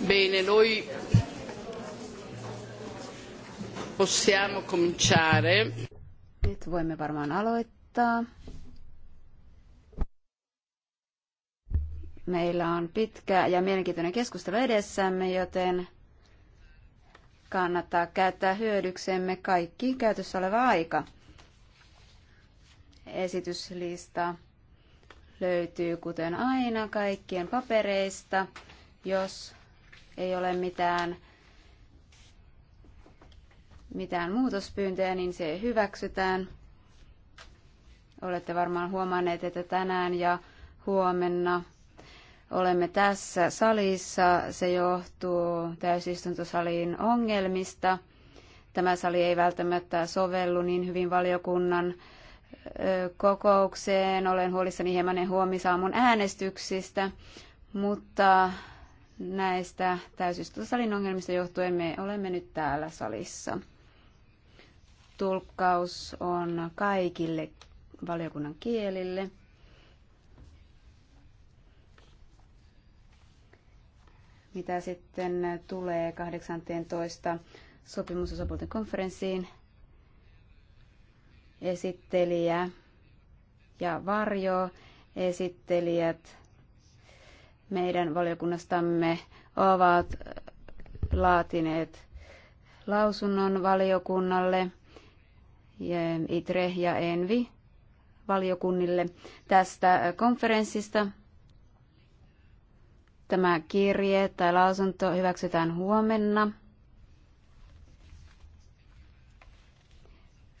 Bene, noi possiamo cominciare. Nyt voimme varmaan aloittaa. Meillä on pitkä ja mielenkiintoinen keskustelu edessämme, joten kannattaa käyttää hyödyksemme kaikki käytössä oleva aika. Esityslista löytyy kuten aina kaikkien papereista, jos ei ole mitään mitään muutospyyntöjä, niin se hyväksytään. Olette varmaan huomanneet, että tänään ja huomenna olemme tässä salissa. Se johtuu täysistuntosalin ongelmista. Tämä sali ei välttämättä sovellu niin hyvin valiokunnan kokoukseen. Olen huolissani hieman huomisaamun äänestyksistä, mutta näistä täysistuntosalin ongelmista johtuen me olemme nyt täällä salissa. Tulkkaus on kaikille valiokunnan kielille. Mitä sitten tulee 18. sopimusosapuolten konferenssiin, esittelijä ja varjo esittelijät meidän valiokunnastamme ovat laatineet lausunnon valiokunnalle, ITRE ja ENVI valiokunnille tästä konferenssista, Tämä kirje tai lausunto hyväksytään huomenna.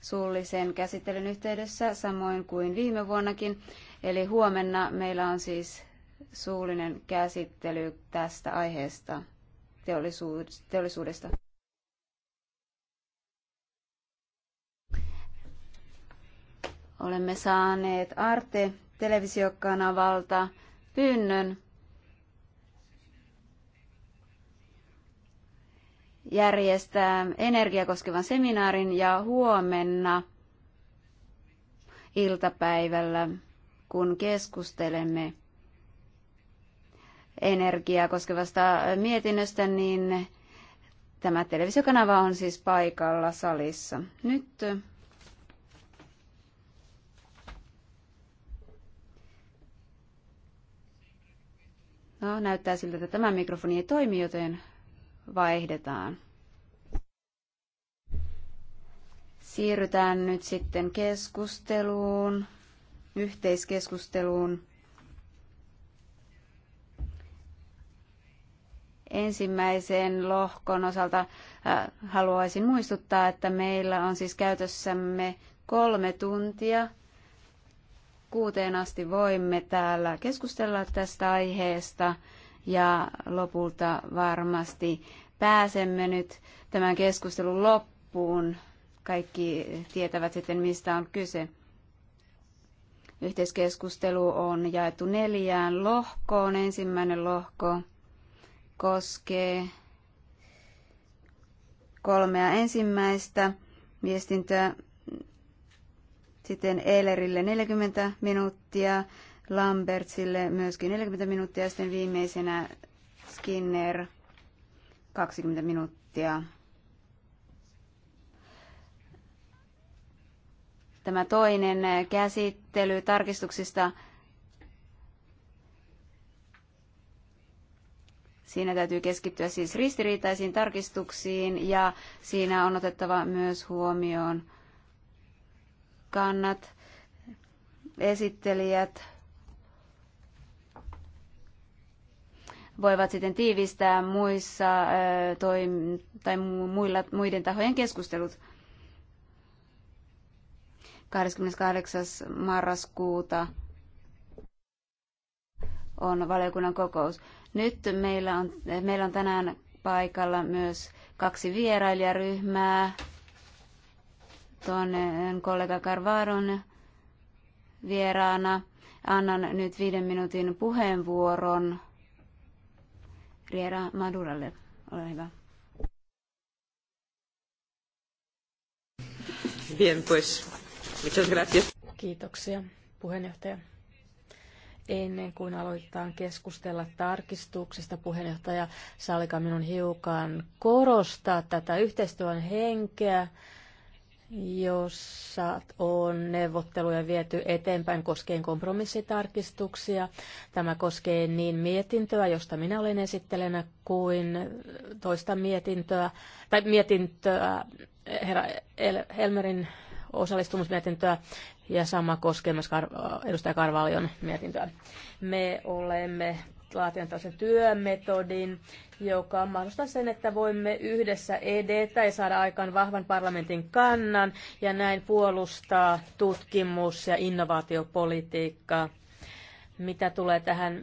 suullisen käsittelyn yhteydessä, samoin kuin viime vuonnakin. Eli huomenna meillä on siis suullinen käsittely tästä aiheesta teollisuudesta. Olemme saaneet Arte televisiokanavalta pyynnön järjestää energiaa koskevan seminaarin ja huomenna iltapäivällä, kun keskustelemme energiaa koskevasta mietinnöstä, niin tämä televisiokanava on siis paikalla salissa. Nyt No, näyttää siltä, että tämä mikrofoni ei toimi, joten vaihdetaan. Siirrytään nyt sitten keskusteluun, yhteiskeskusteluun. Ensimmäisen lohkon osalta äh, haluaisin muistuttaa, että meillä on siis käytössämme kolme tuntia. Kuuteen asti voimme täällä keskustella tästä aiheesta ja lopulta varmasti pääsemme nyt tämän keskustelun loppuun. Kaikki tietävät sitten, mistä on kyse. Yhteiskeskustelu on jaettu neljään lohkoon. Ensimmäinen lohko koskee kolmea ensimmäistä viestintää, sitten Eilerille 40 minuuttia, Lambertsille myöskin 40 minuuttia ja sitten viimeisenä Skinner 20 minuuttia. Tämä toinen käsittely tarkistuksista. Siinä täytyy keskittyä siis ristiriitaisiin tarkistuksiin ja siinä on otettava myös huomioon kannat, esittelijät, voivat sitten tiivistää muissa toi, tai muilla, muiden tahojen keskustelut. 28. marraskuuta on valiokunnan kokous. Nyt meillä on, meillä on tänään paikalla myös kaksi vierailijaryhmää. Toinen kollega Carvaron vieraana. Annan nyt viiden minuutin puheenvuoron Riera Maduralle. Ole hyvä. Bien, pues. Muchas gracias. Kiitoksia, puheenjohtaja. Ennen kuin aloitetaan keskustella tarkistuksesta, puheenjohtaja Salika minun hiukan korostaa tätä yhteistyön henkeä, jossa on neuvotteluja viety eteenpäin koskien kompromissitarkistuksia. Tämä koskee niin mietintöä, josta minä olen esittelenä, kuin toista mietintöä, tai mietintöä, herra Helmerin osallistumismietintöä ja sama koskee myös Kar- edustaja Karvalion mietintöä. Me olemme laatinut tällaisen työmetodin, joka mahdollistaa sen, että voimme yhdessä edetä ja saada aikaan vahvan parlamentin kannan ja näin puolustaa tutkimus- ja innovaatiopolitiikkaa. Mitä tulee tähän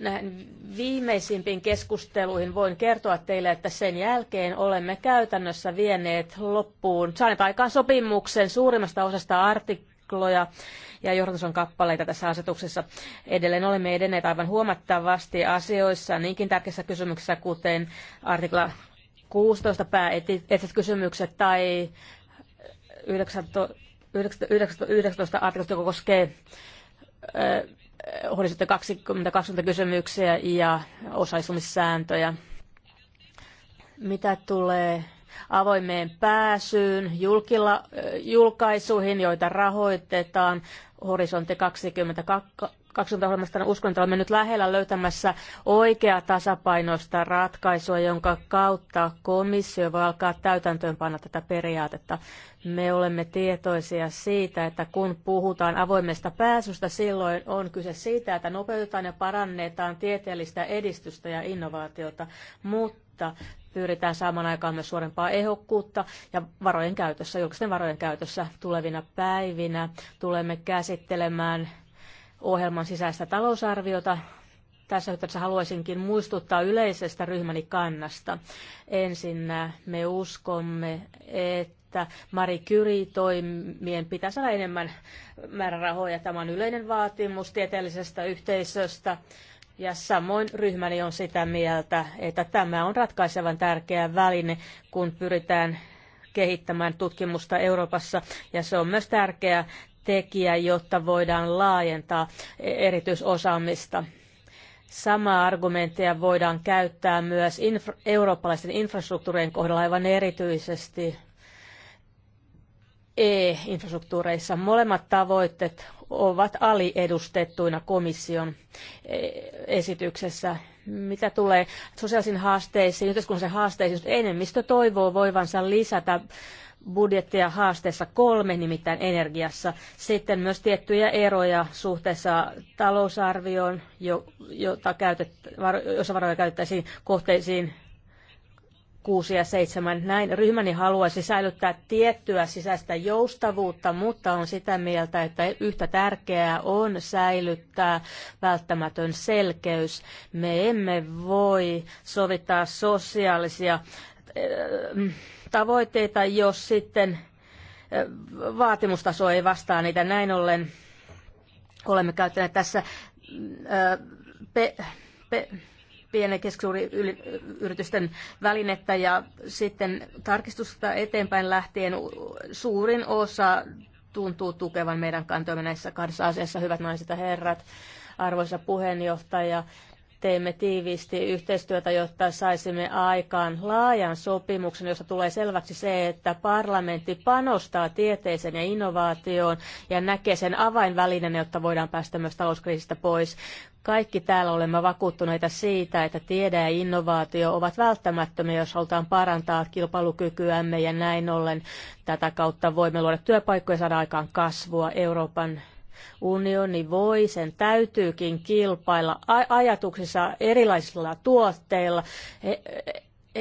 näihin viimeisimpiin keskusteluihin voin kertoa teille, että sen jälkeen olemme käytännössä vieneet loppuun, saaneet aikaan sopimuksen suurimmasta osasta artikloja ja johdatuson kappaleita tässä asetuksessa. Edelleen olemme edenneet aivan huomattavasti asioissa, niinkin tärkeissä kysymyksissä, kuten artikla 16 pääetiset kysymykset tai 19, 19, 19 artikla, joka koskee horisontti 20 kysymyksiä ja osallistumissääntöjä. Mitä tulee avoimeen pääsyyn, julkila, julkaisuihin, joita rahoitetaan horisontti 2020 ohjelmasta. Uskon, että olemme nyt lähellä löytämässä oikeaa tasapainoista ratkaisua, jonka kautta komissio voi alkaa täytäntöönpanna tätä periaatetta. Me olemme tietoisia siitä, että kun puhutaan avoimesta pääsystä, silloin on kyse siitä, että nopeutetaan ja parannetaan tieteellistä edistystä ja innovaatiota, mutta pyritään saamaan aikaan myös suurempaa ehokkuutta ja varojen käytössä, julkisten varojen käytössä tulevina päivinä. Tulemme käsittelemään ohjelman sisäistä talousarviota. Tässä yhteydessä haluaisinkin muistuttaa yleisestä ryhmäni kannasta. Ensin me uskomme, että Mari Kyri toimien pitää saada enemmän määrärahoja. Tämä on yleinen vaatimus tieteellisestä yhteisöstä ja samoin ryhmäni on sitä mieltä, että tämä on ratkaisevan tärkeä väline, kun pyritään kehittämään tutkimusta Euroopassa. Ja se on myös tärkeä tekijä, jotta voidaan laajentaa erityisosaamista. Samaa argumenttia voidaan käyttää myös infra- eurooppalaisten infrastruktuurien kohdalla aivan erityisesti e-infrastruktuureissa. Molemmat tavoitteet ovat aliedustettuina komission esityksessä. Mitä tulee sosiaalisiin haasteisiin, yhteiskunnallisiin haasteisiin, enemmistö toivoo voivansa lisätä budjettia haasteessa kolme, nimittäin energiassa. Sitten myös tiettyjä eroja suhteessa talousarvioon, jota käytet, jossa varoja käytettäisiin kohteisiin 6 ja 7. Näin ryhmäni haluaisi säilyttää tiettyä sisäistä joustavuutta, mutta on sitä mieltä, että yhtä tärkeää on säilyttää välttämätön selkeys. Me emme voi sovittaa sosiaalisia eh, tavoitteita, jos sitten eh, vaatimustaso ei vastaa niitä. Näin ollen olemme käyttäneet tässä eh, pe, pe, pienen keskisuuri yritysten välinettä ja sitten tarkistusta eteenpäin lähtien suurin osa tuntuu tukevan meidän kantoimme näissä kahdessa asiassa, hyvät naiset ja herrat. Arvoisa puheenjohtaja, teimme tiiviisti yhteistyötä, jotta saisimme aikaan laajan sopimuksen, jossa tulee selväksi se, että parlamentti panostaa tieteeseen ja innovaatioon ja näkee sen avainvälineen, jotta voidaan päästä myös talouskriisistä pois. Kaikki täällä olemme vakuuttuneita siitä, että tiede ja innovaatio ovat välttämättömiä, jos halutaan parantaa kilpailukykyämme ja näin ollen tätä kautta voimme luoda työpaikkoja ja saada aikaan kasvua Euroopan unioni voi, sen täytyykin kilpailla ajatuksissa erilaisilla tuotteilla,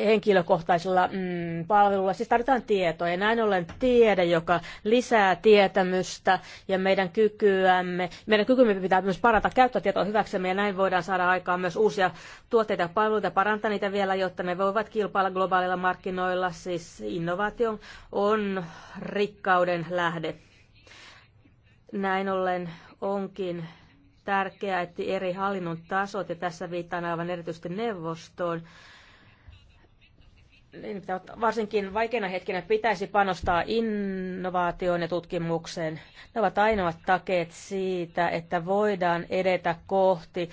henkilökohtaisella mm, palvelulla. Siis tarvitaan tietoa ja näin ollen tiede, joka lisää tietämystä ja meidän kykyämme. Meidän kykymme pitää myös parata käyttötietoa hyväksemme ja näin voidaan saada aikaan myös uusia tuotteita ja palveluita, parantaa niitä vielä, jotta ne voivat kilpailla globaalilla markkinoilla. Siis innovaatio on rikkauden lähde. Näin ollen onkin tärkeää, että eri hallinnon tasot, ja tässä viittaan aivan erityisesti neuvostoon, varsinkin vaikeina hetkinä pitäisi panostaa innovaatioon ja tutkimukseen. Ne ovat ainoat takeet siitä, että voidaan edetä kohti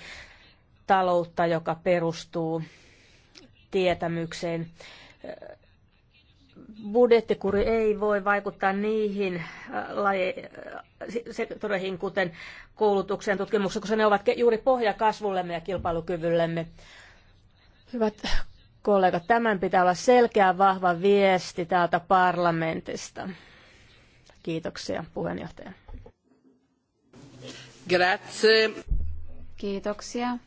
taloutta, joka perustuu tietämykseen. Budjettikuri ei voi vaikuttaa niihin äh, laje- äh, sektoreihin, kuten koulutukseen, tutkimukseen, koska ne ovat juuri pohja kasvullemme ja kilpailukyvyllemme. Hyvät kollegat, tämän pitää olla selkeä, vahva viesti täältä parlamentista. Kiitoksia puheenjohtaja. Grazie. Kiitoksia.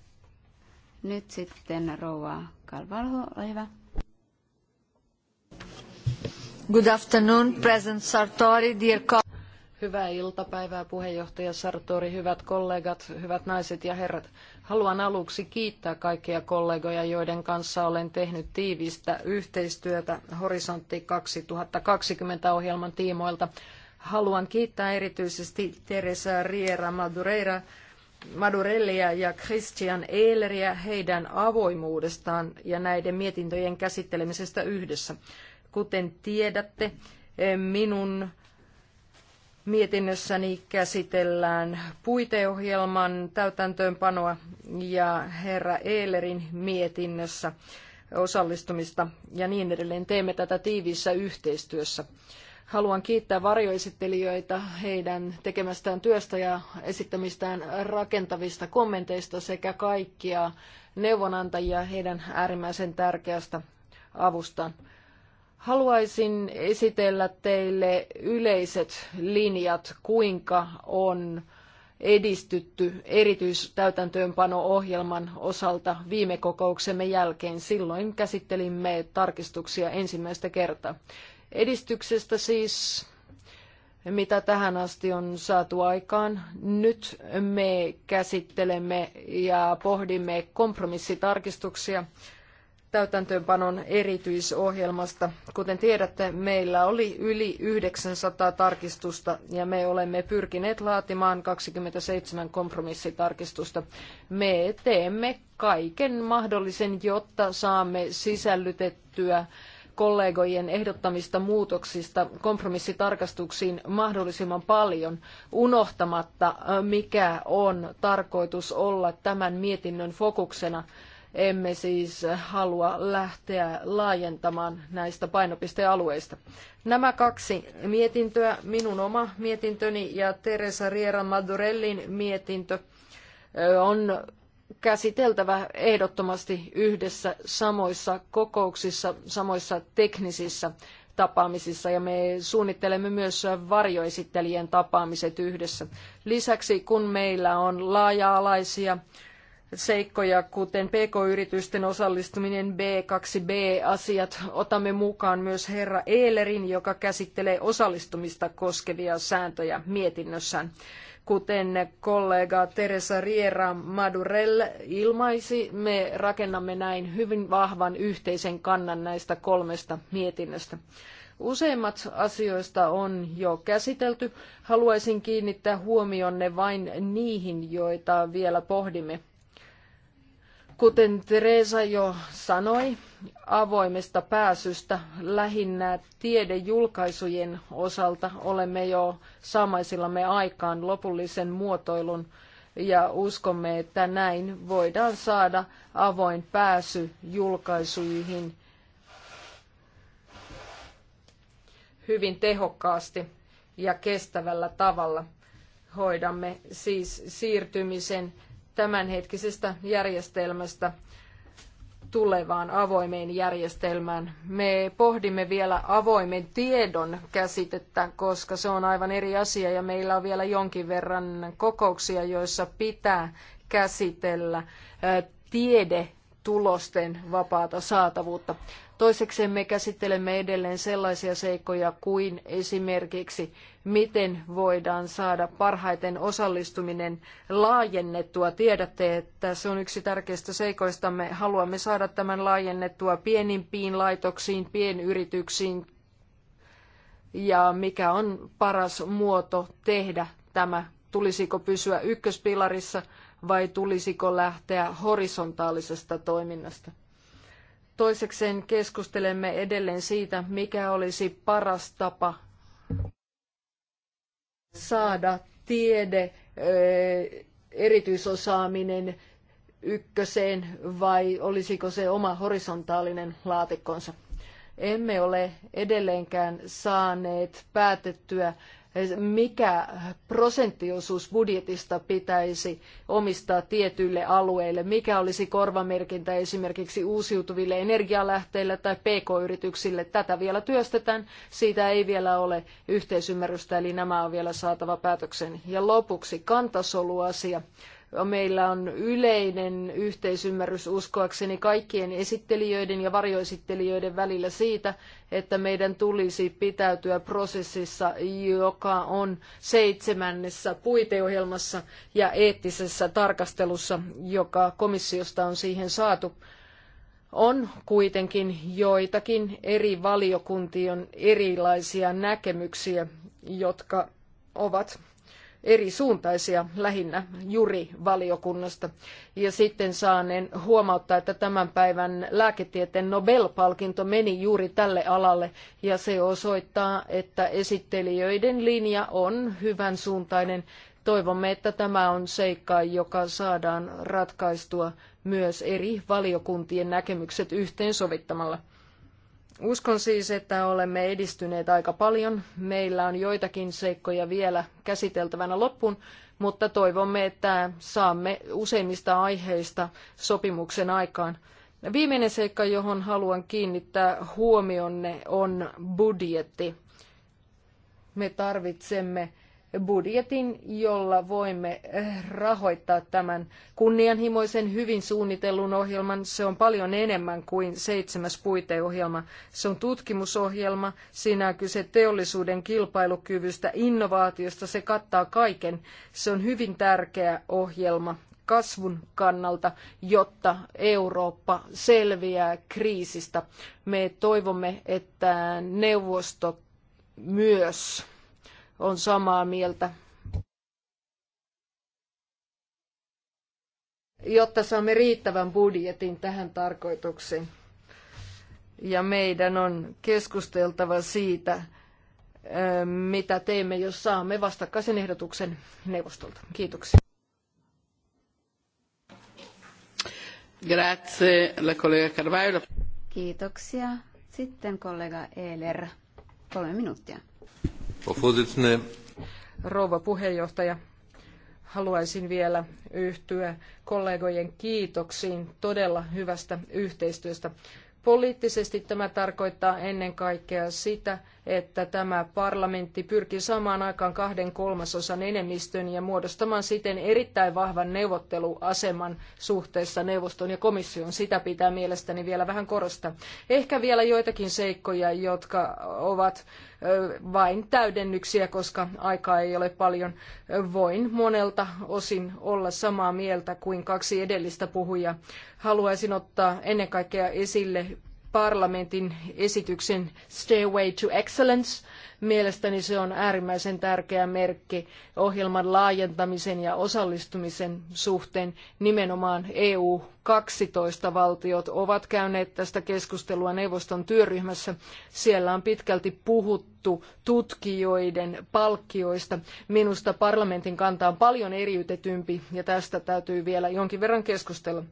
Nyt sitten rouva Kalvalho, ole hyvä. Good afternoon, President Sartori, dear Hyvää iltapäivää puheenjohtaja Sartori, hyvät kollegat, hyvät naiset ja herrat. Haluan aluksi kiittää kaikkia kollegoja, joiden kanssa olen tehnyt tiivistä yhteistyötä Horisontti 2020 ohjelman tiimoilta. Haluan kiittää erityisesti Teresa Riera Madureira, Madurellia ja Christian Ehleriä heidän avoimuudestaan ja näiden mietintöjen käsittelemisestä yhdessä. Kuten tiedätte, minun Mietinnössäni käsitellään puiteohjelman täytäntöönpanoa ja herra Eelerin mietinnössä osallistumista ja niin edelleen. Teemme tätä tiiviissä yhteistyössä. Haluan kiittää varjoesittelijöitä heidän tekemästään työstä ja esittämistään rakentavista kommenteista sekä kaikkia neuvonantajia heidän äärimmäisen tärkeästä avustaan. Haluaisin esitellä teille yleiset linjat, kuinka on edistytty erityistäytäntöönpano-ohjelman osalta viime kokouksemme jälkeen. Silloin käsittelimme tarkistuksia ensimmäistä kertaa. Edistyksestä siis, mitä tähän asti on saatu aikaan. Nyt me käsittelemme ja pohdimme kompromissitarkistuksia täytäntöönpanon erityisohjelmasta. Kuten tiedätte, meillä oli yli 900 tarkistusta ja me olemme pyrkineet laatimaan 27 kompromissitarkistusta. Me teemme kaiken mahdollisen, jotta saamme sisällytettyä kollegojen ehdottamista muutoksista kompromissitarkastuksiin mahdollisimman paljon unohtamatta, mikä on tarkoitus olla tämän mietinnön fokuksena – emme siis halua lähteä laajentamaan näistä painopistealueista. Nämä kaksi mietintöä, minun oma mietintöni ja Teresa Riera Madurellin mietintö, on käsiteltävä ehdottomasti yhdessä samoissa kokouksissa, samoissa teknisissä tapaamisissa ja me suunnittelemme myös varjoesittelijän tapaamiset yhdessä. Lisäksi kun meillä on laaja-alaisia seikkoja, kuten PK-yritysten osallistuminen B2B-asiat. Otamme mukaan myös herra Eelerin, joka käsittelee osallistumista koskevia sääntöjä mietinnössään. Kuten kollega Teresa Riera Madurell ilmaisi, me rakennamme näin hyvin vahvan yhteisen kannan näistä kolmesta mietinnöstä. Useimmat asioista on jo käsitelty. Haluaisin kiinnittää huomionne vain niihin, joita vielä pohdimme. Kuten Teresa jo sanoi, avoimesta pääsystä lähinnä tiedejulkaisujen osalta olemme jo saamaisillamme aikaan lopullisen muotoilun ja uskomme, että näin voidaan saada avoin pääsy julkaisuihin hyvin tehokkaasti ja kestävällä tavalla. Hoidamme siis siirtymisen tämänhetkisestä järjestelmästä tulevaan avoimeen järjestelmään. Me pohdimme vielä avoimen tiedon käsitettä, koska se on aivan eri asia ja meillä on vielä jonkin verran kokouksia, joissa pitää käsitellä tiede tulosten vapaata saatavuutta. Toiseksi me käsittelemme edelleen sellaisia seikkoja kuin esimerkiksi, miten voidaan saada parhaiten osallistuminen laajennettua. Tiedätte, että se on yksi tärkeistä seikoista. Me haluamme saada tämän laajennettua pienimpiin laitoksiin, pienyrityksiin ja mikä on paras muoto tehdä tämä. Tulisiko pysyä ykköspilarissa vai tulisiko lähteä horisontaalisesta toiminnasta? Toisekseen keskustelemme edelleen siitä, mikä olisi paras tapa saada tiede, eh, erityisosaaminen ykköseen vai olisiko se oma horisontaalinen laatikkonsa. Emme ole edelleenkään saaneet päätettyä, mikä prosenttiosuus budjetista pitäisi omistaa tietyille alueille, mikä olisi korvamerkintä esimerkiksi uusiutuville energialähteille tai pk-yrityksille. Tätä vielä työstetään, siitä ei vielä ole yhteisymmärrystä, eli nämä on vielä saatava päätöksen. Ja lopuksi kantasoluasia. Meillä on yleinen yhteisymmärrys uskoakseni kaikkien esittelijöiden ja varjoesittelijöiden välillä siitä, että meidän tulisi pitäytyä prosessissa, joka on seitsemännessä puiteohjelmassa ja eettisessä tarkastelussa, joka komissiosta on siihen saatu on kuitenkin joitakin eri valiokuntien erilaisia näkemyksiä, jotka ovat eri suuntaisia lähinnä jurivaliokunnasta. Ja sitten saaneen huomauttaa, että tämän päivän lääketieteen Nobel-palkinto meni juuri tälle alalle ja se osoittaa, että esittelijöiden linja on hyvän suuntainen. Toivomme, että tämä on seikka, joka saadaan ratkaistua myös eri valiokuntien näkemykset yhteensovittamalla. Uskon siis, että olemme edistyneet aika paljon. Meillä on joitakin seikkoja vielä käsiteltävänä loppuun, mutta toivomme, että saamme useimmista aiheista sopimuksen aikaan. Viimeinen seikka, johon haluan kiinnittää huomionne, on budjetti. Me tarvitsemme budjetin, jolla voimme rahoittaa tämän kunnianhimoisen, hyvin suunnitellun ohjelman. Se on paljon enemmän kuin seitsemäs puiteohjelma. Se on tutkimusohjelma, siinä on kyse teollisuuden kilpailukyvystä, innovaatiosta, se kattaa kaiken. Se on hyvin tärkeä ohjelma kasvun kannalta, jotta Eurooppa selviää kriisistä. Me toivomme, että neuvosto myös on samaa mieltä. jotta saamme riittävän budjetin tähän tarkoitukseen. Ja meidän on keskusteltava siitä, mitä teemme, jos saamme vastakkaisen ehdotuksen neuvostolta. Kiitoksia. Grazie, la collega Carvalho. Kiitoksia. Sitten kollega Eler. Kolme minuuttia. Rouva puheenjohtaja, haluaisin vielä yhtyä kollegojen kiitoksiin todella hyvästä yhteistyöstä. Poliittisesti tämä tarkoittaa ennen kaikkea sitä, että tämä parlamentti pyrkii saamaan aikaan kahden kolmasosan enemmistön ja muodostamaan siten erittäin vahvan neuvotteluaseman suhteessa neuvoston ja komission. Sitä pitää mielestäni vielä vähän korostaa. Ehkä vielä joitakin seikkoja, jotka ovat vain täydennyksiä, koska aikaa ei ole paljon. Voin monelta osin olla samaa mieltä kuin kaksi edellistä puhujaa. Haluaisin ottaa ennen kaikkea esille parlamentin esityksen Stairway to Excellence, Mielestäni se on äärimmäisen tärkeä merkki ohjelman laajentamisen ja osallistumisen suhteen. Nimenomaan EU 12 valtiot ovat käyneet tästä keskustelua neuvoston työryhmässä. Siellä on pitkälti puhuttu tutkijoiden palkkioista. Minusta parlamentin kanta on paljon eriytetympi ja tästä täytyy vielä jonkin verran keskustella.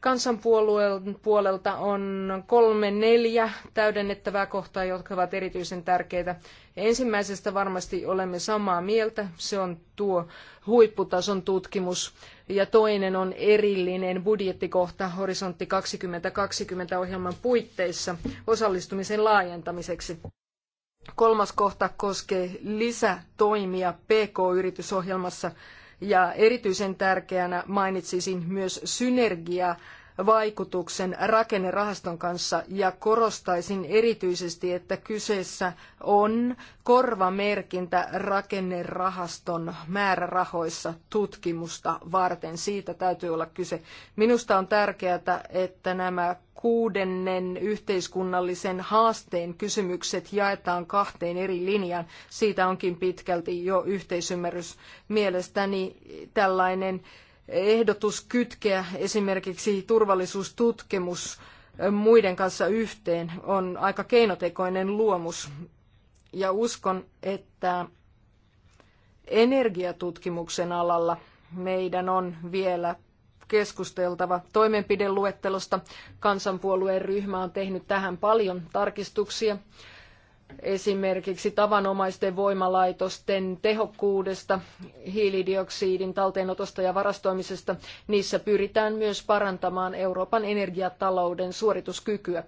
Kansanpuolueen puolelta on kolme neljä täydennettävää kohtaa, jotka ovat erityisen tärkeitä. Ensimmäisestä varmasti olemme samaa mieltä, se on tuo huipputason tutkimus ja toinen on erillinen budjettikohta Horisontti 2020 ohjelman puitteissa osallistumisen laajentamiseksi. Kolmas kohta koskee lisätoimia PK-yritysohjelmassa ja erityisen tärkeänä mainitsisin myös synergiaa vaikutuksen rakennerahaston kanssa ja korostaisin erityisesti, että kyseessä on korvamerkintä rakennerahaston määrärahoissa tutkimusta varten. Siitä täytyy olla kyse. Minusta on tärkeää, että nämä kuudennen yhteiskunnallisen haasteen kysymykset jaetaan kahteen eri linjaan. Siitä onkin pitkälti jo yhteisymmärrys. Mielestäni tällainen ehdotus kytkeä esimerkiksi turvallisuustutkimus muiden kanssa yhteen on aika keinotekoinen luomus. Ja uskon, että energiatutkimuksen alalla meidän on vielä keskusteltava toimenpideluettelosta. Kansanpuolueen ryhmä on tehnyt tähän paljon tarkistuksia esimerkiksi tavanomaisten voimalaitosten tehokkuudesta, hiilidioksidin talteenotosta ja varastoimisesta. Niissä pyritään myös parantamaan Euroopan energiatalouden suorituskykyä.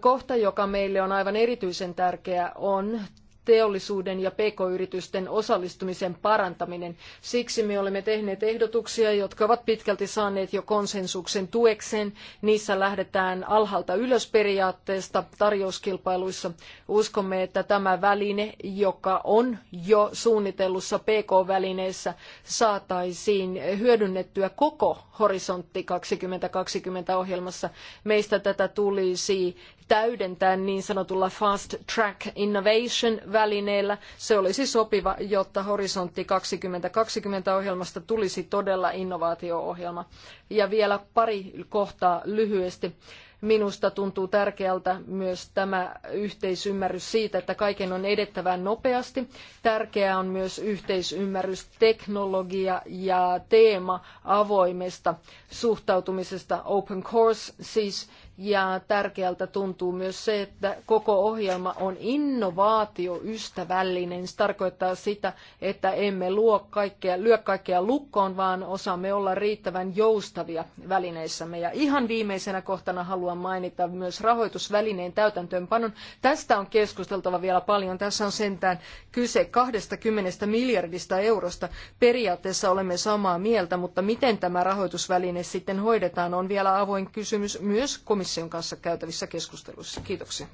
Kohta, joka meille on aivan erityisen tärkeä, on teollisuuden ja pk-yritysten osallistumisen parantaminen. Siksi me olemme tehneet ehdotuksia, jotka ovat pitkälti saaneet jo konsensuksen tuekseen. Niissä lähdetään alhaalta ylös periaatteesta tarjouskilpailuissa. Uskomme, että tämä väline, joka on jo suunnitellussa PK-välineessä, saataisiin hyödynnettyä koko horisontti 2020 ohjelmassa. Meistä tätä tulisi täydentää niin sanotulla Fast Track Innovation-välineellä. Se olisi sopiva, jotta Horisontti 2020-ohjelmasta tulisi todella innovaatio-ohjelma. Ja vielä pari kohtaa lyhyesti. Minusta tuntuu tärkeältä myös tämä yhteisymmärrys siitä, että kaiken on edettävä nopeasti. Tärkeää on myös yhteisymmärrys teknologia- ja teema avoimesta suhtautumisesta, open course siis, ja tärkeältä tuntuu myös se, että koko ohjelma on innovaatioystävällinen. Se tarkoittaa sitä, että emme luo kaikkea, lyö kaikkea lukkoon, vaan osaamme olla riittävän joustavia välineissämme. Ja ihan viimeisenä kohtana haluan mainita myös rahoitusvälineen täytäntöönpanon. Tästä on keskusteltava vielä paljon. Tässä on sentään kyse 20 miljardista eurosta. Periaatteessa olemme samaa mieltä, mutta miten tämä rahoitusväline sitten hoidetaan on vielä avoin kysymys myös komissiolle komission kanssa käytävissä keskusteluissa. Kiitoksia.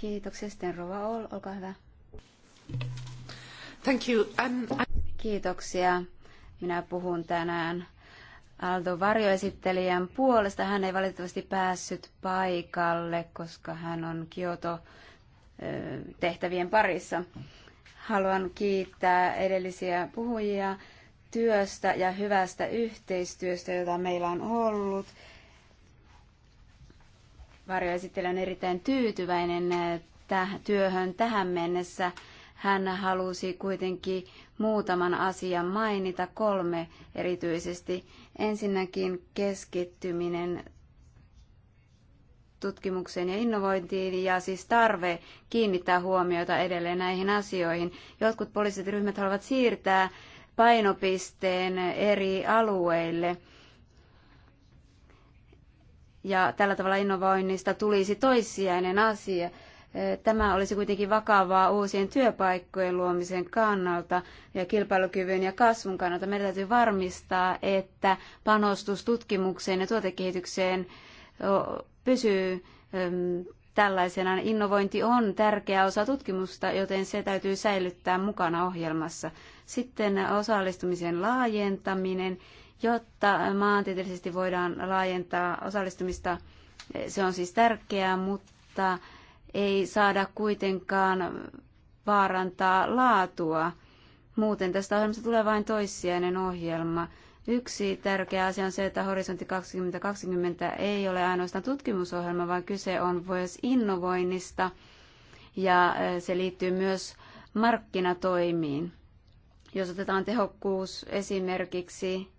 Kiitoksia. Sitten Rova Ol, olkaa hyvä. Thank you. Um, I... Kiitoksia. Minä puhun tänään Aldo varjoesittelijän puolesta. Hän ei valitettavasti päässyt paikalle, koska hän on Kioto tehtävien parissa. Haluan kiittää edellisiä puhujia työstä ja hyvästä yhteistyöstä, jota meillä on ollut. Varjoesittelijä on erittäin tyytyväinen eh, työhön tähän mennessä. Hän halusi kuitenkin muutaman asian mainita, kolme erityisesti. Ensinnäkin keskittyminen tutkimukseen ja innovointiin ja siis tarve kiinnittää huomiota edelleen näihin asioihin. Jotkut poliisit ryhmät haluavat siirtää painopisteen eri alueille – ja tällä tavalla innovoinnista tulisi toissijainen asia. Tämä olisi kuitenkin vakavaa uusien työpaikkojen luomisen kannalta ja kilpailukyvyn ja kasvun kannalta. Meidän täytyy varmistaa, että panostus tutkimukseen ja tuotekehitykseen pysyy tällaisena. Innovointi on tärkeä osa tutkimusta, joten se täytyy säilyttää mukana ohjelmassa. Sitten osallistumisen laajentaminen jotta maantieteellisesti voidaan laajentaa osallistumista. Se on siis tärkeää, mutta ei saada kuitenkaan vaarantaa laatua. Muuten tästä ohjelmasta tulee vain toissijainen ohjelma. Yksi tärkeä asia on se, että Horisontti 2020 ei ole ainoastaan tutkimusohjelma, vaan kyse on myös innovoinnista ja se liittyy myös markkinatoimiin. Jos otetaan tehokkuus esimerkiksi,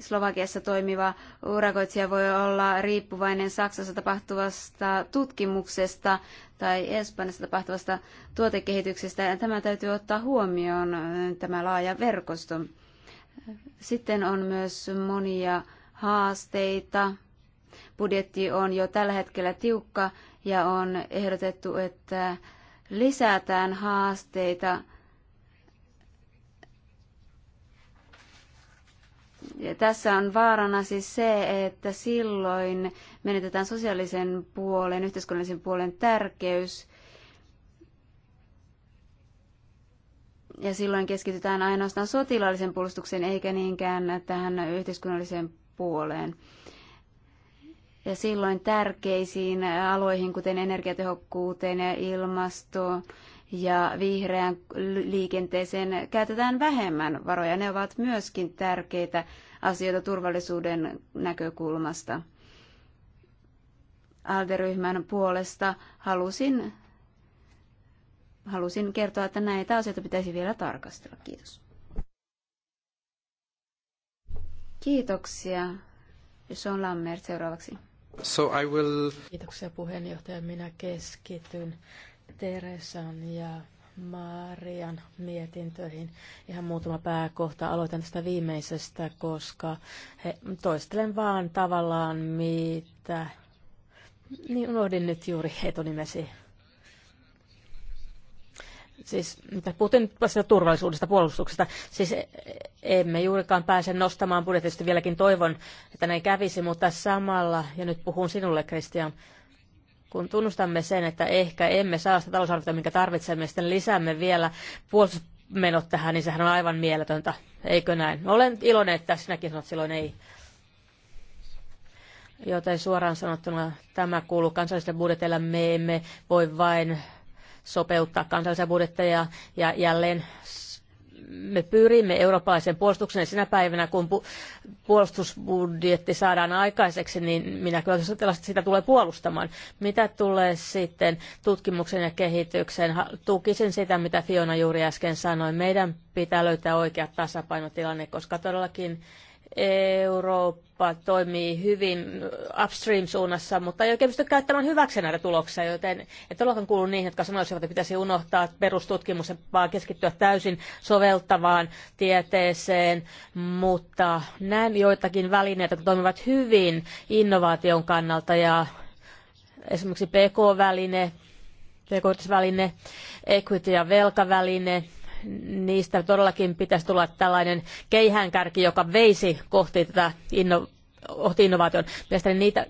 Slovakiassa toimiva urakoitsija voi olla riippuvainen Saksassa tapahtuvasta tutkimuksesta tai Espanjassa tapahtuvasta tuotekehityksestä. Ja tämä täytyy ottaa huomioon, tämä laaja verkosto. Sitten on myös monia haasteita. Budjetti on jo tällä hetkellä tiukka ja on ehdotettu, että lisätään haasteita – tässä on vaarana siis se, että silloin menetetään sosiaalisen puolen, yhteiskunnallisen puolen tärkeys. Ja silloin keskitytään ainoastaan sotilaallisen puolustukseen eikä niinkään tähän yhteiskunnalliseen puoleen. Ja silloin tärkeisiin aloihin, kuten energiatehokkuuteen ja ilmastoon, ja vihreään liikenteeseen käytetään vähemmän varoja. Ne ovat myöskin tärkeitä asioita turvallisuuden näkökulmasta. Alderyhmän puolesta halusin, halusin kertoa, että näitä asioita pitäisi vielä tarkastella. Kiitos. Kiitoksia. Sean Lammert seuraavaksi. So I will... Kiitoksia puheenjohtaja. Minä keskityn Teresan ja Marian mietintöihin. Ihan muutama pääkohta. Aloitan tästä viimeisestä, koska he, toistelen vaan tavallaan mitä... Niin unohdin nyt juuri etunimesi. Siis mitä puhuttiin vasta turvallisuudesta, puolustuksesta. Siis e- e- emme juurikaan pääse nostamaan budjetista. Vieläkin toivon, että näin kävisi, mutta samalla, ja nyt puhun sinulle Kristian, kun tunnustamme sen, että ehkä emme saa sitä talousarviota, minkä tarvitsemme, sitten lisäämme vielä puolustusmenot tähän, niin sehän on aivan mieletöntä, eikö näin? Olen iloinen, että sinäkin sanot silloin ei. Joten suoraan sanottuna tämä kuuluu kansallisille budjeteille. Me emme voi vain sopeuttaa kansallisia budjetteja ja jälleen me pyrimme eurooppalaisen puolustukseen sinä päivänä, kun puolustusbudjetti saadaan aikaiseksi, niin minä kyllä sitä tulee puolustamaan. Mitä tulee sitten tutkimuksen ja kehitykseen, tukisin sitä, mitä Fiona juuri äsken sanoi. Meidän pitää löytää oikea tasapainotilanne, koska todellakin Eurooppa toimii hyvin upstream-suunnassa, mutta ei oikein pysty käyttämään hyväksi näitä tuloksia, joten et todellakaan kuullut niihin, jotka sanoisivat, että pitäisi unohtaa perustutkimus, vaan keskittyä täysin soveltavaan tieteeseen, mutta näin joitakin välineitä, jotka toimivat hyvin innovaation kannalta ja esimerkiksi PK-väline, pk väline equity- ja velkaväline – niistä todellakin pitäisi tulla tällainen keihäänkärki, joka veisi kohti tätä inno, kohti innovaation. Mielestäni niitä,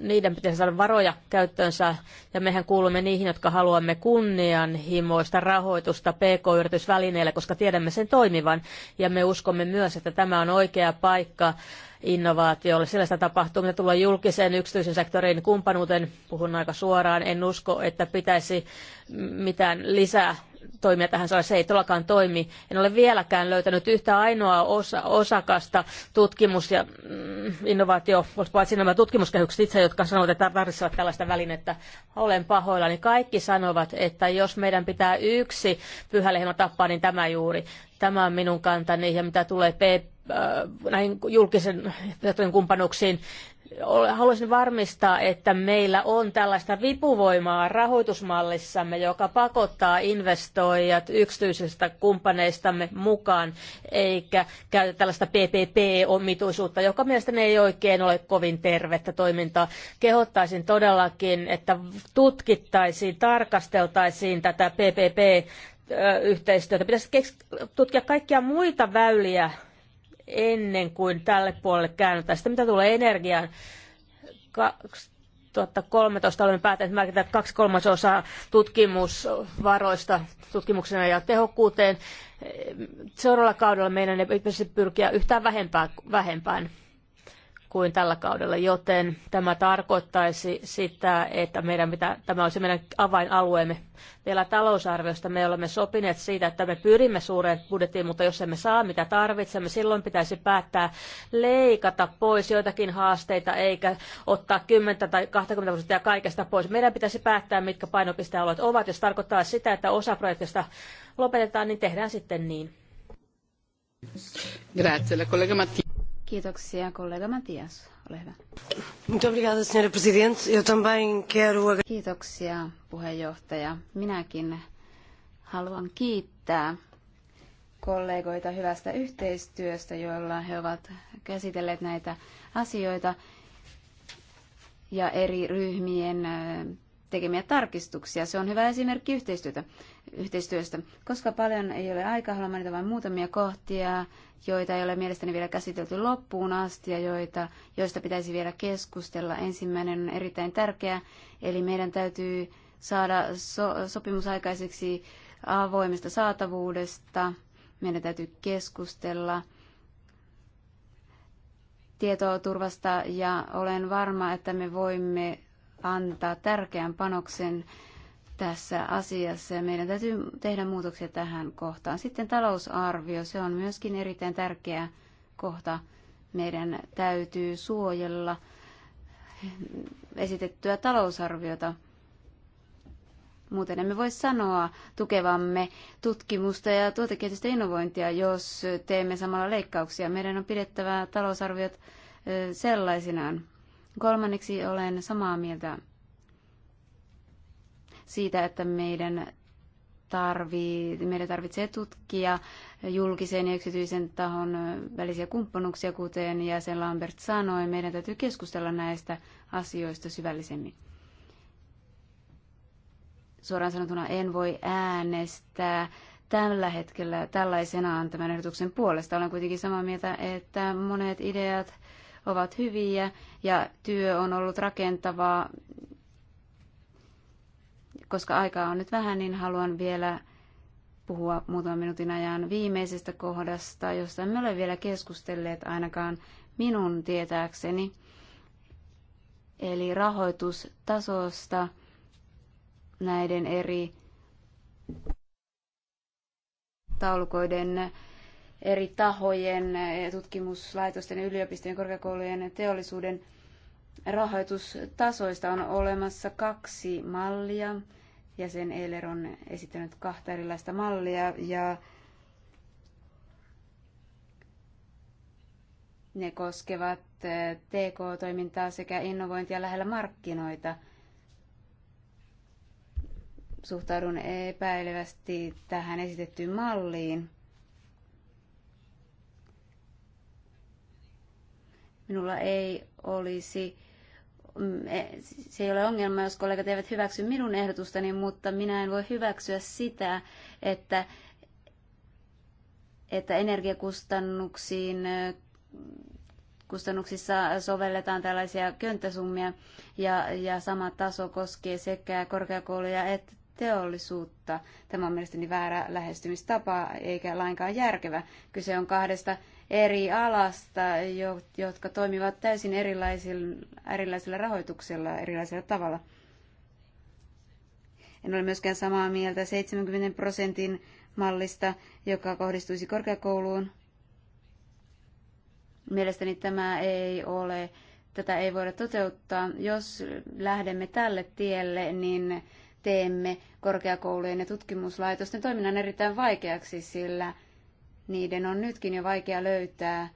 niiden pitäisi saada varoja käyttöönsä, ja mehän kuulumme niihin, jotka haluamme kunnianhimoista rahoitusta PK-yritysvälineille, koska tiedämme sen toimivan, ja me uskomme myös, että tämä on oikea paikka innovaatiolle. Sellaista tapahtuu, mitä tulee julkiseen yksityisen sektorin kumppanuuteen, puhun aika suoraan, en usko, että pitäisi mitään lisää toimia tähän saa Se ei todellakaan toimi. En ole vieläkään löytänyt yhtä ainoaa osa, osakasta tutkimus- ja mm, innovaatio, paitsi nämä tutkimuskehykset itse, jotka sanovat, että tarvitsevat tällaista välinettä. Olen pahoillani. Kaikki sanovat, että jos meidän pitää yksi pyhä lehmä tappaa, niin tämä juuri. Tämä on minun kantani ja mitä tulee P äh, näihin julkisen kumppanuksiin haluaisin varmistaa, että meillä on tällaista vipuvoimaa rahoitusmallissamme, joka pakottaa investoijat yksityisistä kumppaneistamme mukaan, eikä käytä tällaista PPP-omituisuutta, joka mielestäni ei oikein ole kovin tervettä toimintaa. Kehottaisin todellakin, että tutkittaisiin, tarkasteltaisiin tätä PPP-yhteistyötä. Pitäisi tutkia kaikkia muita väyliä ennen kuin tälle puolelle käännytään. Sitten mitä tulee energiaan, 2013 olemme päättäneet merkitä kaksi kolmasosaa tutkimusvaroista tutkimuksena ja tehokkuuteen. Seuraavalla kaudella meidän ei pitäisi pyrkiä yhtään vähempään. vähempään kuin tällä kaudella, joten tämä tarkoittaisi sitä, että meidän mitä tämä olisi meidän avainalueemme. Vielä talousarviosta me olemme sopineet siitä, että me pyrimme suureen budjettiin, mutta jos emme saa mitä tarvitsemme, silloin pitäisi päättää leikata pois joitakin haasteita, eikä ottaa 10 tai 20 prosenttia kaikesta pois. Meidän pitäisi päättää, mitkä painopistealueet ovat. Jos tarkoittaa sitä, että osa projektista lopetetaan, niin tehdään sitten niin. Grazie, la collega Mattia. Kiitoksia, kollega Matias. Ole hyvä. Muito obrigada, senhora presidente. Eu também quero... Kiitoksia, puheenjohtaja. Minäkin haluan kiittää kollegoita hyvästä yhteistyöstä, jolla he ovat käsitelleet näitä asioita ja eri ryhmien tekemiä tarkistuksia. Se on hyvä esimerkki yhteistyötä, yhteistyöstä. Koska paljon ei ole aikaa, haluan mainita vain muutamia kohtia, joita ei ole mielestäni vielä käsitelty loppuun asti ja joita, joista pitäisi vielä keskustella. Ensimmäinen on erittäin tärkeä, eli meidän täytyy saada so, sopimus aikaiseksi avoimesta saatavuudesta. Meidän täytyy keskustella tietoturvasta ja olen varma, että me voimme antaa tärkeän panoksen tässä asiassa ja meidän täytyy tehdä muutoksia tähän kohtaan. Sitten talousarvio, se on myöskin erittäin tärkeä kohta. Meidän täytyy suojella esitettyä talousarviota. Muuten emme voi sanoa tukevamme tutkimusta ja tuotekehitystä innovointia, jos teemme samalla leikkauksia. Meidän on pidettävä talousarviot sellaisinaan. Kolmanneksi olen samaa mieltä siitä, että meidän, tarvii, meidän tarvitsee tutkia julkisen ja yksityisen tahon välisiä kumppanuuksia, kuten jäsen Lambert sanoi. Meidän täytyy keskustella näistä asioista syvällisemmin. Suoraan sanotuna en voi äänestää tällä hetkellä tällaisenaan tämän ehdotuksen puolesta. Olen kuitenkin samaa mieltä, että monet ideat ovat hyviä ja työ on ollut rakentavaa. Koska aikaa on nyt vähän, niin haluan vielä puhua muutaman minuutin ajan viimeisestä kohdasta, josta emme ole vielä keskustelleet ainakaan minun tietääkseni, eli rahoitustasosta näiden eri taulukoiden eri tahojen, eh, tutkimuslaitosten, yliopistojen, korkeakoulujen ja teollisuuden rahoitustasoista on olemassa kaksi mallia. ja sen Eiler on esittänyt kahta erilaista mallia ja ne koskevat eh, TK-toimintaa sekä innovointia lähellä markkinoita. Suhtaudun epäilevästi tähän esitettyyn malliin. Minulla ei olisi, mm, e, se ei ole ongelma, jos kollegat eivät hyväksy minun ehdotustani, mutta minä en voi hyväksyä sitä, että, että energiakustannuksiin e, kustannuksissa sovelletaan tällaisia könttäsummia ja, ja sama taso koskee sekä korkeakouluja että teollisuutta. Tämä on mielestäni väärä lähestymistapa eikä lainkaan järkevä. Kyse on kahdesta eri alasta, jotka toimivat täysin erilaisilla, erilaisilla rahoituksilla erilaisella tavalla. En ole myöskään samaa mieltä 70 prosentin mallista, joka kohdistuisi korkeakouluun. Mielestäni tämä ei ole, tätä ei voida toteuttaa. Jos lähdemme tälle tielle, niin teemme korkeakoulujen ja tutkimuslaitosten toiminnan erittäin vaikeaksi, sillä niiden on nytkin jo vaikea löytää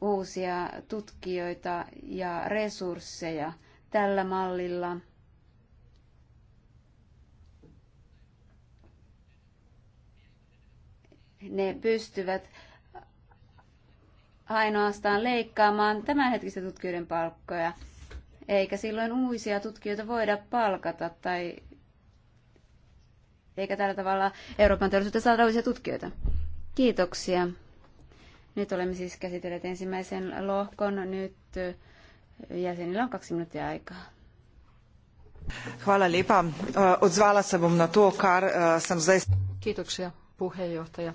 uusia tutkijoita ja resursseja tällä mallilla. Ne pystyvät ainoastaan leikkaamaan tämänhetkistä tutkijoiden palkkoja, eikä silloin uusia tutkijoita voida palkata tai eikä tällä tavalla Euroopan teollisuutta saada uusia tutkijoita. Kiitoksia. Nyt olemme siis käsitelleet ensimmäisen lohkon. Nyt eh, jäsenillä on kaksi minuuttia aikaa. Hvala lepa. Eh, odzvala se bom na to, kar eh, sam Kiitoksia puheenjohtaja.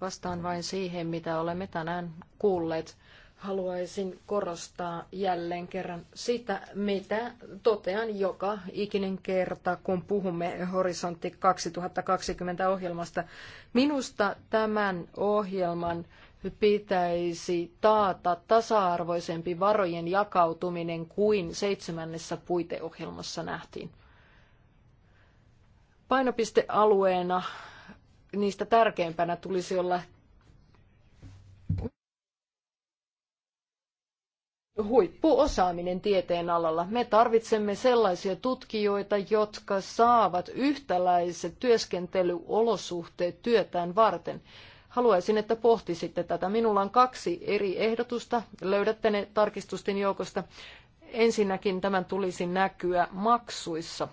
Vastaan vain siihen, mitä olemme tänään kuulleet haluaisin korostaa jälleen kerran sitä, mitä totean joka ikinen kerta, kun puhumme Horisontti 2020 ohjelmasta. Minusta tämän ohjelman pitäisi taata tasa-arvoisempi varojen jakautuminen kuin seitsemännessä puiteohjelmassa nähtiin. Painopistealueena niistä tärkeimpänä tulisi olla huippuosaaminen tieteen alalla. Me tarvitsemme sellaisia tutkijoita, jotka saavat yhtäläiset työskentelyolosuhteet työtään varten. Haluaisin, että pohtisitte tätä. Minulla on kaksi eri ehdotusta. Löydätte ne tarkistusten joukosta. Ensinnäkin tämän tulisi näkyä maksuissa,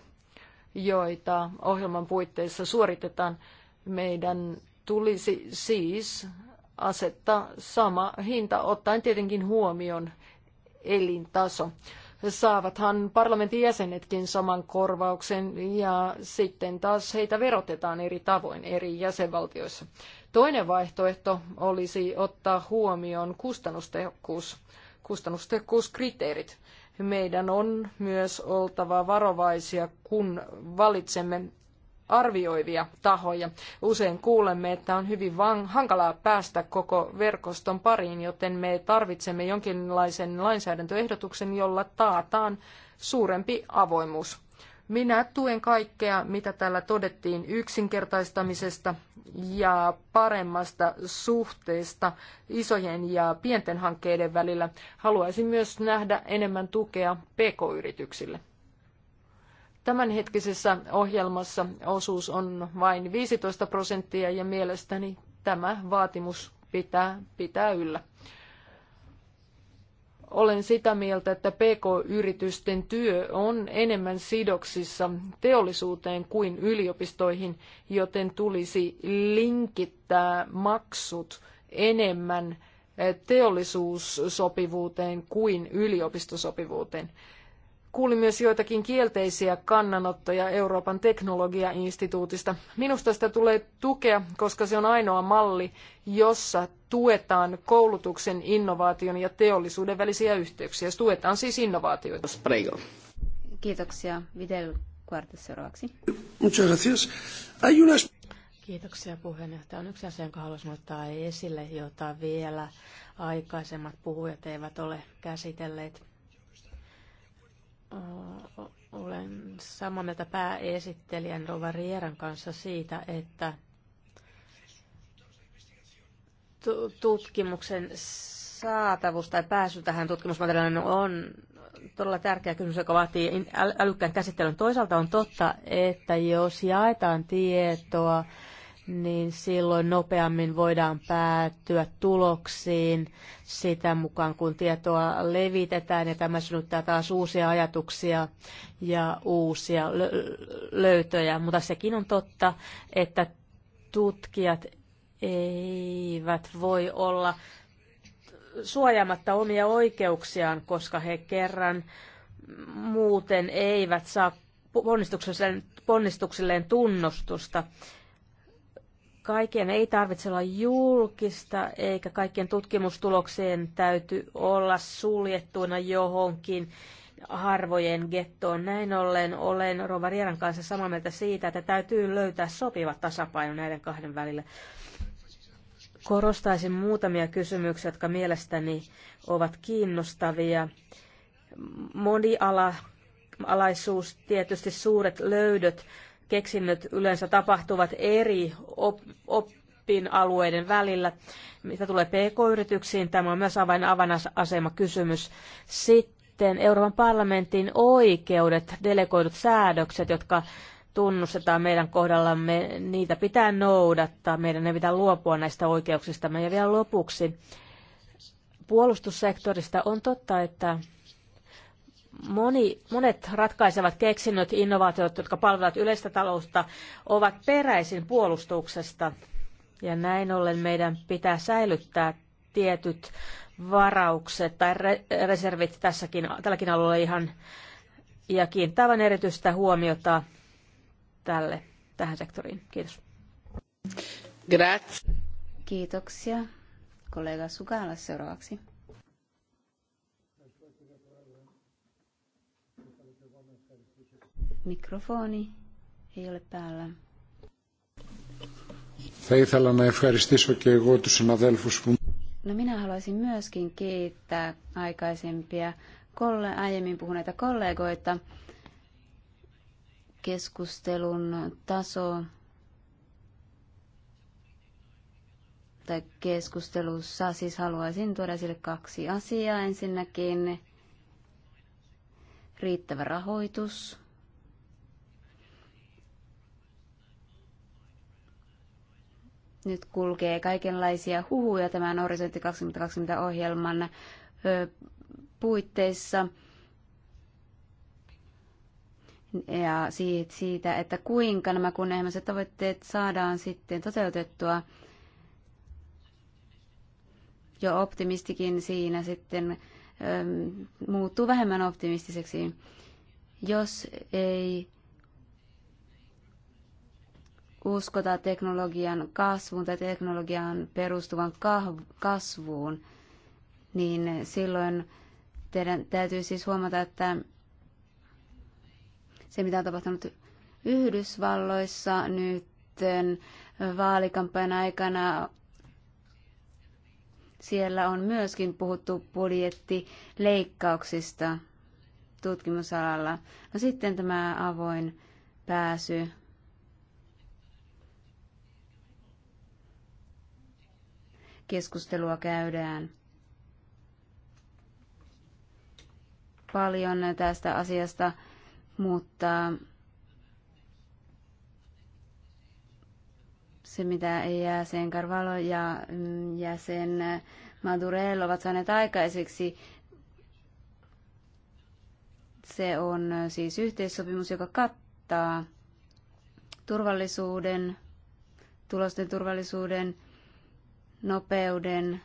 joita ohjelman puitteissa suoritetaan. Meidän tulisi siis asettaa sama hinta, ottaen tietenkin huomioon elintaso. Saavathan parlamentin jäsenetkin saman korvauksen ja sitten taas heitä verotetaan eri tavoin eri jäsenvaltioissa. Toinen vaihtoehto olisi ottaa huomioon kustannustehokkuus, kustannustehokkuuskriteerit. Meidän on myös oltava varovaisia, kun valitsemme arvioivia tahoja. Usein kuulemme, että on hyvin hankalaa päästä koko verkoston pariin, joten me tarvitsemme jonkinlaisen lainsäädäntöehdotuksen, jolla taataan suurempi avoimuus. Minä tuen kaikkea, mitä täällä todettiin yksinkertaistamisesta ja paremmasta suhteesta isojen ja pienten hankkeiden välillä. Haluaisin myös nähdä enemmän tukea pk-yrityksille. Tämänhetkisessä ohjelmassa osuus on vain 15 prosenttia ja mielestäni tämä vaatimus pitää, pitää yllä. Olen sitä mieltä, että PK-yritysten työ on enemmän sidoksissa teollisuuteen kuin yliopistoihin, joten tulisi linkittää maksut enemmän teollisuussopivuuteen kuin yliopistosopivuuteen. Kuulin myös joitakin kielteisiä kannanottoja Euroopan teknologiainstituutista. Minusta sitä tulee tukea, koska se on ainoa malli, jossa tuetaan koulutuksen, innovaation ja teollisuuden välisiä yhteyksiä. Tuetaan siis innovaatioita. Kiitoksia. Videl Quartes seuraavaksi. Kiitoksia puheenjohtaja. On yksi asia, jonka haluaisin ottaa esille, jota vielä aikaisemmat puhujat eivät ole käsitelleet olen samaa mieltä pääesittelijän Rova Rieran kanssa siitä, että tutkimuksen saatavuus tai pääsy tähän tutkimusmateriaaliin on todella tärkeä kysymys, joka vaatii älykkään käsittelyn. Toisaalta on totta, että jos jaetaan tietoa, niin silloin nopeammin voidaan päätyä tuloksiin sitä mukaan, kun tietoa levitetään ja tämä synnyttää taas uusia ajatuksia ja uusia löytöjä. Mutta sekin on totta, että tutkijat eivät voi olla suojaamatta omia oikeuksiaan, koska he kerran muuten eivät saa ponnistukselleen, ponnistukselleen tunnustusta. Kaiken ei tarvitse olla julkista, eikä kaikkien tutkimustulokseen täytyy olla suljettuna johonkin harvojen gettoon. Näin ollen olen Rova Rieran kanssa samaa mieltä siitä, että täytyy löytää sopiva tasapaino näiden kahden välillä. Korostaisin muutamia kysymyksiä, jotka mielestäni ovat kiinnostavia. Moniala alaisuus, tietysti suuret löydöt keksinnöt yleensä tapahtuvat eri op, oppinalueiden välillä. Mitä tulee PK-yrityksiin, tämä on myös avain avainasema kysymys. Sitten Euroopan parlamentin oikeudet, delegoidut säädökset, jotka tunnustetaan meidän kohdallamme, niitä pitää noudattaa, meidän ei pitää luopua näistä oikeuksista. Ja vielä lopuksi puolustussektorista on totta, että moni, monet ratkaisevat keksinnöt, innovaatiot, jotka palvelevat yleistä taloutta, ovat peräisin puolustuksesta. Ja näin ollen meidän pitää säilyttää tietyt varaukset tai re- reservit tässäkin, tälläkin alueella ihan ja kiinnittää erityistä huomiota tälle, tähän sektoriin. Kiitos. Grazie. Kiitoksia. Kollega Sugala seuraavaksi. Mikrofoni ei ole päällä. Θα ήθελα να ευχαριστήσω και εγώ τους συναδέλφους που... No minä haluaisin myöskin kiittää aikaisempia kolle, aiemmin puhuneita kollegoita. Keskustelun taso tai keskustelussa siis haluaisin tuoda sille kaksi asiaa. Ensinnäkin riittävä rahoitus nyt kulkee kaikenlaisia huhuja tämän Horisontti 2020-ohjelman puitteissa ja siitä, että kuinka nämä kunnianhimoiset tavoitteet saadaan sitten toteutettua. Jo optimistikin siinä sitten muuttuu vähemmän optimistiseksi, jos ei uskotaan teknologian kasvuun tai teknologian perustuvan kasvuun, niin silloin teidän täytyy siis huomata, että se mitä on tapahtunut Yhdysvalloissa nyt vaalikampanjan aikana siellä on myöskin puhuttu budjettileikkauksista tutkimusalalla. No sitten tämä avoin pääsy keskustelua käydään. Paljon tästä asiasta, mutta se mitä jäsen Carvalho ja mm, jäsen Madurell ovat saaneet aikaiseksi, se on siis yhteissopimus, joka kattaa turvallisuuden, tulosten turvallisuuden, nopeuden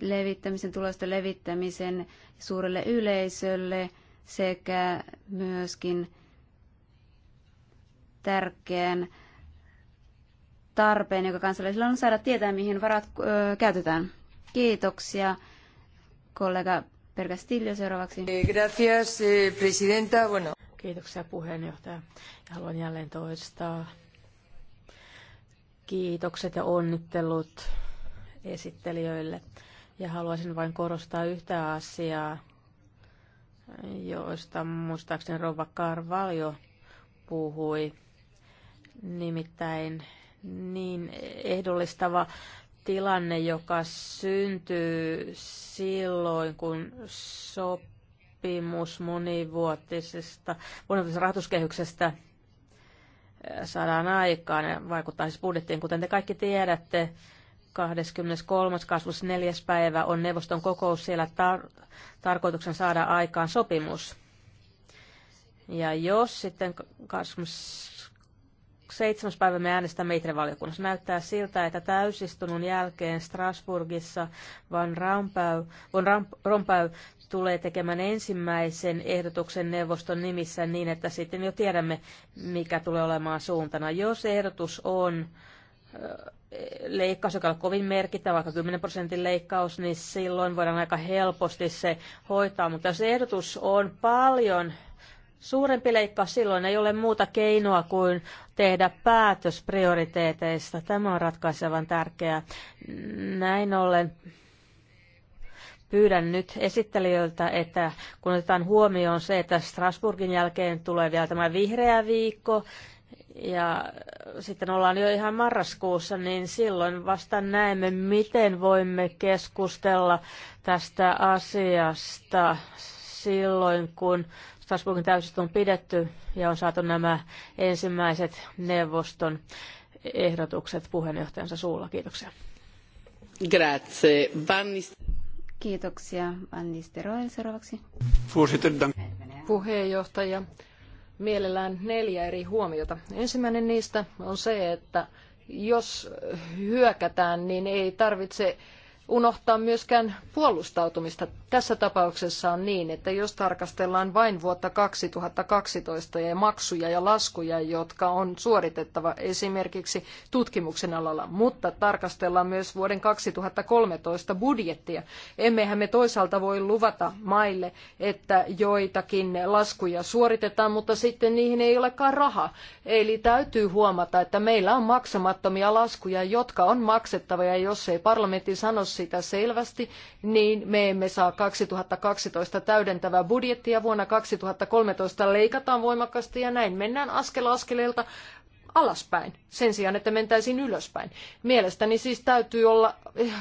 levittämisen, tulosten levittämisen suurelle yleisölle sekä myöskin tärkeän tarpeen, joka kansalaisilla on saada tietää, mihin varat ö, käytetään. Kiitoksia kollega Pergastillo seuraavaksi. Eh, gracias, eh, presidenta. Bueno. Kiitoksia puheenjohtaja. haluan jälleen toistaa Kiitokset ja onnittelut esittelijöille. Ja haluaisin vain korostaa yhtä asiaa, joista muistaakseni Rova Karvaljo puhui. Nimittäin niin ehdollistava tilanne, joka syntyy silloin, kun sopimus monivuotisesta, monivuotisesta rahoituskehyksestä saadaan aikaan ja vaikuttaa siis budjettiin. Kuten te kaikki tiedätte, 23. 24. päivä on neuvoston kokous siellä tar- tarkoituksen saada aikaan sopimus. Ja jos sitten Seitsemäs päivä me äänestämme ITRE-valiokunnassa. Näyttää siltä, että täysistunnon jälkeen Strasbourgissa Van Rompuy, Van Rompuy tulee tekemään ensimmäisen ehdotuksen neuvoston nimissä niin, että sitten jo tiedämme, mikä tulee olemaan suuntana. Jos ehdotus on äh, leikkaus, joka on kovin merkittävä, vaikka 10 prosentin leikkaus, niin silloin voidaan aika helposti se hoitaa. Mutta jos ehdotus on paljon suurempi leikkaus, silloin ei ole muuta keinoa kuin tehdä päätös prioriteeteista. Tämä on ratkaisevan tärkeää. Näin ollen pyydän nyt esittelijöiltä, että kun otetaan huomioon se, että Strasburgin jälkeen tulee vielä tämä vihreä viikko, ja sitten ollaan jo ihan marraskuussa, niin silloin vasta näemme, miten voimme keskustella tästä asiasta silloin, kun Strasbourgin on pidetty ja on saatu nämä ensimmäiset neuvoston ehdotukset puheenjohtajansa suulla. Kiitoksia. Grazie. Vannis... Kiitoksia. Van Nistelrooy seuraavaksi. Puheenjohtaja, mielellään neljä eri huomiota. Ensimmäinen niistä on se, että jos hyökätään, niin ei tarvitse unohtaa myöskään puolustautumista. Tässä tapauksessa on niin, että jos tarkastellaan vain vuotta 2012 ja maksuja ja laskuja, jotka on suoritettava esimerkiksi tutkimuksen alalla, mutta tarkastellaan myös vuoden 2013 budjettia, emmehän me toisaalta voi luvata maille, että joitakin laskuja suoritetaan, mutta sitten niihin ei olekaan rahaa. Eli täytyy huomata, että meillä on maksamattomia laskuja, jotka on maksettava ja jos ei parlamentti sano sitä selvästi, niin me emme saa 2012 täydentävää budjettia. Vuonna 2013 leikataan voimakkaasti ja näin mennään askel askeleelta alaspäin sen sijaan, että mentäisiin ylöspäin. Mielestäni siis täytyy olla eh,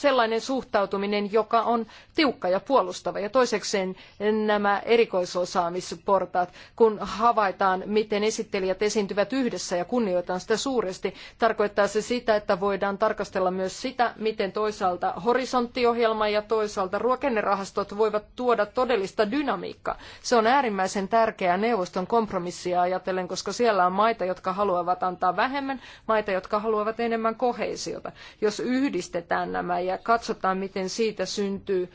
sellainen suhtautuminen, joka on tiukka ja puolustava. Ja toisekseen nämä erikoisosaamisportaat, kun havaitaan, miten esittelijät esiintyvät yhdessä ja kunnioitan sitä suuresti, tarkoittaa se sitä, että voidaan tarkastella myös sitä, miten toisaalta horisonttiohjelma ja toisaalta ruokennerahastot voivat tuoda todellista dynamiikkaa. Se on äärimmäisen tärkeää neuvoston kompromissia ajatellen, koska siellä on maita, jotka haluavat antaa vähemmän, maita, jotka haluavat enemmän koheesiota. Jos yhdistetään nämä ja katsotaan, miten siitä syntyy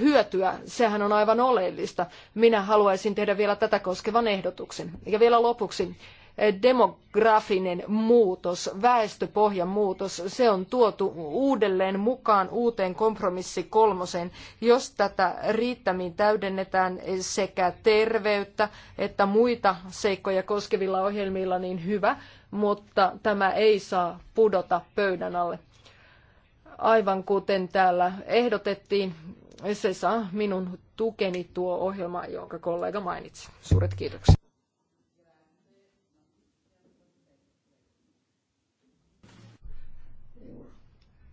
hyötyä. Sehän on aivan oleellista. Minä haluaisin tehdä vielä tätä koskevan ehdotuksen. Ja vielä lopuksi eh, demografinen muutos, väestöpohjan muutos, se on tuotu uudelleen mukaan uuteen kompromissi kolmoseen. Jos tätä riittämiin täydennetään eh, sekä terveyttä että muita seikkoja koskevilla ohjelmilla, niin hyvä, mutta tämä ei saa pudota pöydän alle. Aivan kuten täällä ehdotettiin, se saa minun tukeni tuo ohjelma, jonka kollega mainitsi. Suuret kiitokset.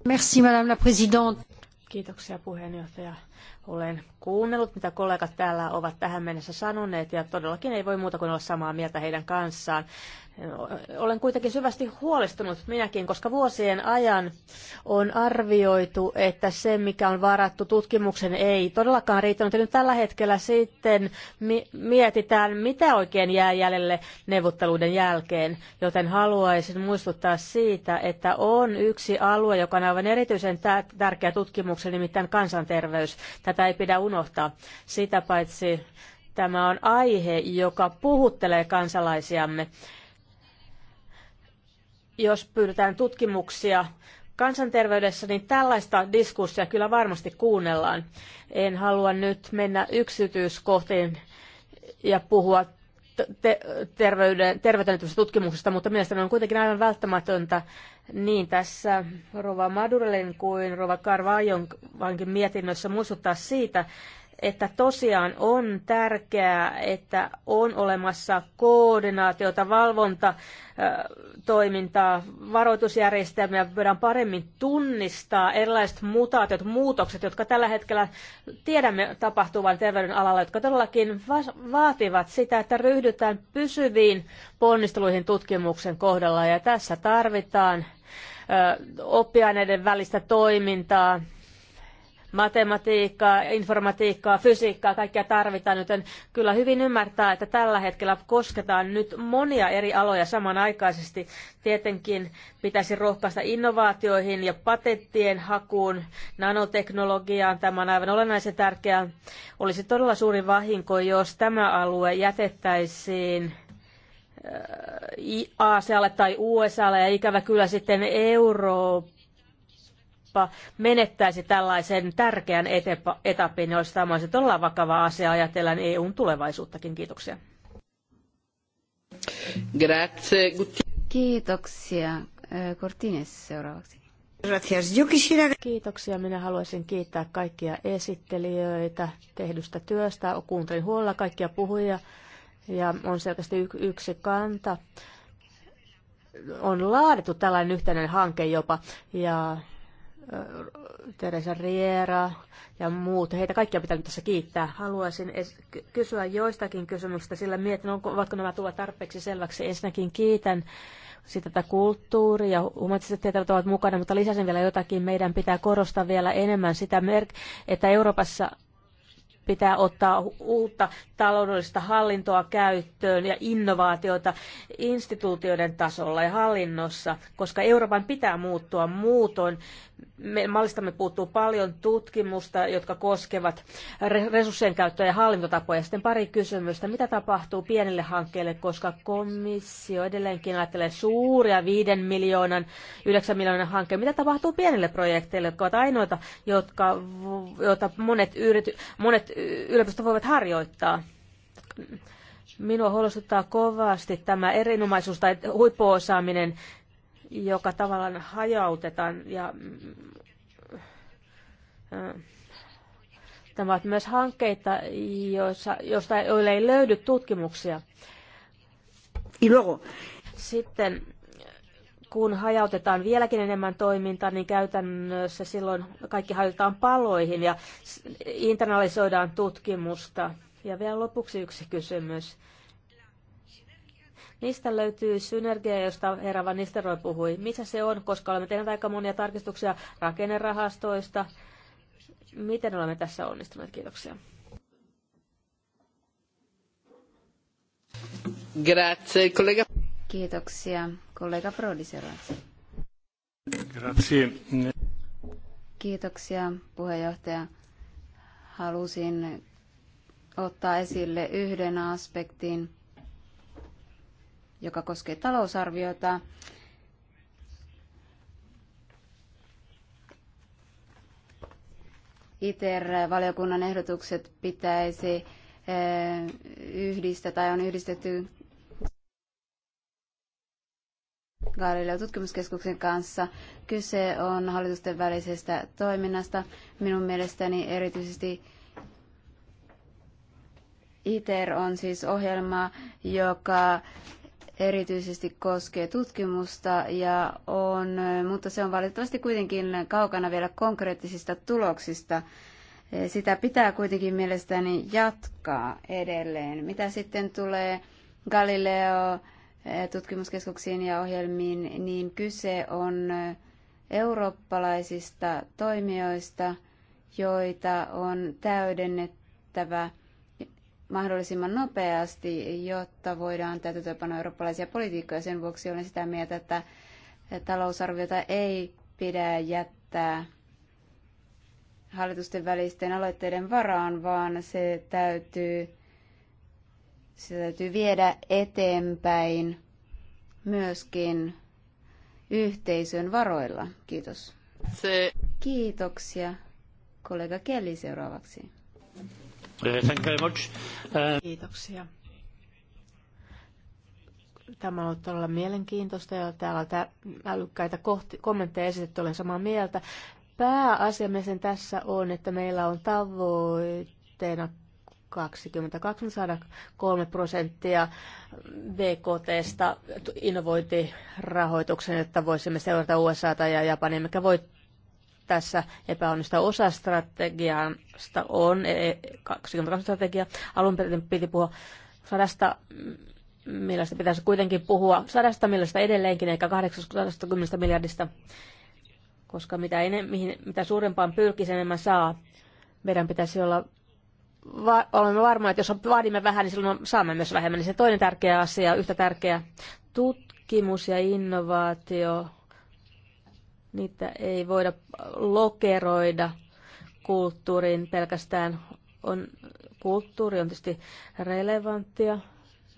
Merci, Madame la Présidente. Kiitoksia puheenjohtaja. Olen kuunnellut, mitä kollegat täällä ovat tähän mennessä sanoneet ja todellakin ei voi muuta kuin olla samaa mieltä heidän kanssaan. Olen kuitenkin syvästi huolestunut minäkin, koska vuosien ajan on arvioitu, että se, mikä on varattu tutkimuksen, ei todellakaan riittänyt. Ja nyt tällä hetkellä sitten mietitään, mitä oikein jää jäljelle neuvotteluiden jälkeen. Joten haluaisin muistuttaa siitä, että on yksi alue, joka on aivan erityisen tärkeä tutkimuksen, nimittäin kansanterveys. Tätä ei pidä unohtaa. Sitä paitsi tämä on aihe, joka puhuttelee kansalaisiamme jos pyydetään tutkimuksia kansanterveydessä, niin tällaista diskurssia kyllä varmasti kuunnellaan. En halua nyt mennä yksityiskohtiin ja puhua terveyden, terveyden tutkimuksesta, mutta mielestäni on kuitenkin aivan välttämätöntä niin tässä Rova Madurelin kuin Rova Karvaajon vankin mietinnössä muistuttaa siitä, että tosiaan on tärkeää, että on olemassa koordinaatiota, valvonta, toimintaa, varoitusjärjestelmiä voidaan paremmin tunnistaa erilaiset mutaatiot, muutokset, jotka tällä hetkellä tiedämme tapahtuvan alalla, jotka todellakin vaativat sitä, että ryhdytään pysyviin ponnisteluihin tutkimuksen kohdalla. Ja tässä tarvitaan oppiaineiden välistä toimintaa, matematiikkaa, informatiikkaa, fysiikkaa, kaikkea tarvitaan, joten kyllä hyvin ymmärtää, että tällä hetkellä kosketaan nyt monia eri aloja samanaikaisesti. Tietenkin pitäisi rohkaista innovaatioihin ja patenttien hakuun, nanoteknologiaan. Tämä on aivan olennaisen tärkeää. Olisi todella suuri vahinko, jos tämä alue jätettäisiin äh, Aasialle tai USAlle ja ikävä kyllä sitten Eurooppaan Eurooppa menettäisi tällaisen tärkeän etapin, niin olisi tämä todella vakava asia ajatellen EUn tulevaisuuttakin. Kiitoksia. Grazie. Kiitoksia. Äh, Cortines seuraavaksi. Kiitoksia. Minä haluaisin kiittää kaikkia esittelijöitä tehdystä työstä. Kuuntelin huolella kaikkia puhujia ja on selkeästi yksi kanta on laadittu tällainen yhteinen hanke jopa, ja Teresa Riera ja muut. Heitä kaikkia pitää nyt tässä kiittää. Haluaisin kysyä joistakin kysymyksistä, sillä mietin, onko, ovatko nämä tulla tarpeeksi selväksi. Ensinnäkin kiitän sitä tätä kulttuuri- ja humanistiset tietävät ovat mukana, mutta lisäsen vielä jotakin. Meidän pitää korostaa vielä enemmän sitä, että Euroopassa pitää ottaa uutta taloudellista hallintoa käyttöön ja innovaatioita instituutioiden tasolla ja hallinnossa, koska Euroopan pitää muuttua muutoin me, mallistamme puuttuu paljon tutkimusta, jotka koskevat resurssien käyttöä ja hallintotapoja. Sitten pari kysymystä. Mitä tapahtuu pienille hankkeille, koska komissio edelleenkin ajattelee suuria 5 miljoonan, 9 miljoonan hankkeen. Mitä tapahtuu pienille projekteille, jotka ovat ainoita, jotka, joita monet, yrity, monet yliopistot voivat harjoittaa? Minua huolestuttaa kovasti tämä erinomaisuus tai huippuosaaminen joka tavallaan hajautetaan ja mm, Tämä ovat myös hankkeita, joissa, joista, joille ei löydy tutkimuksia. Sitten kun hajautetaan vieläkin enemmän toimintaa, niin käytännössä silloin kaikki hajotetaan paloihin ja internalisoidaan tutkimusta. Ja vielä lopuksi yksi kysymys. Niistä löytyy synergia, josta herra Van Nistelrooy puhui. Missä se on, koska olemme tehneet aika monia tarkistuksia rakennerahastoista. Miten olemme tässä onnistuneet? Kiitoksia. Grazie, kollega. Kiitoksia, kollega Prodi Grazie. Kiitoksia, puheenjohtaja. Halusin ottaa esille yhden aspektin, joka koskee talousarviota. ITER-valiokunnan ehdotukset pitäisi eh, yhdistää tai on yhdistetty Galileo-tutkimuskeskuksen kanssa. Kyse on hallitusten välisestä toiminnasta. Minun mielestäni erityisesti ITER on siis ohjelma, joka erityisesti koskee tutkimusta ja on, mutta se on valitettavasti kuitenkin kaukana vielä konkreettisista tuloksista. Sitä pitää kuitenkin mielestäni jatkaa edelleen. Mitä sitten tulee Galileo eh, tutkimuskeskuksiin ja ohjelmiin, niin kyse on eurooppalaisista toimijoista, joita on täydennettävä – mahdollisimman nopeasti, jotta voidaan täytäntöönpanna eurooppalaisia politiikkoja. Sen vuoksi olen sitä mieltä, että talousarviota ei pidä jättää hallitusten välisten aloitteiden varaan, vaan se täytyy, se täytyy viedä eteenpäin myöskin yhteisön varoilla. Kiitos. Se. Kiitoksia. Kollega Kelly seuraavaksi. Uh, thank you very much. Uh, Kiitoksia. Tämä on ollut todella mielenkiintoista ja täällä on älykkäitä kommentteja esitetty, olen samaa mieltä. Pääasia sen tässä on, että meillä on tavoitteena 22 saada 3 prosenttia BKTstä innovointirahoituksen, että voisimme seurata USAta ja Japania, mikä voi tässä epäonnistua. Osa strategiasta on 22-strategia. E, e, Alun perin piti puhua sadasta millaista pitäisi kuitenkin puhua sadasta millaista edelleenkin, eikä 80 miljardista, koska mitä, enem, mihin, mitä suurempaan pyrkisi enemmän saa, meidän pitäisi olla va- olemme varmoja, että jos vaadimme vähän, niin silloin saamme myös vähemmän. Niin se toinen tärkeä asia, yhtä tärkeä, tutkimus ja innovaatio Niitä ei voida lokeroida kulttuuriin pelkästään. On, kulttuuri on tietysti relevanttia,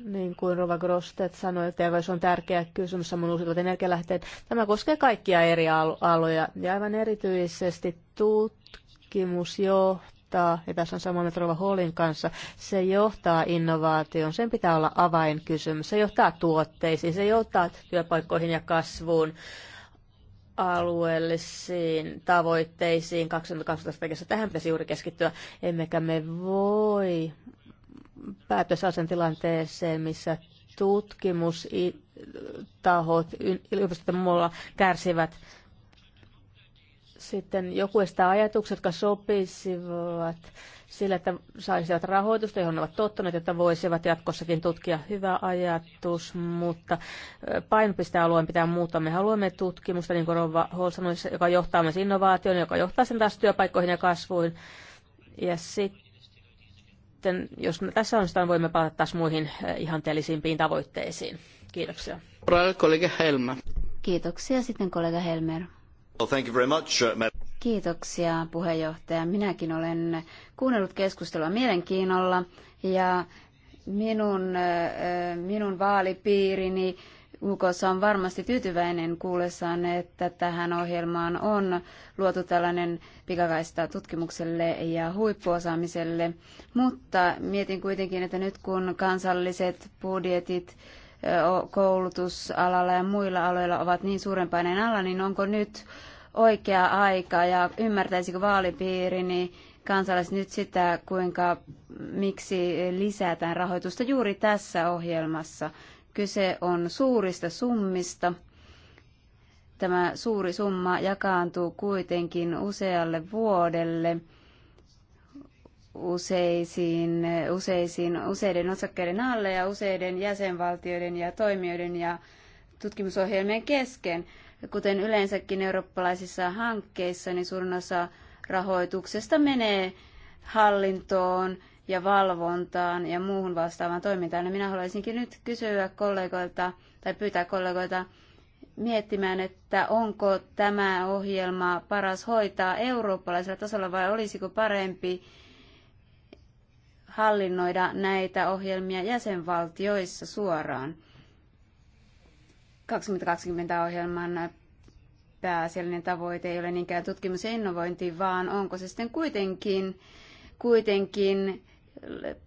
niin kuin Rova Grostet sanoi, että terveys on tärkeä kysymys, samoin uusilla energialähteet. Tämä koskee kaikkia eri aloja ja aivan erityisesti tutkimus johtaa, ja tässä on samoin Rova Hallin kanssa, se johtaa innovaatioon, sen pitää olla avainkysymys, se johtaa tuotteisiin, se johtaa työpaikkoihin ja kasvuun, alueellisiin tavoitteisiin 2012 strategiassa. Tähän pitäisi juuri keskittyä. Emmekä me voi päätyä sellaiseen tilanteeseen, missä tutkimustahot yliopistot muulla kärsivät sitten joku sitä ajatukset, jotka sopisivat sillä, että saisivat rahoitusta, johon ovat tottuneet, että voisivat jatkossakin tutkia. Hyvä ajatus, mutta painopistealueen pitää muuttaa. Me haluamme tutkimusta, niin kuin Rova Hall sanoi, joka johtaa myös innovaatioon, joka johtaa sen taas työpaikkoihin ja kasvuun. Ja sitten, jos tässä on sitä, voimme palata taas muihin ihanteellisimpiin tavoitteisiin. Kiitoksia. Kollega Helmer. Kiitoksia sitten kollega Helmer. Well, thank you very much, uh, Kiitoksia puheenjohtaja. Minäkin olen kuunnellut keskustelua mielenkiinnolla ja minun, äh, minun vaalipiirini UKssa on varmasti tyytyväinen kuullessaan, että tähän ohjelmaan on luotu tällainen pikakaista tutkimukselle ja huippuosaamiselle. Mutta mietin kuitenkin, että nyt kun kansalliset budjetit koulutusalalla ja muilla aloilla ovat niin suuren paineen alla, niin onko nyt oikea aika ja ymmärtäisikö niin kansalaiset nyt sitä, kuinka, miksi lisätään rahoitusta juuri tässä ohjelmassa. Kyse on suurista summista. Tämä suuri summa jakaantuu kuitenkin usealle vuodelle useisiin, useisiin, useiden osakkeiden alle ja useiden jäsenvaltioiden ja toimijoiden ja tutkimusohjelmien kesken. Kuten yleensäkin eurooppalaisissa hankkeissa, niin suurin osa rahoituksesta menee hallintoon ja valvontaan ja muuhun vastaavaan toimintaan. Ja minä haluaisinkin nyt kysyä kollegoilta tai pyytää kollegoilta miettimään, että onko tämä ohjelma paras hoitaa eurooppalaisella tasolla vai olisiko parempi hallinnoida näitä ohjelmia jäsenvaltioissa suoraan. 2020-ohjelman pääasiallinen tavoite ei ole niinkään tutkimus ja innovointi, vaan onko se sitten kuitenkin, kuitenkin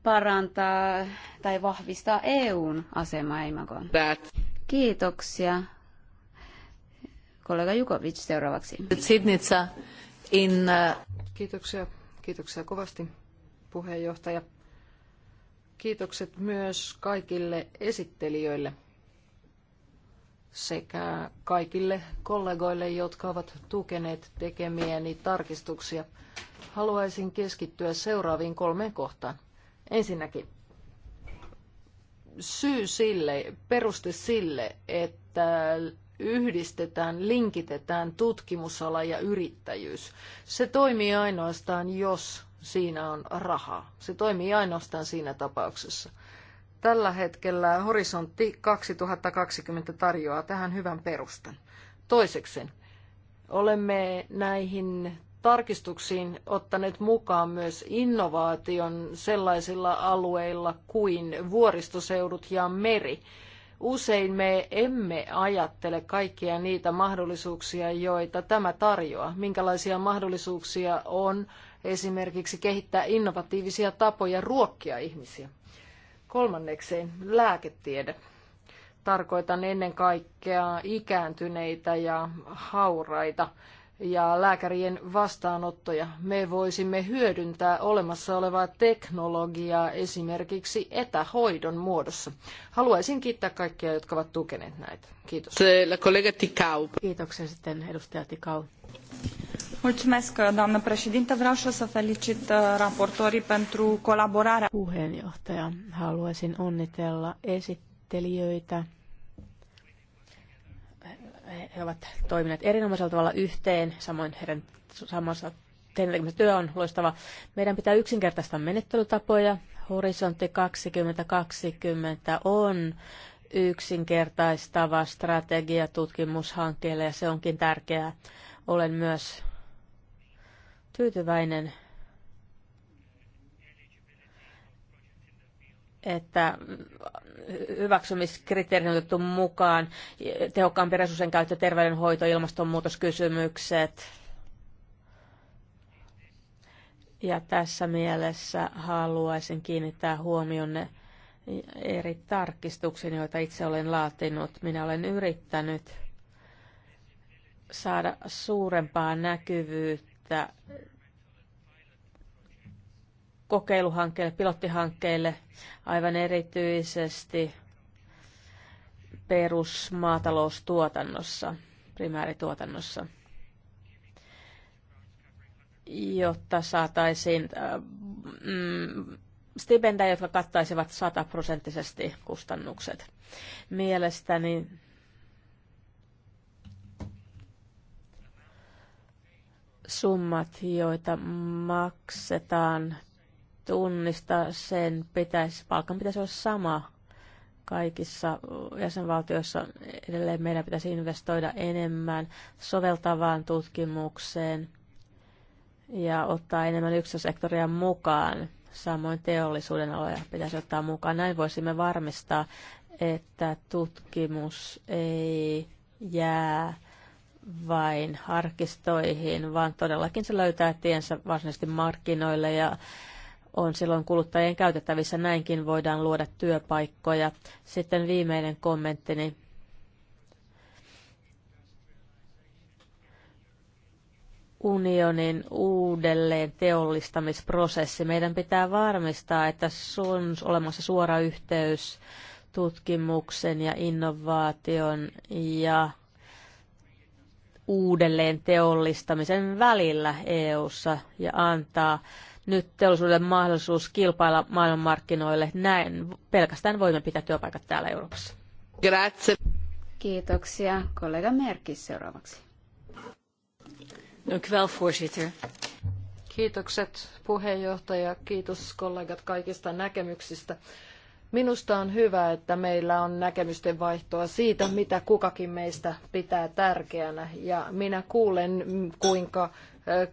parantaa tai vahvistaa EUn asemaa Imagoon. Kiitoksia. Kollega Jukovic seuraavaksi. Sidnitsa in... Uh, Kiitoksia. Kiitoksia kovasti puheenjohtaja. Kiitokset myös kaikille esittelijöille sekä kaikille kollegoille, jotka ovat tukeneet tekemiäni tarkistuksia. Haluaisin keskittyä seuraaviin kolmeen kohtaan. Ensinnäkin syy sille, peruste sille, että yhdistetään, linkitetään tutkimusala ja yrittäjyys. Se toimii ainoastaan, jos siinä on rahaa. Se toimii ainoastaan siinä tapauksessa. Tällä hetkellä Horisontti 2020 tarjoaa tähän hyvän perustan. Toiseksi olemme näihin tarkistuksiin ottaneet mukaan myös innovaation sellaisilla alueilla kuin vuoristoseudut ja meri. Usein me emme ajattele kaikkia niitä mahdollisuuksia, joita tämä tarjoaa, minkälaisia mahdollisuuksia on esimerkiksi kehittää innovatiivisia tapoja ruokkia ihmisiä. Kolmannekseen lääketiede. Tarkoitan ennen kaikkea ikääntyneitä ja hauraita ja lääkärien vastaanottoja. Me voisimme hyödyntää olemassa olevaa teknologiaa esimerkiksi etähoidon muodossa. Haluaisin kiittää kaikkia, jotka ovat tukeneet näitä. Kiitos. Kollega Tikau. Kiitoksia sitten edustaja Tikau. Mulțumesc, doamnă președinte. Vreau și să felicit uh, raportorii pentru colaborarea. Puheenjohtaja, haluaisin onnitella esittelijöitä. He ovat toimineet erinomaisella tavalla yhteen, samoin heidän samassa työ on loistava. Meidän pitää yksinkertaistaa menettelytapoja. Horisontti 2020 on yksinkertaistava strategia tutkimushankkeelle ja se onkin tärkeää. Olen myös tyytyväinen, että hyväksymiskriteerit on otettu mukaan, tehokkaampi resurssien käyttö, terveydenhoito, ilmastonmuutoskysymykset. Ja tässä mielessä haluaisin kiinnittää huomionne eri tarkistuksiin, joita itse olen laatinut. Minä olen yrittänyt saada suurempaa näkyvyyttä että kokeiluhankkeille, pilottihankkeille aivan erityisesti perusmaataloustuotannossa, primäärituotannossa, jotta saataisiin äh, mm, stipendejä, jotka kattaisivat sataprosenttisesti kustannukset. Mielestäni summat, joita maksetaan tunnista, sen pitäisi, palkan pitäisi olla sama kaikissa jäsenvaltioissa. Edelleen meidän pitäisi investoida enemmän soveltavaan tutkimukseen ja ottaa enemmän yksityissektoria mukaan. Samoin teollisuuden aloja pitäisi ottaa mukaan. Näin voisimme varmistaa, että tutkimus ei jää vain arkistoihin, vaan todellakin se löytää tiensä varsinaisesti markkinoille ja on silloin kuluttajien käytettävissä. Näinkin voidaan luoda työpaikkoja. Sitten viimeinen kommenttini. Niin unionin uudelleen teollistamisprosessi. Meidän pitää varmistaa, että on olemassa suora yhteys tutkimuksen ja innovaation ja uudelleen teollistamisen välillä EU:ssa ja antaa nyt teollisuuden mahdollisuus kilpailla maailmanmarkkinoille. Näin pelkästään voimme pitää työpaikat täällä Euroopassa. Grazie. Kiitoksia. Kollega Merkis seuraavaksi. Dank Kiitokset puheenjohtaja. Kiitos kollegat kaikista näkemyksistä. Minusta on hyvä, että meillä on näkemysten vaihtoa siitä, mitä kukakin meistä pitää tärkeänä. Ja minä kuulen, kuinka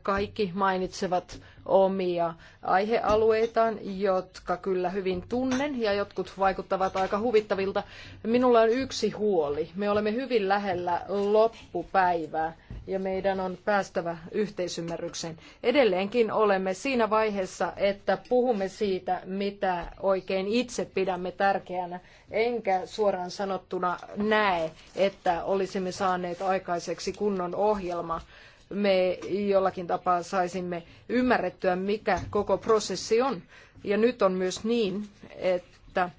kaikki mainitsevat omia aihealueitaan, jotka kyllä hyvin tunnen ja jotkut vaikuttavat aika huvittavilta. Minulla on yksi huoli. Me olemme hyvin lähellä loppupäivää ja meidän on päästävä yhteisymmärrykseen. Edelleenkin olemme siinä vaiheessa, että puhumme siitä, mitä oikein itse pidämme tärkeänä, enkä suoraan sanottuna näe, että olisimme saaneet aikaiseksi kunnon ohjelmaa me jollakin tapaa saisimme ymmärrettyä, mikä koko prosessi on. Ja nyt on myös niin, että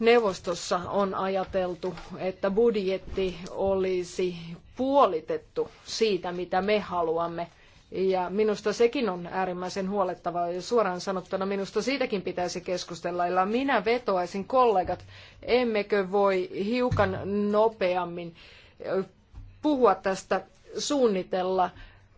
neuvostossa on ajateltu, että budjetti olisi puolitettu siitä, mitä me haluamme. Ja minusta sekin on äärimmäisen huolettavaa ja suoraan sanottuna minusta siitäkin pitäisi keskustella. Ja minä vetoaisin kollegat, emmekö voi hiukan nopeammin puhua tästä suunnitella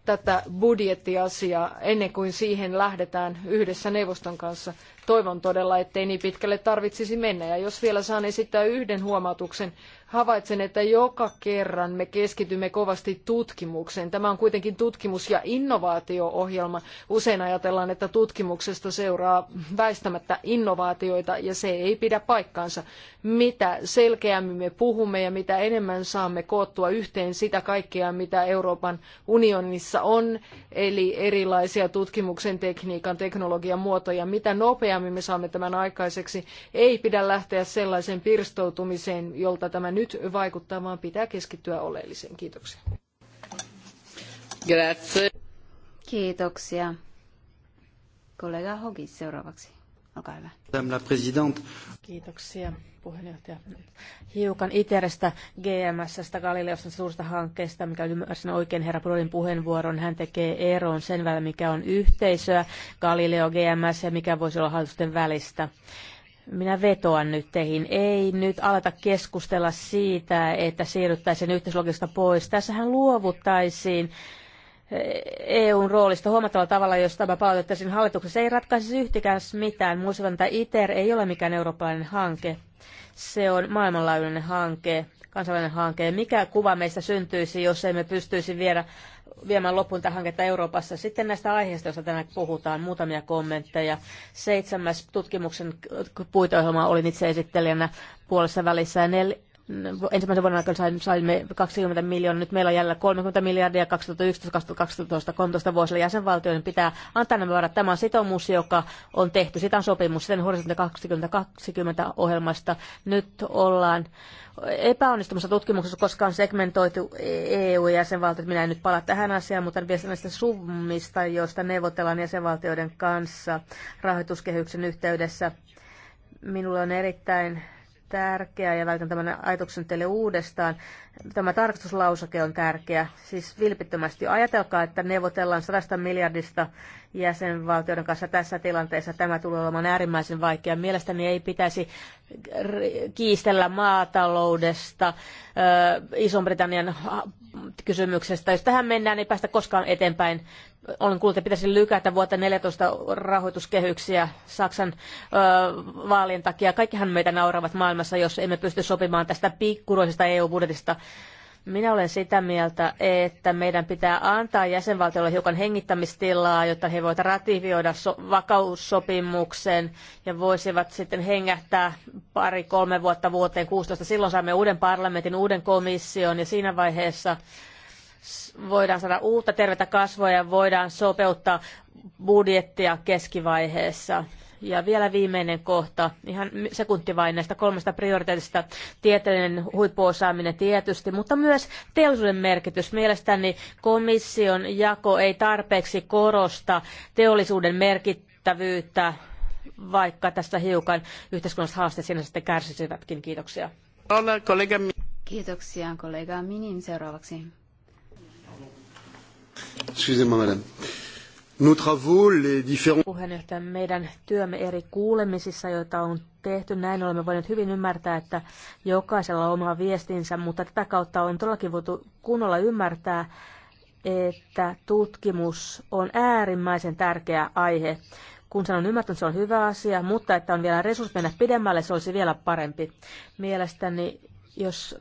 tätä budjettiasiaa ennen kuin siihen lähdetään yhdessä neuvoston kanssa. Toivon todella, ettei niin pitkälle tarvitsisi mennä. Ja jos vielä saan esittää yhden huomautuksen, havaitsen, että joka kerran me keskitymme kovasti tutkimukseen. Tämä on kuitenkin tutkimus- ja innovaatio-ohjelma. Usein ajatellaan, että tutkimuksesta seuraa väistämättä innovaatioita ja se ei pidä paikkaansa. Mitä selkeämmin me puhumme ja mitä enemmän saamme koottua yhteen sitä kaikkea, mitä Euroopan unionissa on, eli erilaisia tutkimuksen tekniikan, teknologian muotoja, mitä nopeammin nopeammin me saamme tämän aikaiseksi. Ei pidä lähteä sellaiseen pirstoutumiseen, jolta tämä nyt vaikuttaa, vaan pitää keskittyä oleelliseen. Kiitoksia. Grazie. Kiitoksia. Kollega Hogis seuraavaksi. Olkaa hyvä. Kiitoksia puheenjohtaja. Hiukan ITERstä, GMSstä, Galileosta suurista hankkeesta, mikä ymmärsin oikein herra Brodin puheenvuoron. Hän tekee eroon sen välillä, mikä on yhteisöä, Galileo, GMS ja mikä voisi olla hallitusten välistä. Minä vetoan nyt teihin. Ei nyt aleta keskustella siitä, että siirryttäisiin yhteislogista pois. Tässähän luovuttaisiin E EUn roolista huomattavalla tavalla, jos tämä palautettaisiin hallituksessa. ei ratkaisisi yhtikään mitään. Muistutan, että ITER ei ole mikään eurooppalainen hanke. Se on maailmanlaajuinen hanke, kansainvälinen hanke. Mikä kuva meistä syntyisi, jos emme pystyisi viedä, viemään loppuun tätä hanketta Euroopassa? Sitten näistä aiheista, joista tänään puhutaan, muutamia kommentteja. Seitsemäs tutkimuksen puiteohjelma oli itse esittelijänä puolessa välissä ja nel- ensimmäisen vuoden aikana saimme 20 miljoonaa, nyt meillä on jäljellä 30 miljardia 2011, 2012, 13 vuosilla jäsenvaltioiden pitää antaa nämä varat. Tämä on sitoumus, joka on tehty, sitä on sopimus sitten Horisontti 2020 ohjelmasta. Nyt ollaan epäonnistumassa tutkimuksessa, koska on segmentoitu EU-jäsenvaltiot. Minä en nyt palaa tähän asiaan, mutta vielä näistä summista, joista neuvotellaan jäsenvaltioiden kanssa rahoituskehyksen yhteydessä. Minulla on erittäin tärkeä ja laitan tämän ajatuksen teille uudestaan. Tämä tarkastuslausake on tärkeä. Siis vilpittömästi ajatelkaa, että neuvotellaan 100 miljardista jäsenvaltioiden kanssa tässä tilanteessa. Tämä tulee olemaan äärimmäisen vaikea. Mielestäni ei pitäisi kiistellä maataloudesta, Ison-Britannian kysymyksestä. Jos tähän mennään, ei päästä koskaan eteenpäin. Olen kuullut, että pitäisi lykätä vuotta 14 rahoituskehyksiä Saksan ö, vaalien takia. Kaikkihan meitä nauravat maailmassa, jos emme pysty sopimaan tästä pikkuroisesta EU-budjetista. Minä olen sitä mieltä, että meidän pitää antaa jäsenvaltioille hiukan hengittämistilaa, jotta he voivat ratifioida so- vakaussopimuksen ja voisivat sitten hengähtää pari-kolme vuotta vuoteen 16. Silloin saamme uuden parlamentin, uuden komission ja siinä vaiheessa voidaan saada uutta tervettä kasvua ja voidaan sopeuttaa budjettia keskivaiheessa. Ja vielä viimeinen kohta, ihan sekunti vain näistä kolmesta prioriteetista, tieteellinen huippuosaaminen tietysti, mutta myös teollisuuden merkitys. Mielestäni komission jako ei tarpeeksi korosta teollisuuden merkittävyyttä, vaikka tästä hiukan yhteiskunnalliset haasteet siinä sitten kärsisivätkin. Kiitoksia. Kiitoksia kollega Minin seuraavaksi. Excusez-moi madame. Puheenjohtaja, meidän työmme eri kuulemisissa, joita on tehty, näin olemme voineet hyvin ymmärtää, että jokaisella on oma viestinsä, mutta tätä kautta on todellakin voitu kunnolla ymmärtää, että tutkimus on äärimmäisen tärkeä aihe. Kun sen on ymmärtänyt, se on hyvä asia, mutta että on vielä resurssi mennä pidemmälle, se olisi vielä parempi. Mielestäni, jos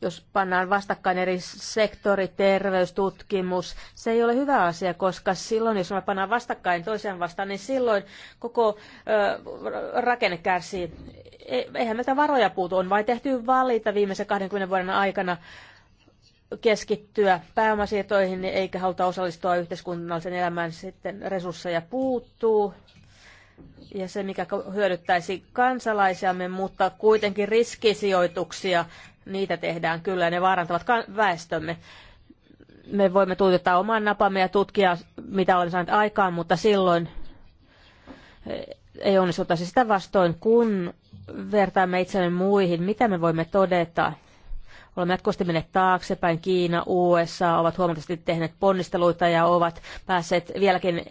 jos pannaan vastakkain eri sektori, terveys, tutkimus, se ei ole hyvä asia, koska silloin, jos me pannaan vastakkain toiseen vastaan, niin silloin koko ö, rakenne kärsii. E, eihän meiltä varoja puutu, on vain tehty valita viimeisen 20 vuoden aikana keskittyä pääomasiirtoihin, niin eikä haluta osallistua yhteiskunnallisen elämään, sitten resursseja puuttuu, ja se, mikä hyödyttäisi kansalaisiamme, mutta kuitenkin riskisijoituksia niitä tehdään kyllä ja ne vaarantavat väestömme. Me voimme tuijottaa oman napamme ja tutkia, mitä olen saanut aikaan, mutta silloin eh, ei onnistuta sitä vastoin, kun vertaamme itsemme muihin, mitä me voimme todeta. Olemme jatkuvasti menneet taaksepäin. Kiina, USA ovat huomattavasti tehneet ponnisteluita ja ovat päässeet vieläkin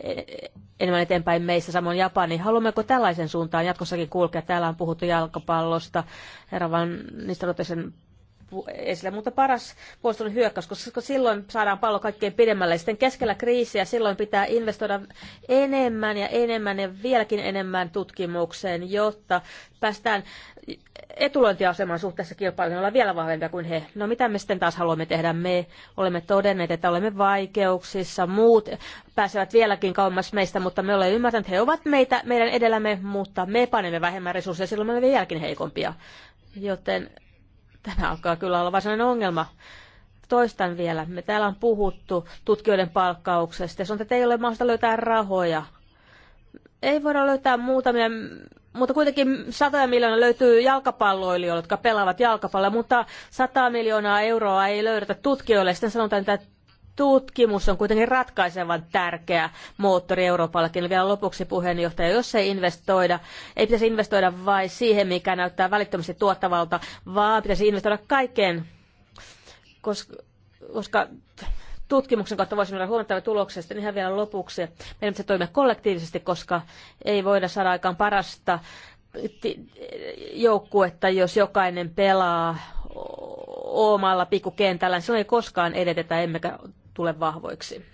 enemmän eteenpäin meissä, samoin Japani. Haluammeko tällaisen suuntaan jatkossakin kulkea? Täällä on puhuttu jalkapallosta. Herra Van Nistelotisen esille, mutta paras puolustunut hyökkäys, koska silloin saadaan pallo kaikkein pidemmälle. Sitten keskellä kriisiä silloin pitää investoida enemmän ja enemmän ja vieläkin enemmän tutkimukseen, jotta päästään etulointiasemaan suhteessa kilpailuun olla vielä vahvempia kuin he. No mitä me sitten taas haluamme tehdä? Me olemme todenneet, että olemme vaikeuksissa, muut pääsevät vieläkin kauemmas meistä, mutta me olemme ymmärtäneet, että he ovat meitä, meidän edellämme, mutta me panemme vähemmän resursseja, silloin me olemme vieläkin heikompia. Joten Tämä alkaa kyllä olla varsinainen ongelma. Toistan vielä. Me täällä on puhuttu tutkijoiden palkkauksesta ja on että ei ole mahdollista löytää rahoja. Ei voida löytää muutamia mutta kuitenkin satoja miljoonaa löytyy jalkapalloilijoille, jotka pelaavat jalkapalloa, mutta sata miljoonaa euroa ei löydetä tutkijoille. Sitten sanotaan, että tutkimus on kuitenkin ratkaisevan tärkeä moottori Euroopallakin. Vielä lopuksi puheenjohtaja, jos ei investoida, ei pitäisi investoida vain siihen, mikä näyttää välittömästi tuottavalta, vaan pitäisi investoida kaikkeen, koska, koska tutkimuksen kautta voisi olla huomattavia tuloksia. Sitten ihan vielä lopuksi, meidän pitäisi toimia kollektiivisesti, koska ei voida saada aikaan parasta joukkuetta, jos jokainen pelaa omalla pikkukentällä, niin silloin ei koskaan edetetä, emmekä tule vahvoiksi.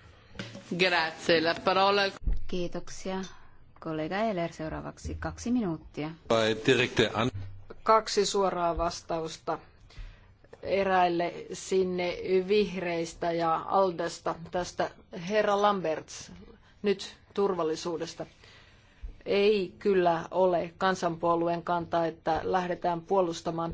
Grazie. La parola... Kiitoksia. Kollega Eller seuraavaksi kaksi minuuttia. Kaksi suoraa vastausta eräille sinne vihreistä ja Aldesta tästä herra Lamberts nyt turvallisuudesta ei kyllä ole kansanpuolueen kanta, että lähdetään puolustamaan,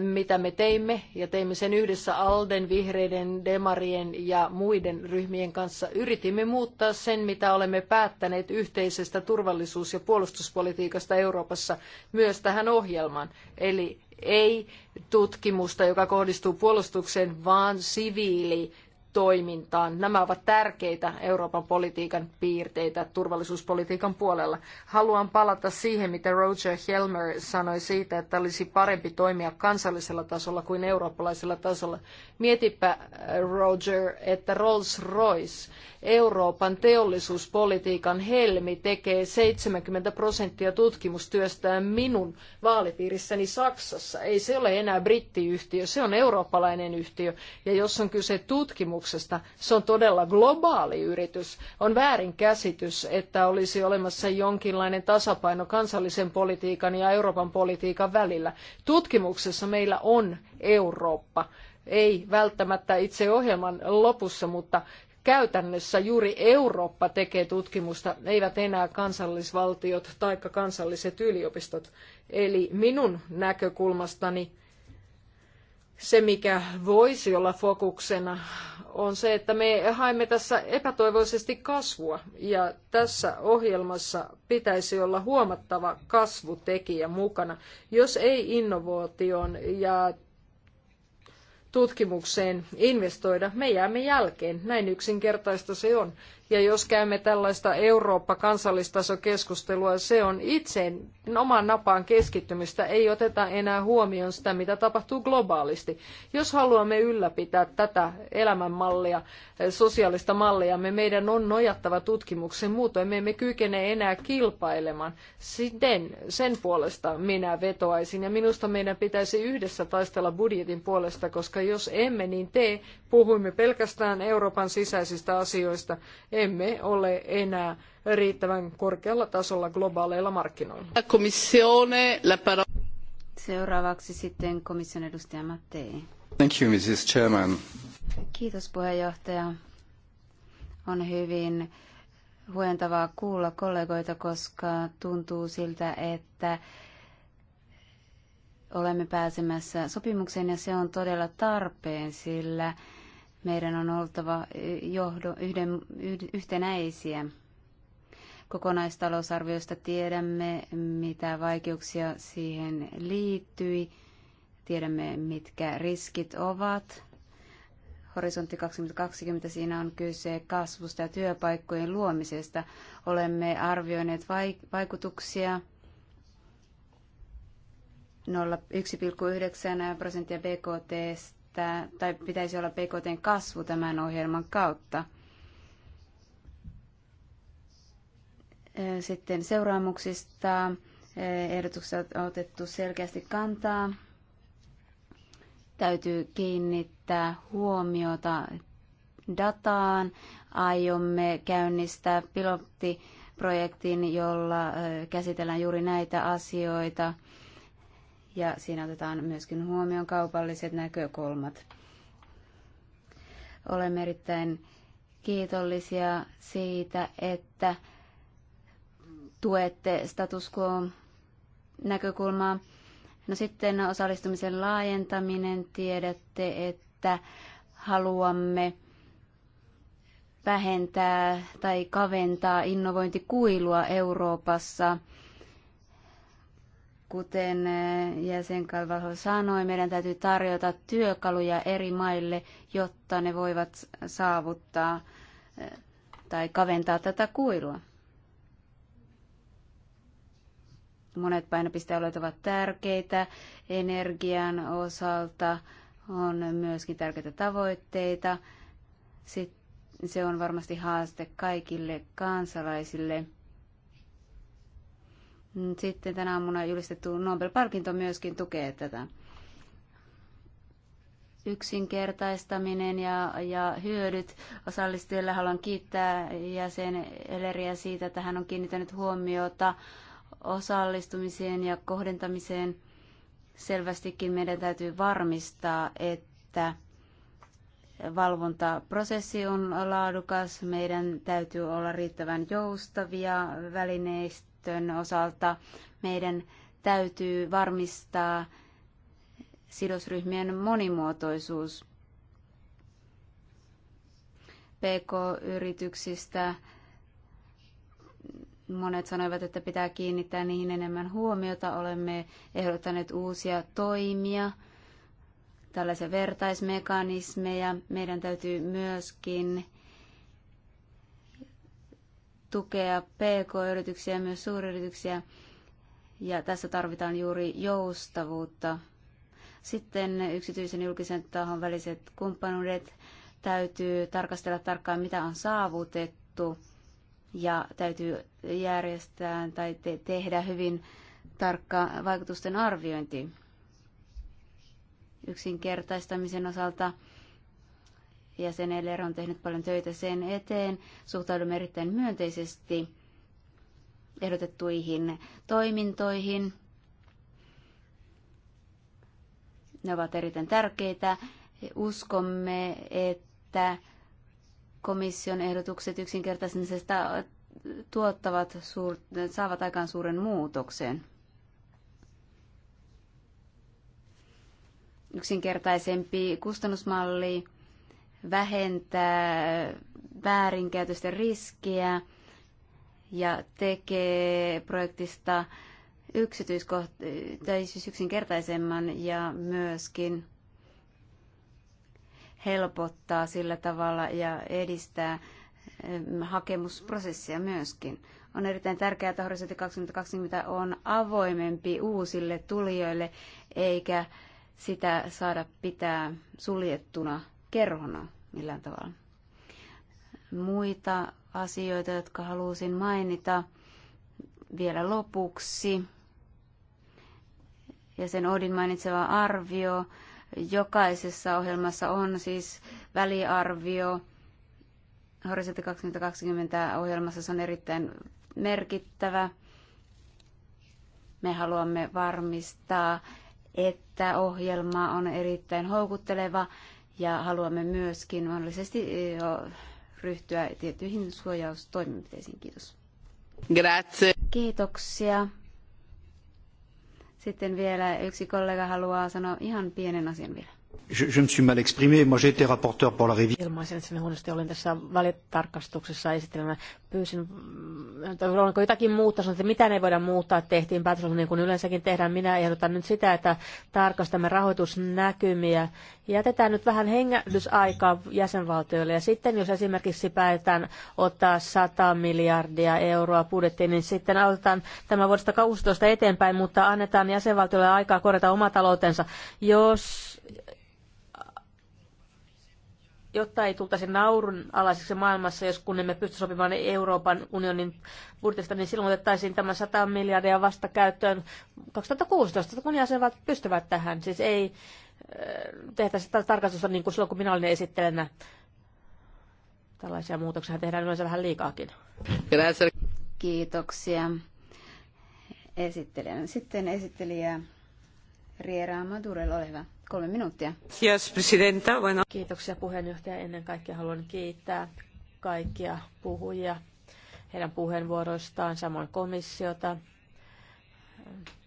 mitä me teimme, ja teimme sen yhdessä Alden, Vihreiden, Demarien ja muiden ryhmien kanssa. Yritimme muuttaa sen, mitä olemme päättäneet yhteisestä turvallisuus- ja puolustuspolitiikasta Euroopassa myös tähän ohjelmaan. Eli ei tutkimusta, joka kohdistuu puolustukseen, vaan siviili toimintaan. Nämä ovat tärkeitä Euroopan politiikan piirteitä turvallisuuspolitiikan puolella. Haluan palata siihen, mitä Roger Helmer sanoi siitä, että olisi parempi toimia kansallisella tasolla kuin eurooppalaisella tasolla. Mietipä, äh, Roger, että Rolls-Royce, Euroopan teollisuuspolitiikan helmi, tekee 70 prosenttia tutkimustyöstään minun vaalipiirissäni Saksassa. Ei se ole enää brittiyhtiö, se on eurooppalainen yhtiö. Ja jos on kyse tutkimuksesta, yrityksestä. Se on todella globaali yritys. On väärin käsitys, että olisi olemassa jonkinlainen tasapaino kansallisen politiikan ja Euroopan politiikan välillä. Tutkimuksessa meillä on Eurooppa. Ei välttämättä itse ohjelman lopussa, mutta käytännössä juuri Eurooppa tekee tutkimusta, eivät enää kansallisvaltiot tai kansalliset yliopistot. Eli minun näkökulmastani se, mikä voisi olla fokuksena, on se, että me haemme tässä epätoivoisesti kasvua. Ja tässä ohjelmassa pitäisi olla huomattava kasvutekijä mukana. Jos ei innovaatioon ja tutkimukseen investoida, me jäämme jälkeen. Näin yksinkertaista se on. Ja jos käymme tällaista Eurooppa-kansallistasokeskustelua, se on itse oman napaan keskittymistä. Ei oteta enää huomioon sitä, mitä tapahtuu globaalisti. Jos haluamme ylläpitää tätä elämänmallia, sosiaalista mallia, me meidän on nojattava tutkimuksen muutoin. Me emme kykene enää kilpailemaan. Siten, sen puolesta minä vetoaisin. Ja minusta meidän pitäisi yhdessä taistella budjetin puolesta, koska jos emme niin tee, puhuimme pelkästään Euroopan sisäisistä asioista, emme ole enää riittävän korkealla tasolla globaaleilla markkinoilla. Seuraavaksi sitten komission edustaja Mattei. Thank you, Mrs. Chairman. Kiitos puheenjohtaja. On hyvin huentavaa kuulla kollegoita, koska tuntuu siltä, että olemme pääsemässä sopimukseen ja se on todella tarpeen, sillä meidän on oltava e, johdo, yhden, yhtenäisiä. Kokonaistalousarviosta tiedämme, mitä vaikeuksia siihen liittyi. Tiedämme, mitkä riskit ovat. Horisontti 2020 siinä on kyse kasvusta ja työpaikkojen luomisesta. Olemme arvioineet vaikutuksia 0,9% prosenttia BKTstä että, tai pitäisi olla PKTn kasvu tämän ohjelman kautta. Sitten seuraamuksista ehdotukset on otettu selkeästi kantaa. Täytyy kiinnittää huomiota dataan. Aiomme käynnistää pilottiprojektin, jolla eh, käsitellään juuri näitä asioita – ja siinä otetaan myöskin huomioon kaupalliset näkökulmat. Olemme erittäin kiitollisia siitä, että tuette status quo näkökulmaa. No sitten osallistumisen laajentaminen. Tiedätte, että haluamme vähentää tai kaventaa innovointikuilua Euroopassa – Kuten jäsen Kalvalho sanoi, meidän täytyy tarjota työkaluja eri maille, jotta ne voivat saavuttaa tai kaventaa tätä kuilua. Monet painopistealueet ovat tärkeitä energian osalta, on myöskin tärkeitä tavoitteita. Sitten se on varmasti haaste kaikille kansalaisille – Mm, sitten tänä aamuna julistettu Nobel-palkinto myöskin tukee tätä. Yksinkertaistaminen ja, ja hyödyt osallistujille haluan kiittää jäsen Eleriä siitä, että hän on kiinnittänyt huomiota osallistumiseen ja kohdentamiseen. Selvästikin meidän täytyy varmistaa, että valvontaprosessi on laadukas, meidän täytyy olla riittävän joustavia välineistä käytön osalta meidän täytyy varmistaa sidosryhmien monimuotoisuus. PK-yrityksistä monet sanoivat, että pitää kiinnittää niihin enemmän huomiota. Olemme ehdottaneet uusia toimia, tällaisia vertaismekanismeja. Meidän täytyy myöskin tukea PK-yrityksiä ja myös suuryrityksiä. Ja tässä tarvitaan juuri joustavuutta. Sitten yksityisen julkisen tahon väliset kumppanuudet täytyy tarkastella tarkkaan, mitä on saavutettu ja täytyy järjestää tai te- tehdä hyvin tarkka vaikutusten arviointi. Yksinkertaistamisen osalta ja sen Eller on tehnyt paljon töitä sen eteen. Suhtaudumme erittäin myönteisesti ehdotettuihin toimintoihin. Ne ovat erittäin tärkeitä. Uskomme, että komission ehdotukset yksinkertaisesta tuottavat suur, saavat aikaan suuren muutoksen. Yksinkertaisempi kustannusmalli vähentää väärinkäytösten riskiä ja tekee projektista yksityiskoht- siis yksinkertaisemman ja myöskin helpottaa sillä tavalla ja edistää mm, hakemusprosessia myöskin. On erittäin tärkeää, että Horisontti 2020 on avoimempi uusille tulijoille, eikä sitä saada pitää suljettuna kerhona millään tavalla. Muita asioita, jotka halusin mainita vielä lopuksi. Ja sen Odin mainitseva arvio. Jokaisessa ohjelmassa on siis väliarvio. Horisontti 2020 ohjelmassa se on erittäin merkittävä. Me haluamme varmistaa, että ohjelma on erittäin houkutteleva ja haluamme myöskin mahdollisesti eh, ryhtyä tiettyihin suojaustoimenpiteisiin. Kiitos. Grazie. Kiitoksia. Sitten vielä yksi kollega haluaa sanoa ihan pienen asian vielä. Je, je me suis mal exprimé. Moi, j'ai été rapporteur pour la révision. Ilmaisin sinne huonosti. Olin tässä valitarkastuksessa esittelemä. Pyysin, että onko jotakin muuta. Sanoin, että mitä ne voidaan muuttaa. Tehtiin päätös, niin kuin yleensäkin tehdään. Minä ehdotan nyt sitä, että tarkastamme rahoitusnäkymiä. Jätetään nyt vähän hengähdysaikaa jäsenvaltioille. Ja sitten, jos esimerkiksi päätetään ottaa 100 miljardia euroa budjettiin, niin sitten autetaan tämä vuodesta 16 eteenpäin, mutta annetaan jäsenvaltioille aikaa korjata oma taloutensa. Jos jotta ei tultaisi naurun alaiseksi maailmassa, jos kun emme pysty sopimaan Euroopan unionin budjetista, niin silloin otettaisiin tämä 100 miljardia vasta käyttöön 2016, kun jäsenvaltiot pystyvät tähän. Siis ei tehtäisi tarkastusta niin kuin silloin, kun minä olin esittelenä. Tällaisia muutoksia tehdään yleensä vähän liikaakin. Kiitoksia esittelijän. Sitten esittelijä Riera Madurel, oleva Kolme minuuttia. Yes, presidenta. Bueno. Kiitoksia puheenjohtaja. Ennen kaikkea haluan kiittää kaikkia puhujia heidän puheenvuoroistaan, samoin komissiota.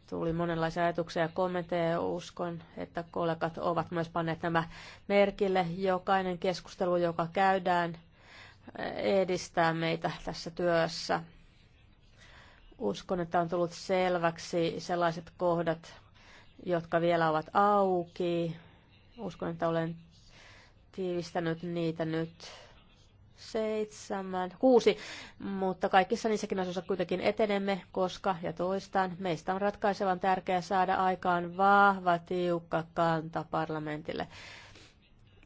Tuli monenlaisia ajatuksia ja kommentteja ja uskon, että kollegat ovat myös panneet nämä merkille. Jokainen keskustelu, joka käydään, edistää meitä tässä työssä. Uskon, että on tullut selväksi sellaiset kohdat, jotka vielä ovat auki. Uskon, että olen tiivistänyt niitä nyt seitsemän, kuusi, mutta kaikissa niissäkin asioissa kuitenkin etenemme, koska, ja toistan, meistä on ratkaisevan tärkeää saada aikaan vahva, tiukka kanta parlamentille.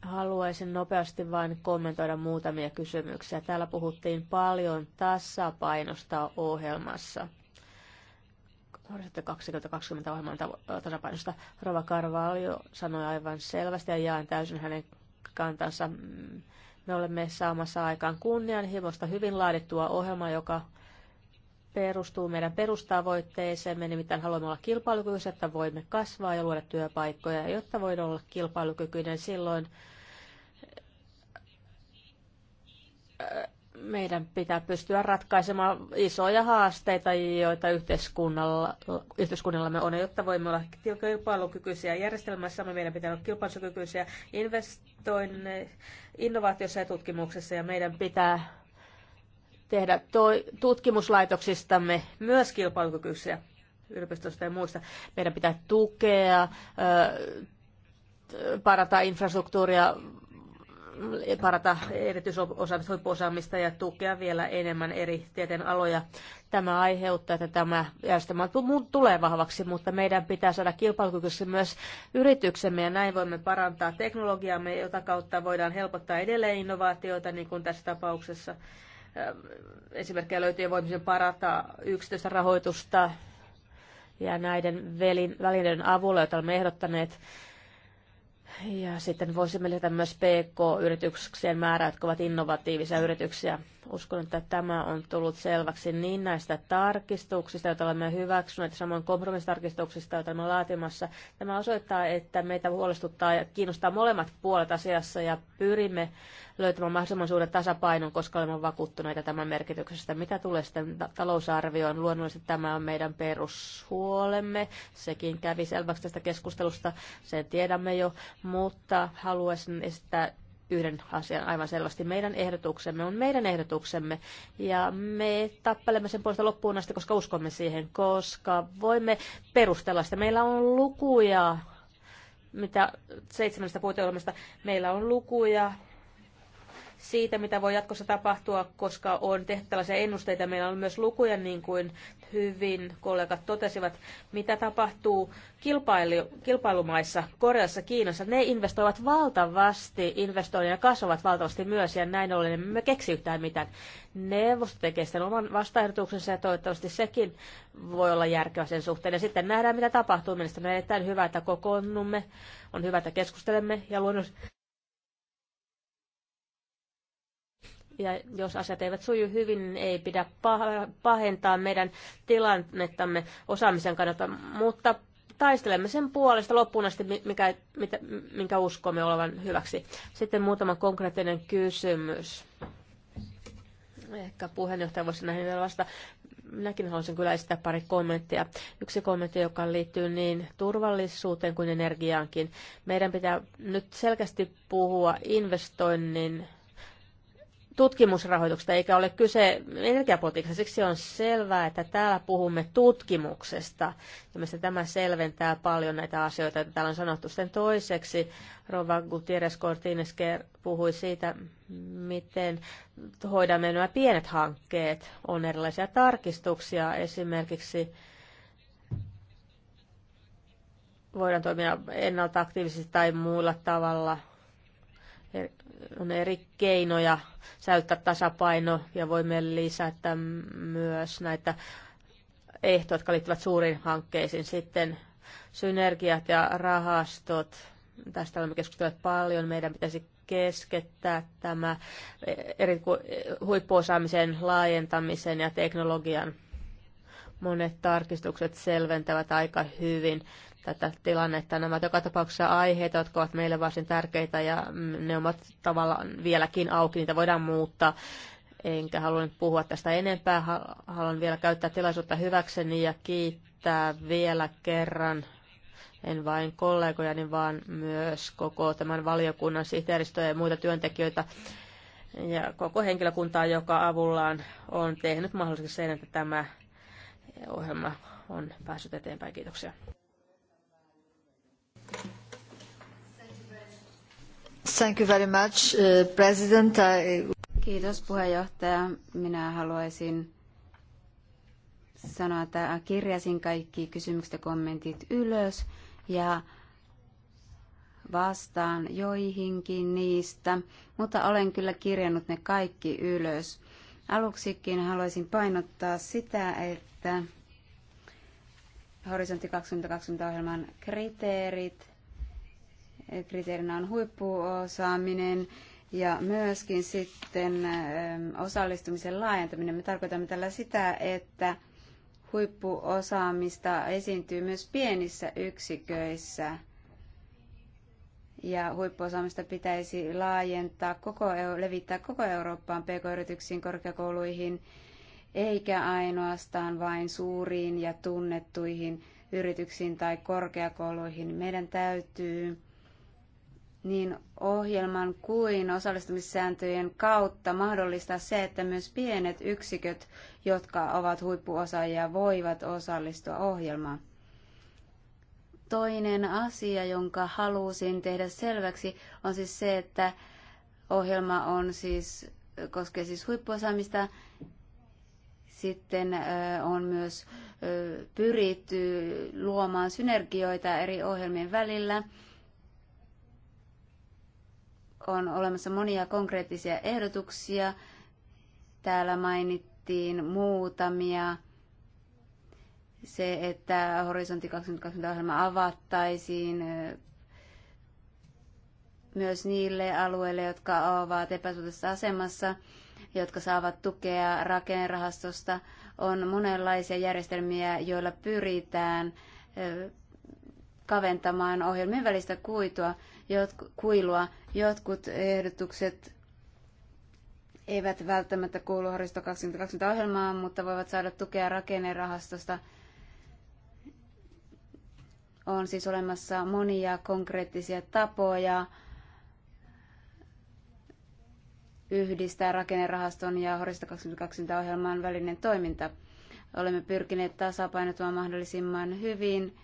Haluaisin nopeasti vain kommentoida muutamia kysymyksiä. Täällä puhuttiin paljon tasapainosta ohjelmassa nuorisotyö 2020 ohjelman tasapainosta. Rova Carvalho sanoi aivan selvästi ja jaan täysin hänen kantansa. Mm, me olemme saamassa aikaan kunnianhimoista hyvin laadittua ohjelmaa, joka perustuu meidän Me nimittäin haluamme olla kilpailukykyisiä, että voimme kasvaa ja luoda työpaikkoja. Jotta voidaan olla kilpailukykyinen, silloin meidän pitää pystyä ratkaisemaan isoja haasteita, joita yhteiskunnalla, yhteiskunnallamme on, jotta voimme olla kilpailukykyisiä järjestelmässämme. Meidän pitää olla kilpailukykyisiä investoinne, innovaatiossa ja tutkimuksessa, ja meidän pitää tehdä toi, tutkimuslaitoksistamme myös kilpailukykyisiä yliopistosta ja muista. Meidän pitää tukea, parata infrastruktuuria, parata erityisosaamista, huippuosaamista ja tukea vielä enemmän eri tieteen aloja. Tämä aiheuttaa, että tämä järjestelmä tulee vahvaksi, mutta meidän pitää saada kilpailukykyisesti myös yrityksemme ja näin voimme parantaa teknologiaamme, jota kautta voidaan helpottaa edelleen innovaatioita, niin kuin tässä tapauksessa ähm, esimerkkejä löytyy ja voimme parata yksityistä rahoitusta ja näiden välineiden avulla, joita olemme ehdottaneet, ja sitten voisimme lisätä myös PK-yrityksien määrää, jotka ovat innovatiivisia yrityksiä Uskon, että tämä on tullut selväksi niin näistä tarkistuksista, joita olemme hyväksyneet, samoin kompromissitarkistuksista, joita olemme laatimassa. Tämä osoittaa, että meitä huolestuttaa ja kiinnostaa molemmat puolet asiassa ja pyrimme löytämään mahdollisimman suuren tasapainon, koska olemme vakuuttuneita tämän merkityksestä. Mitä tulee sitten talousarvioon? Luonnollisesti tämä on meidän perushuolemme. Sekin kävi selväksi tästä keskustelusta, sen tiedämme jo, mutta haluaisin esittää yhden asian aivan selvästi. Meidän ehdotuksemme on meidän ehdotuksemme ja me tappelemme sen puolesta loppuun asti, koska uskomme siihen, koska voimme perustella sitä. Meillä on lukuja, mitä seitsemästä puiteohjelmasta, meillä on lukuja siitä, mitä voi jatkossa tapahtua, koska on tehty tällaisia ennusteita. Meillä on myös lukuja, niin kuin hyvin kollegat totesivat, mitä tapahtuu kilpailu, kilpailumaissa, Koreassa, Kiinassa. Ne investoivat valtavasti, investoivat ja kasvavat valtavasti myös, ja näin ollen emme keksi yhtään mitään. Neuvosto tekee sen oman vastaehdotuksensa, ja toivottavasti sekin voi olla järkevä sen suhteen. Ja sitten nähdään, mitä tapahtuu. Mielestäni on erittäin hyvä, että kokoonnumme, on hyvä, että keskustelemme, ja luonnollisesti Ja jos asiat eivät suju hyvin, niin ei pidä pahentaa meidän tilannettamme osaamisen kannalta, mutta taistelemme sen puolesta loppuun asti, mikä, mitä, minkä uskomme olevan hyväksi. Sitten muutama konkreettinen kysymys. Ehkä puheenjohtaja voisi näihin vielä vasta. Minäkin haluaisin kyllä esittää pari kommenttia. Yksi kommentti, joka liittyy niin turvallisuuteen kuin energiaankin. Meidän pitää nyt selkeästi puhua investoinnin tutkimusrahoituksesta eikä ole kyse energiapolitiikasta. Siksi on selvää, että täällä puhumme tutkimuksesta. Ja mistä tämä selventää paljon näitä asioita, että täällä on sanottu. sen toiseksi Rova Gutierrez Cortines puhui siitä, miten hoidamme nämä pienet hankkeet. On erilaisia tarkistuksia esimerkiksi voidaan toimia ennalta aktiivisesti tai muulla tavalla on eri keinoja säyttää tasapaino ja voimme lisätä myös näitä ehtoja, jotka liittyvät suuriin hankkeisiin. Sitten synergiat ja rahastot. Tästä olemme keskustelleet paljon. Meidän pitäisi keskittää tämä eri huippuosaamisen laajentamisen ja teknologian monet tarkistukset selventävät aika hyvin tätä tilannetta. Nämä joka tapauksessa aiheet, jotka ovat meille varsin tärkeitä ja ne ovat tavallaan vieläkin auki, niitä voidaan muuttaa. Enkä halua nyt puhua tästä enempää. Haluan vielä käyttää tilaisuutta hyväkseni ja kiittää vielä kerran en vain kollegojani, vaan myös koko tämän valiokunnan sihteeristöä ja muita työntekijöitä ja koko henkilökuntaa, joka avullaan on tehnyt mahdollisesti sen, että tämä ohjelma on päässyt eteenpäin. Kiitoksia. Thank you very much, uh, President. I... Kiitos puheenjohtaja. Minä haluaisin sanoa, että kirjasin kaikki kysymykset ja kommentit ylös ja vastaan joihinkin niistä, mutta olen kyllä kirjannut ne kaikki ylös. Aluksikin haluaisin painottaa sitä, että Horisontti 2020-ohjelman kriteerit. Kriteerinä on huippuosaaminen ja myöskin sitten ähm, osallistumisen laajentaminen. Me tarkoitamme tällä sitä, että huippuosaamista esiintyy myös pienissä yksiköissä. Ja huippuosaamista pitäisi laajentaa, koko, levittää koko Eurooppaan, pk-yrityksiin, korkeakouluihin, eikä ainoastaan vain suuriin ja tunnettuihin yrityksiin tai korkeakouluihin. Meidän täytyy niin ohjelman kuin osallistumissääntöjen kautta mahdollistaa se, että myös pienet yksiköt, jotka ovat huippuosaajia, voivat osallistua ohjelmaan. Toinen asia, jonka halusin tehdä selväksi, on siis se, että ohjelma on siis, koskee siis huippuosaamista sitten on myös pyritty luomaan synergioita eri ohjelmien välillä. On olemassa monia konkreettisia ehdotuksia. Täällä mainittiin muutamia. Se, että Horisontti 2020-ohjelma avattaisiin myös niille alueille, jotka ovat epäsuhteisessa asemassa – jotka saavat tukea rakennerahastosta. On monenlaisia järjestelmiä, joilla pyritään kaventamaan ohjelmien välistä kuitua, jotku, kuilua. Jotkut ehdotukset eivät välttämättä kuulu Horisto 2020 ohjelmaan, mutta voivat saada tukea rakennerahastosta. On siis olemassa monia konkreettisia tapoja yhdistää rakennerahaston ja Horista 2020 ohjelman välinen toiminta. Olemme pyrkineet tasapainottamaan mahdollisimman hyvin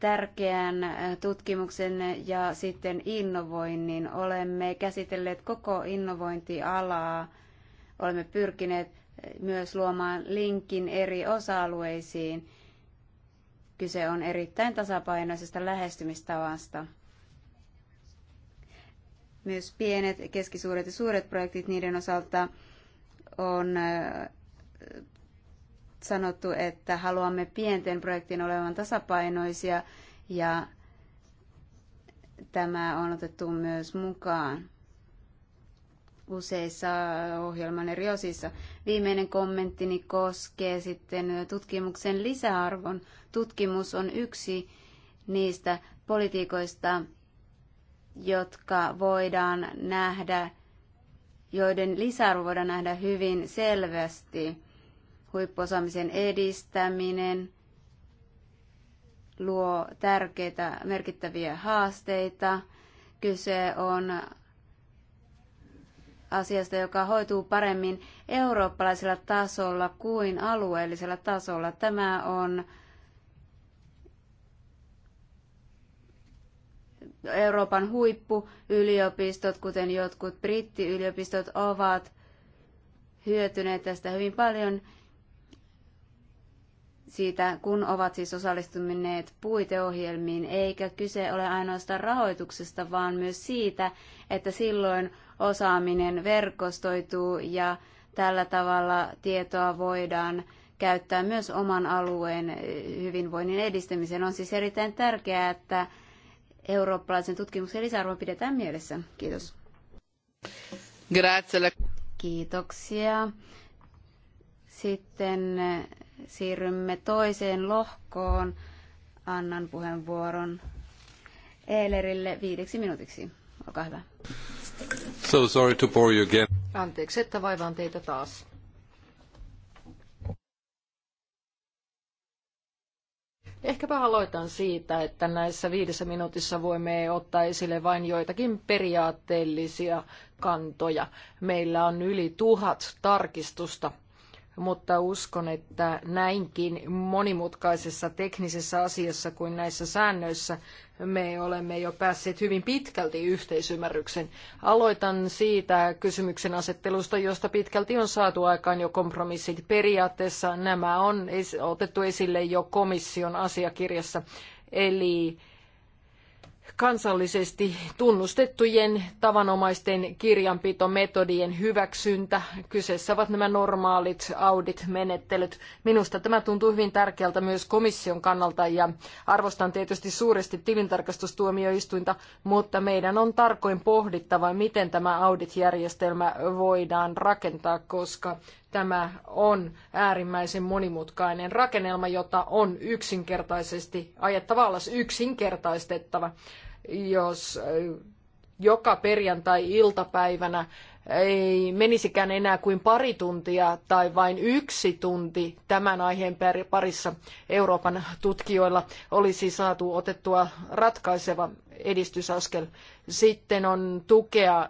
tärkeän äh, tutkimuksen ja sitten innovoinnin. Olemme käsitelleet koko innovointialaa. Olemme pyrkineet äh, myös luomaan linkin eri osa-alueisiin. Kyse on erittäin tasapainoisesta lähestymistavasta. Myös pienet, keskisuuret ja suuret projektit, niiden osalta on sanottu, että haluamme pienten projektien olevan tasapainoisia ja tämä on otettu myös mukaan useissa ohjelman eri osissa. Viimeinen kommenttini koskee sitten tutkimuksen lisäarvon. Tutkimus on yksi niistä politiikoista, jotka voidaan nähdä, joiden lisäarvo voidaan nähdä hyvin selvästi. Huippuosaamisen edistäminen luo tärkeitä merkittäviä haasteita. Kyse on asiasta, joka hoituu paremmin eurooppalaisella tasolla kuin alueellisella tasolla. Tämä on Euroopan huippuyliopistot, kuten jotkut brittiyliopistot, ovat hyötyneet tästä hyvin paljon siitä, kun ovat siis osallistuneet puiteohjelmiin, eikä kyse ole ainoastaan rahoituksesta, vaan myös siitä, että silloin osaaminen verkostoituu ja tällä tavalla tietoa voidaan käyttää myös oman alueen hyvinvoinnin edistämiseen. On siis erittäin tärkeää, että eurooppalaisen tutkimuksen lisäarvo pidetään mielessä. Kiitos. Grazie. Kiitoksia. Sitten eh, siirrymme toiseen lohkoon. Annan puheenvuoron Eelerille viideksi minuutiksi. Olkaa hyvä. So sorry to bore you again. Anteeksi, että vaivaan teitä taas. Ehkäpä aloitan siitä, että näissä viidessä minuutissa voimme ottaa esille vain joitakin periaatteellisia kantoja. Meillä on yli tuhat tarkistusta mutta uskon, että näinkin monimutkaisessa teknisessä asiassa kuin näissä säännöissä me olemme jo päässeet hyvin pitkälti yhteisymmärryksen. Aloitan siitä kysymyksen asettelusta, josta pitkälti on saatu aikaan jo kompromissit. Periaatteessa nämä on otettu esille jo komission asiakirjassa, eli kansallisesti tunnustettujen tavanomaisten kirjanpitometodien hyväksyntä. Kyseessä ovat nämä normaalit audit-menettelyt. Minusta tämä tuntuu hyvin tärkeältä myös komission kannalta ja arvostan tietysti suuresti tilintarkastustuomioistuinta, mutta meidän on tarkoin pohdittava, miten tämä audit-järjestelmä voidaan rakentaa, koska tämä on äärimmäisen monimutkainen rakennelma, jota on yksinkertaisesti ajettava alas yksinkertaistettava jos eh, joka perjantai-iltapäivänä ei menisikään enää kuin pari tuntia tai vain yksi tunti tämän aiheen parissa Euroopan tutkijoilla olisi saatu otettua ratkaiseva edistysaskel. Sitten on tukea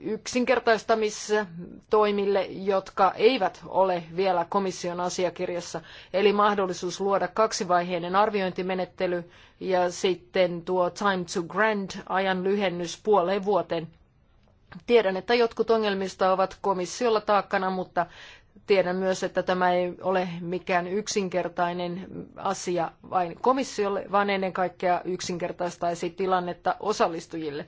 yksinkertaistamistoimille, jotka eivät ole vielä komission asiakirjassa, eli mahdollisuus luoda kaksivaiheinen arviointimenettely ja sitten tuo time to grant ajan lyhennys puoleen vuoteen. Tiedän, että jotkut ongelmista ovat komissiolla taakkana, mutta Tiedän myös, että tämä ei ole mikään yksinkertainen asia vain komissiolle, vaan ennen kaikkea yksinkertaistaisi tilannetta osallistujille.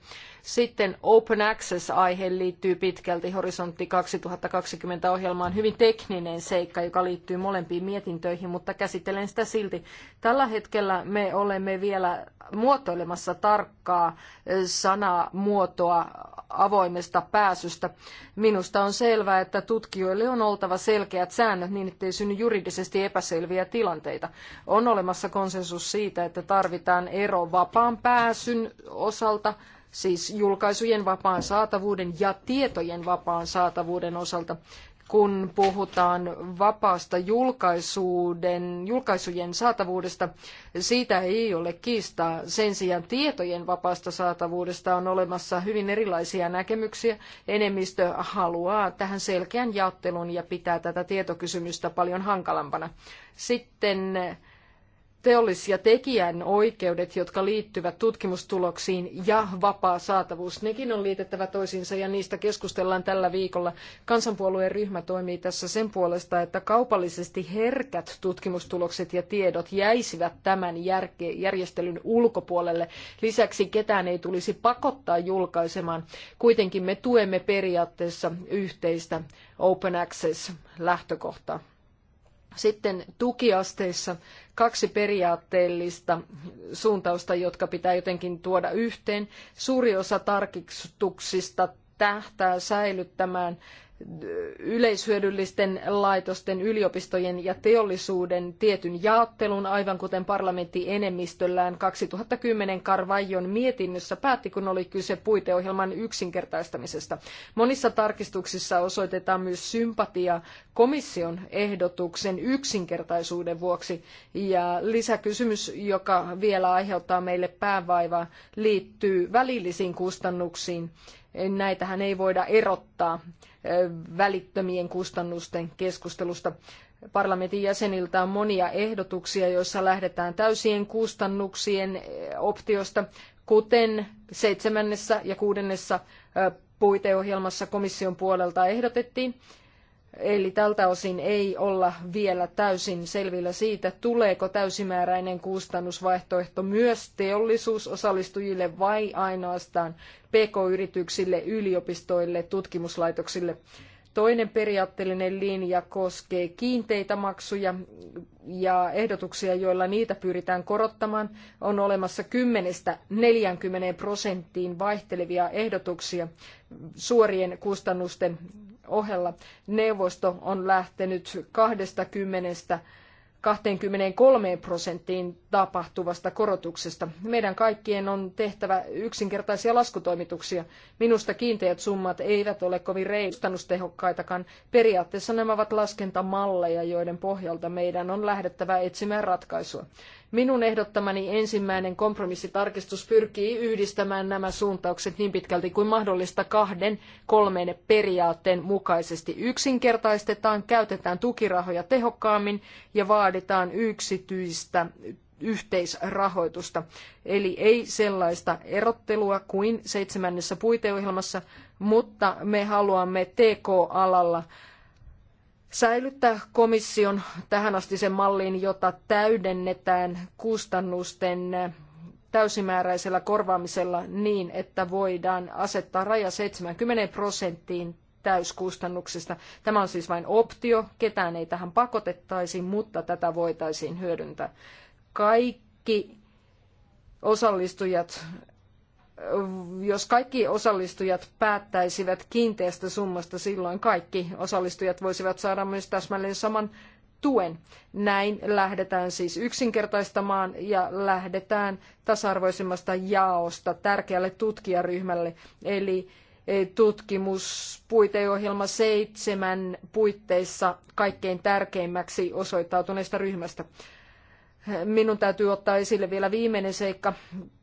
Sitten Open Access-aihe liittyy pitkälti Horisontti 2020 ohjelmaan. Hyvin tekninen seikka, joka liittyy molempiin mietintöihin, mutta käsittelen sitä silti. Tällä hetkellä me olemme vielä muotoilemassa tarkkaa eh, sanamuotoa avoimesta pääsystä. Minusta on selvää, että tutkijoille on oltava selkeät säännöt niin, ettei synny juridisesti epäselviä tilanteita. On olemassa konsensus siitä, että tarvitaan ero vapaan pääsyn osalta siis julkaisujen vapaan saatavuuden ja tietojen vapaan saatavuuden osalta, kun puhutaan vapaasta julkaisuuden, julkaisujen saatavuudesta, siitä ei ole kiistaa. Sen sijaan tietojen vapaasta saatavuudesta on olemassa hyvin erilaisia näkemyksiä. Enemmistö haluaa tähän selkeän jaottelun ja pitää tätä tietokysymystä paljon hankalampana. Sitten teollis- ja tekijänoikeudet, jotka liittyvät tutkimustuloksiin ja vapaa saatavuus, nekin on liitettävä toisiinsa ja niistä keskustellaan tällä viikolla. Kansanpuolueen ryhmä toimii tässä sen puolesta, että kaupallisesti herkät tutkimustulokset ja tiedot jäisivät tämän järjestelyn ulkopuolelle. Lisäksi ketään ei tulisi pakottaa julkaisemaan. Kuitenkin me tuemme periaatteessa yhteistä open access lähtökohtaa. Sitten tukiasteissa kaksi periaatteellista suuntausta, jotka pitää jotenkin tuoda yhteen. Suuri osa tarkistuksista tähtää säilyttämään yleishyödyllisten laitosten, yliopistojen ja teollisuuden tietyn jaottelun, aivan kuten parlamentti enemmistöllään 2010 Karvajon mietinnössä päätti, kun oli kyse puiteohjelman yksinkertaistamisesta. Monissa tarkistuksissa osoitetaan myös sympatia komission ehdotuksen yksinkertaisuuden vuoksi. Ja lisäkysymys, joka vielä aiheuttaa meille päävaivaa, liittyy välillisiin kustannuksiin. Näitähän ei voida erottaa välittömien kustannusten keskustelusta. Parlamentin jäseniltä on monia ehdotuksia, joissa lähdetään täysien kustannuksien optiosta, kuten seitsemännessä ja kuudennessa puiteohjelmassa komission puolelta ehdotettiin. Eli tältä osin ei olla vielä täysin selvillä siitä, tuleeko täysimääräinen kustannusvaihtoehto myös teollisuusosallistujille vai ainoastaan pk-yrityksille, yliopistoille, tutkimuslaitoksille. Toinen periaatteellinen linja koskee kiinteitä maksuja ja ehdotuksia, joilla niitä pyritään korottamaan. On olemassa 10-40 prosenttiin vaihtelevia ehdotuksia suorien kustannusten ohella. Neuvosto on lähtenyt 20 23 prosenttiin tapahtuvasta korotuksesta. Meidän kaikkien on tehtävä yksinkertaisia laskutoimituksia. Minusta kiinteät summat eivät ole kovin kustannustehokkaitakaan. Periaatteessa nämä ovat laskentamalleja, joiden pohjalta meidän on lähdettävä etsimään ratkaisua. Minun ehdottamani ensimmäinen kompromissitarkistus pyrkii yhdistämään nämä suuntaukset niin pitkälti kuin mahdollista kahden kolmen periaatteen mukaisesti. Yksinkertaistetaan, käytetään tukirahoja tehokkaammin ja vaaditaan yksityistä yhteisrahoitusta. Eli ei sellaista erottelua kuin seitsemännessä puiteohjelmassa, mutta me haluamme TK-alalla säilyttää komission tähänastisen mallin, jota täydennetään kustannusten täysimääräisellä korvaamisella niin, että voidaan asettaa raja 70 prosenttiin täyskustannuksista. Tämä on siis vain optio, ketään ei tähän pakotettaisi, mutta tätä voitaisiin hyödyntää. Kaikki osallistujat jos kaikki osallistujat päättäisivät kiinteästä summasta, silloin kaikki osallistujat voisivat saada myös täsmälleen saman tuen. Näin lähdetään siis yksinkertaistamaan ja lähdetään tasa-arvoisemmasta jaosta tärkeälle tutkijaryhmälle, eli e, tutkimuspuiteohjelma seitsemän puitteissa kaikkein tärkeimmäksi osoittautuneesta ryhmästä. Minun täytyy ottaa esille vielä viimeinen seikka.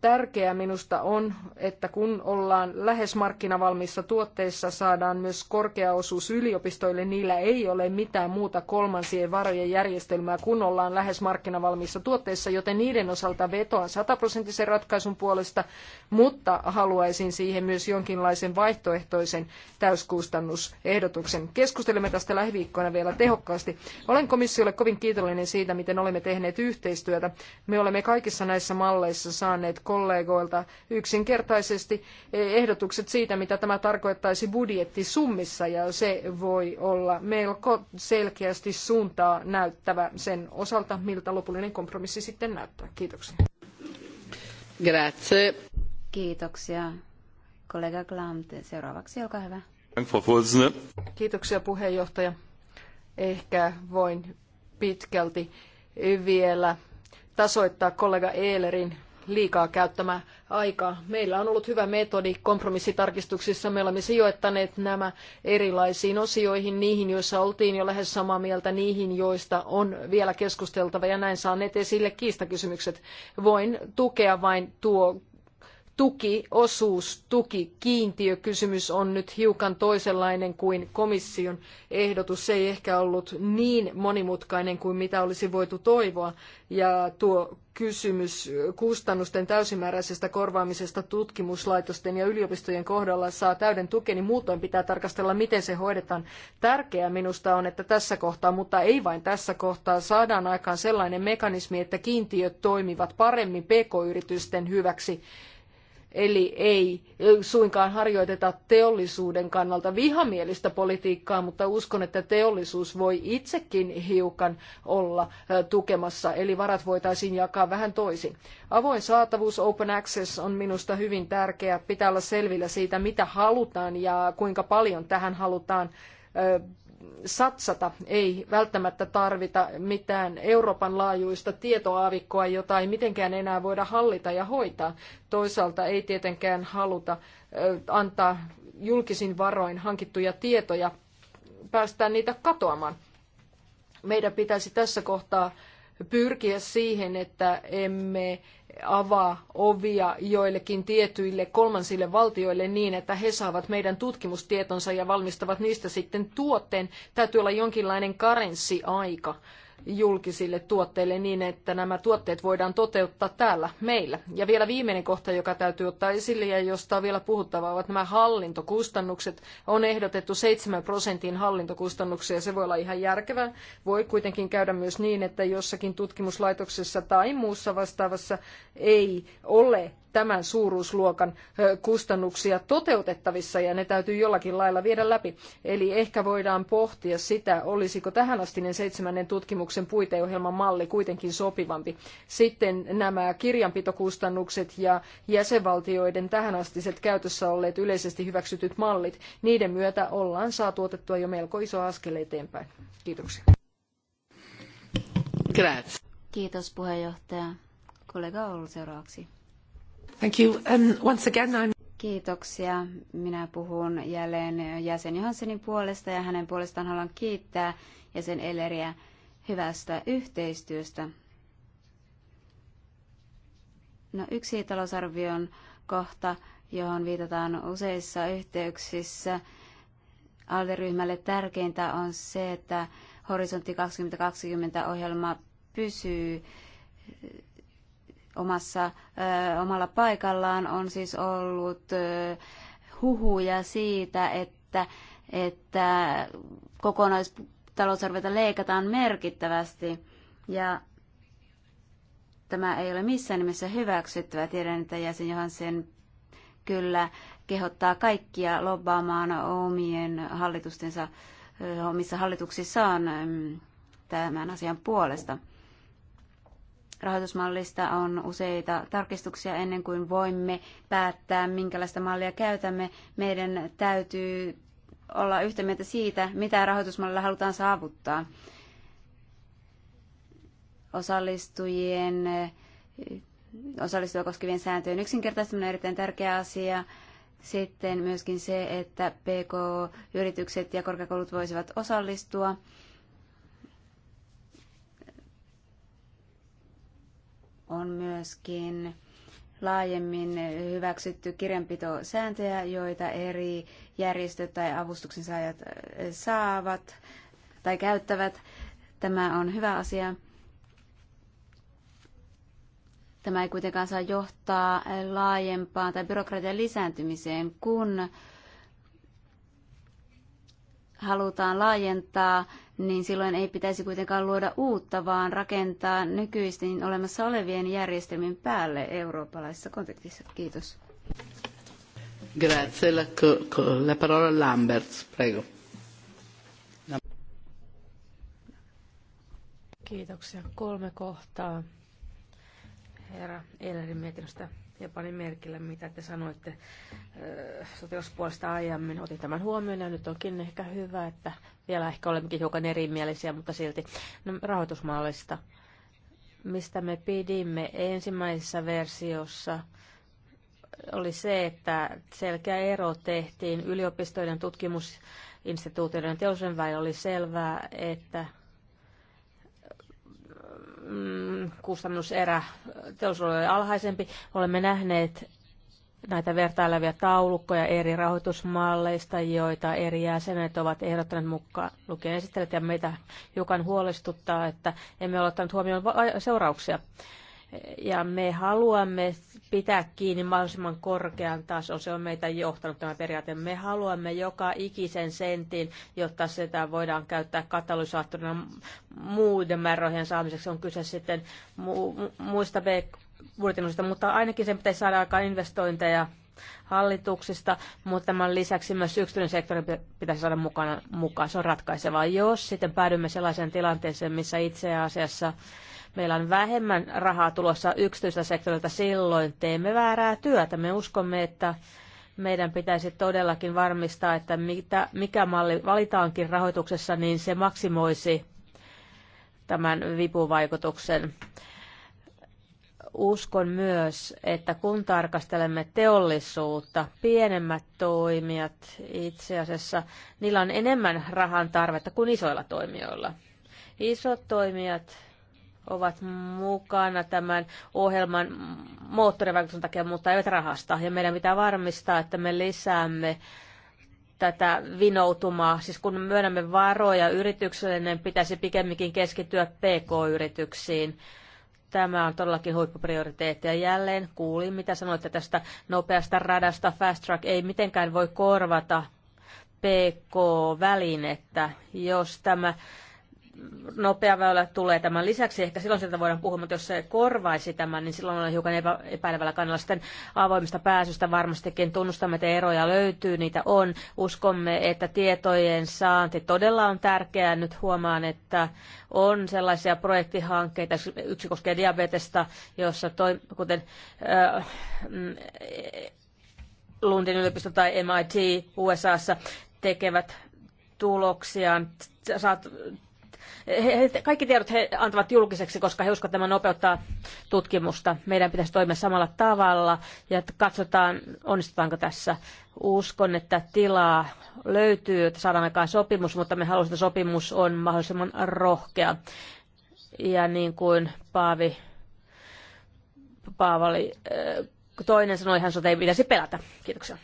Tärkeää minusta on, että kun ollaan lähes markkinavalmissa tuotteissa, saadaan myös korkea osuus yliopistoille. Niillä ei ole mitään muuta kolmansien varojen järjestelmää, kun ollaan lähes markkinavalmissa tuotteissa, joten niiden osalta vetoan sataprosenttisen ratkaisun puolesta, mutta haluaisin siihen myös jonkinlaisen vaihtoehtoisen täyskustannusehdotuksen. Keskustelemme tästä lähiviikkoina vielä tehokkaasti. Olen komissiolle kovin kiitollinen siitä, miten olemme tehneet yhteistyötä yhteistyötä. Me olemme kaikissa näissä malleissa saaneet kollegoilta yksinkertaisesti ehdotukset siitä, mitä tämä tarkoittaisi budjettisummissa, ja se voi olla melko selkeästi suuntaa näyttävä sen osalta, miltä lopullinen kompromissi sitten näyttää. Kiitoksia. Grazie. Kiitoksia. Kollega Glamte, seuraavaksi, olkaa hyvä. Kiitoksia puheenjohtaja. Ehkä voin pitkälti vielä tasoittaa kollega Eelerin liikaa käyttämä aika. Meillä on ollut hyvä metodi kompromissitarkistuksissa. Me olemme sijoittaneet nämä erilaisiin osioihin, niihin, joissa oltiin jo lähes samaa mieltä, niihin, joista on vielä keskusteltava, ja näin saaneet esille kiistakysymykset. Voin tukea vain tuo tuki, osuus, tuki, on nyt hiukan toisenlainen kuin komission ehdotus. Se ei ehkä ollut niin monimutkainen kuin mitä olisi voitu toivoa. Ja tuo kysymys kustannusten täysimääräisestä korvaamisesta tutkimuslaitosten ja yliopistojen kohdalla saa täyden tukeni. Niin muutoin pitää tarkastella, miten se hoidetaan. Tärkeää minusta on, että tässä kohtaa, mutta ei vain tässä kohtaa, saadaan aikaan sellainen mekanismi, että kiintiöt toimivat paremmin pk-yritysten hyväksi Eli ei suinkaan harjoiteta teollisuuden kannalta vihamielistä politiikkaa, mutta uskon, että teollisuus voi itsekin hiukan olla tukemassa, eli varat voitaisiin jakaa vähän toisin. Avoin saatavuus, open access, on minusta hyvin tärkeä. Pitää olla selvillä siitä, mitä halutaan ja kuinka paljon tähän halutaan satsata, ei välttämättä tarvita mitään Euroopan laajuista tietoaavikkoa, jota ei mitenkään enää voida hallita ja hoitaa. Toisaalta ei tietenkään haluta antaa julkisin varoin hankittuja tietoja, päästää niitä katoamaan. Meidän pitäisi tässä kohtaa pyrkiä siihen, että emme avaa ovia joillekin tietyille kolmansille valtioille niin, että he saavat meidän tutkimustietonsa ja valmistavat niistä sitten tuotteen. Täytyy olla jonkinlainen karenssiaika julkisille tuotteille niin, että nämä tuotteet voidaan toteuttaa täällä meillä. Ja vielä viimeinen kohta, joka täytyy ottaa esille ja josta on vielä puhuttavaa, ovat nämä hallintokustannukset. On ehdotettu 7 prosentin hallintokustannuksia. Se voi olla ihan järkevää. Voi kuitenkin käydä myös niin, että jossakin tutkimuslaitoksessa tai muussa vastaavassa ei ole tämän suuruusluokan kustannuksia toteutettavissa ja ne täytyy jollakin lailla viedä läpi. Eli ehkä voidaan pohtia sitä, olisiko tähänastinen seitsemännen tutkimuksen puiteohjelman malli kuitenkin sopivampi. Sitten nämä kirjanpitokustannukset ja jäsenvaltioiden tähänastiset käytössä olleet yleisesti hyväksytyt mallit, niiden myötä ollaan saatu otettua jo melko iso askel eteenpäin. Kiitoksia. Grazie. Kiitos puheenjohtaja. Kollega Oulu seuraavaksi. Thank you. once again, I'm... Kiitoksia. Minä puhun jälleen jäsen Johanssenin puolesta ja hänen puolestaan haluan kiittää jäsen Elleriä hyvästä yhteistyöstä. No, yksi talousarvion kohta, johon viitataan useissa yhteyksissä, alderyhmälle tärkeintä on se, että Horisontti 2020 ohjelma pysyy omassa, omalla paikallaan. On siis ollut huhuja siitä, että, että kokonaistalousarviota leikataan merkittävästi. Ja tämä ei ole missään nimessä hyväksyttävä. Tiedän, että jäsen Johansen kyllä kehottaa kaikkia lobbaamaan omien hallitustensa, omissa hallituksissaan mm, tämän asian puolesta rahoitusmallista on useita tarkistuksia ennen kuin voimme päättää, minkälaista mallia käytämme. Meidän täytyy olla yhtä mieltä siitä, mitä rahoitusmallilla halutaan saavuttaa. Osallistujien, osallistua koskevien sääntöjen yksinkertaistaminen on erittäin tärkeä asia. Sitten myöskin se, että PK-yritykset ja korkeakoulut voisivat osallistua on myöskin laajemmin hyväksytty kirjanpitosääntöjä, joita eri järjestöt tai avustuksen saajat äh, saavat tai käyttävät. Tämä on hyvä asia. Tämä ei kuitenkaan saa johtaa laajempaan tai byrokratian lisääntymiseen, kun halutaan laajentaa, niin silloin ei pitäisi kuitenkaan luoda uutta, vaan rakentaa nykyisten olemassa olevien järjestelmien päälle eurooppalaisessa kontekstissa. Kiitos. Grazie. La, la parola Lamberts, prego. Kiitoksia. Kolme kohtaa herra Eilerin mietinnöstä ja panin merkille, mitä te sanoitte äh, sotilaspuolesta aiemmin. Otin tämän huomioon ja nyt onkin ehkä hyvä, että vielä ehkä olemmekin hiukan erimielisiä, mutta silti no, rahoitusmallista, mistä me pidimme ensimmäisessä versiossa, oli se, että selkeä ero tehtiin yliopistojen tutkimusinstituutioiden teollisuuden välillä. Oli selvää, että mm, kustannuserä teollisuudelle alhaisempi. Olemme nähneet näitä vertailevia taulukkoja eri rahoitusmalleista, joita eri jäsenet ovat ehdottaneet mukaan lukien esittelyt, ja meitä hiukan huolestuttaa, että emme ole ottaneet huomioon seurauksia ja me haluamme pitää kiinni mahdollisimman korkean tason. Se on meitä johtanut tämä periaate. Me haluamme joka ikisen sentin, jotta sitä voidaan käyttää katalysaattorina muiden määrärahojen saamiseksi. On kyse sitten mu- muista b budjetinoista, mutta ainakin sen pitäisi saada aikaan investointeja hallituksista, mutta tämän lisäksi myös yksityinen sektori pitäisi saada mukana, mukaan. Se on ratkaisevaa. Jos sitten päädymme sellaiseen tilanteeseen, missä itse asiassa meillä on vähemmän rahaa tulossa yksityistä sektorilta, silloin teemme väärää työtä. Me uskomme, että meidän pitäisi todellakin varmistaa, että mitä, mikä malli valitaankin rahoituksessa, niin se maksimoisi tämän vipuvaikutuksen. Uskon myös, että kun tarkastelemme teollisuutta, pienemmät toimijat itse asiassa, niillä on enemmän rahan tarvetta kuin isoilla toimijoilla. Isot toimijat ovat mukana tämän ohjelman moottorivaikutuksen takia, mutta eivät rahasta. Ja meidän pitää varmistaa, että me lisäämme tätä vinoutumaa. Siis kun myönnämme varoja yritykselle, niin pitäisi pikemminkin keskittyä PK-yrityksiin. Tämä on todellakin huippuprioriteetti. Ja jälleen kuulin, mitä sanoitte tästä nopeasta radasta. Fast Track ei mitenkään voi korvata PK-välinettä, jos tämä nopea väylä tulee tämän lisäksi. Ehkä silloin sieltä voidaan puhua, mutta jos se korvaisi tämän, niin silloin on hiukan epä, epäilevällä kannalla. Sitten avoimista pääsystä varmastikin tunnustamme, että eroja löytyy, niitä on. Uskomme, että tietojen saanti todella on tärkeää. Nyt huomaan, että on sellaisia projektihankkeita, yksi koskee diabetesta, jossa toi, kuten äh, Lundin yliopisto tai MIT USAssa tekevät tuloksia, saat he, he, kaikki tiedot he antavat julkiseksi, koska he uskovat, että tämä nopeuttaa tutkimusta. Meidän pitäisi toimia samalla tavalla ja katsotaan, onnistutaanko tässä. Uskon, että tilaa löytyy, että saadaan aikaan sopimus, mutta me haluamme, että sopimus on mahdollisimman rohkea. Ja niin kuin Paavi, Paavali, äh, toinen sanoi, hän sanoi, että ei pitäisi pelätä. Kiitoksia.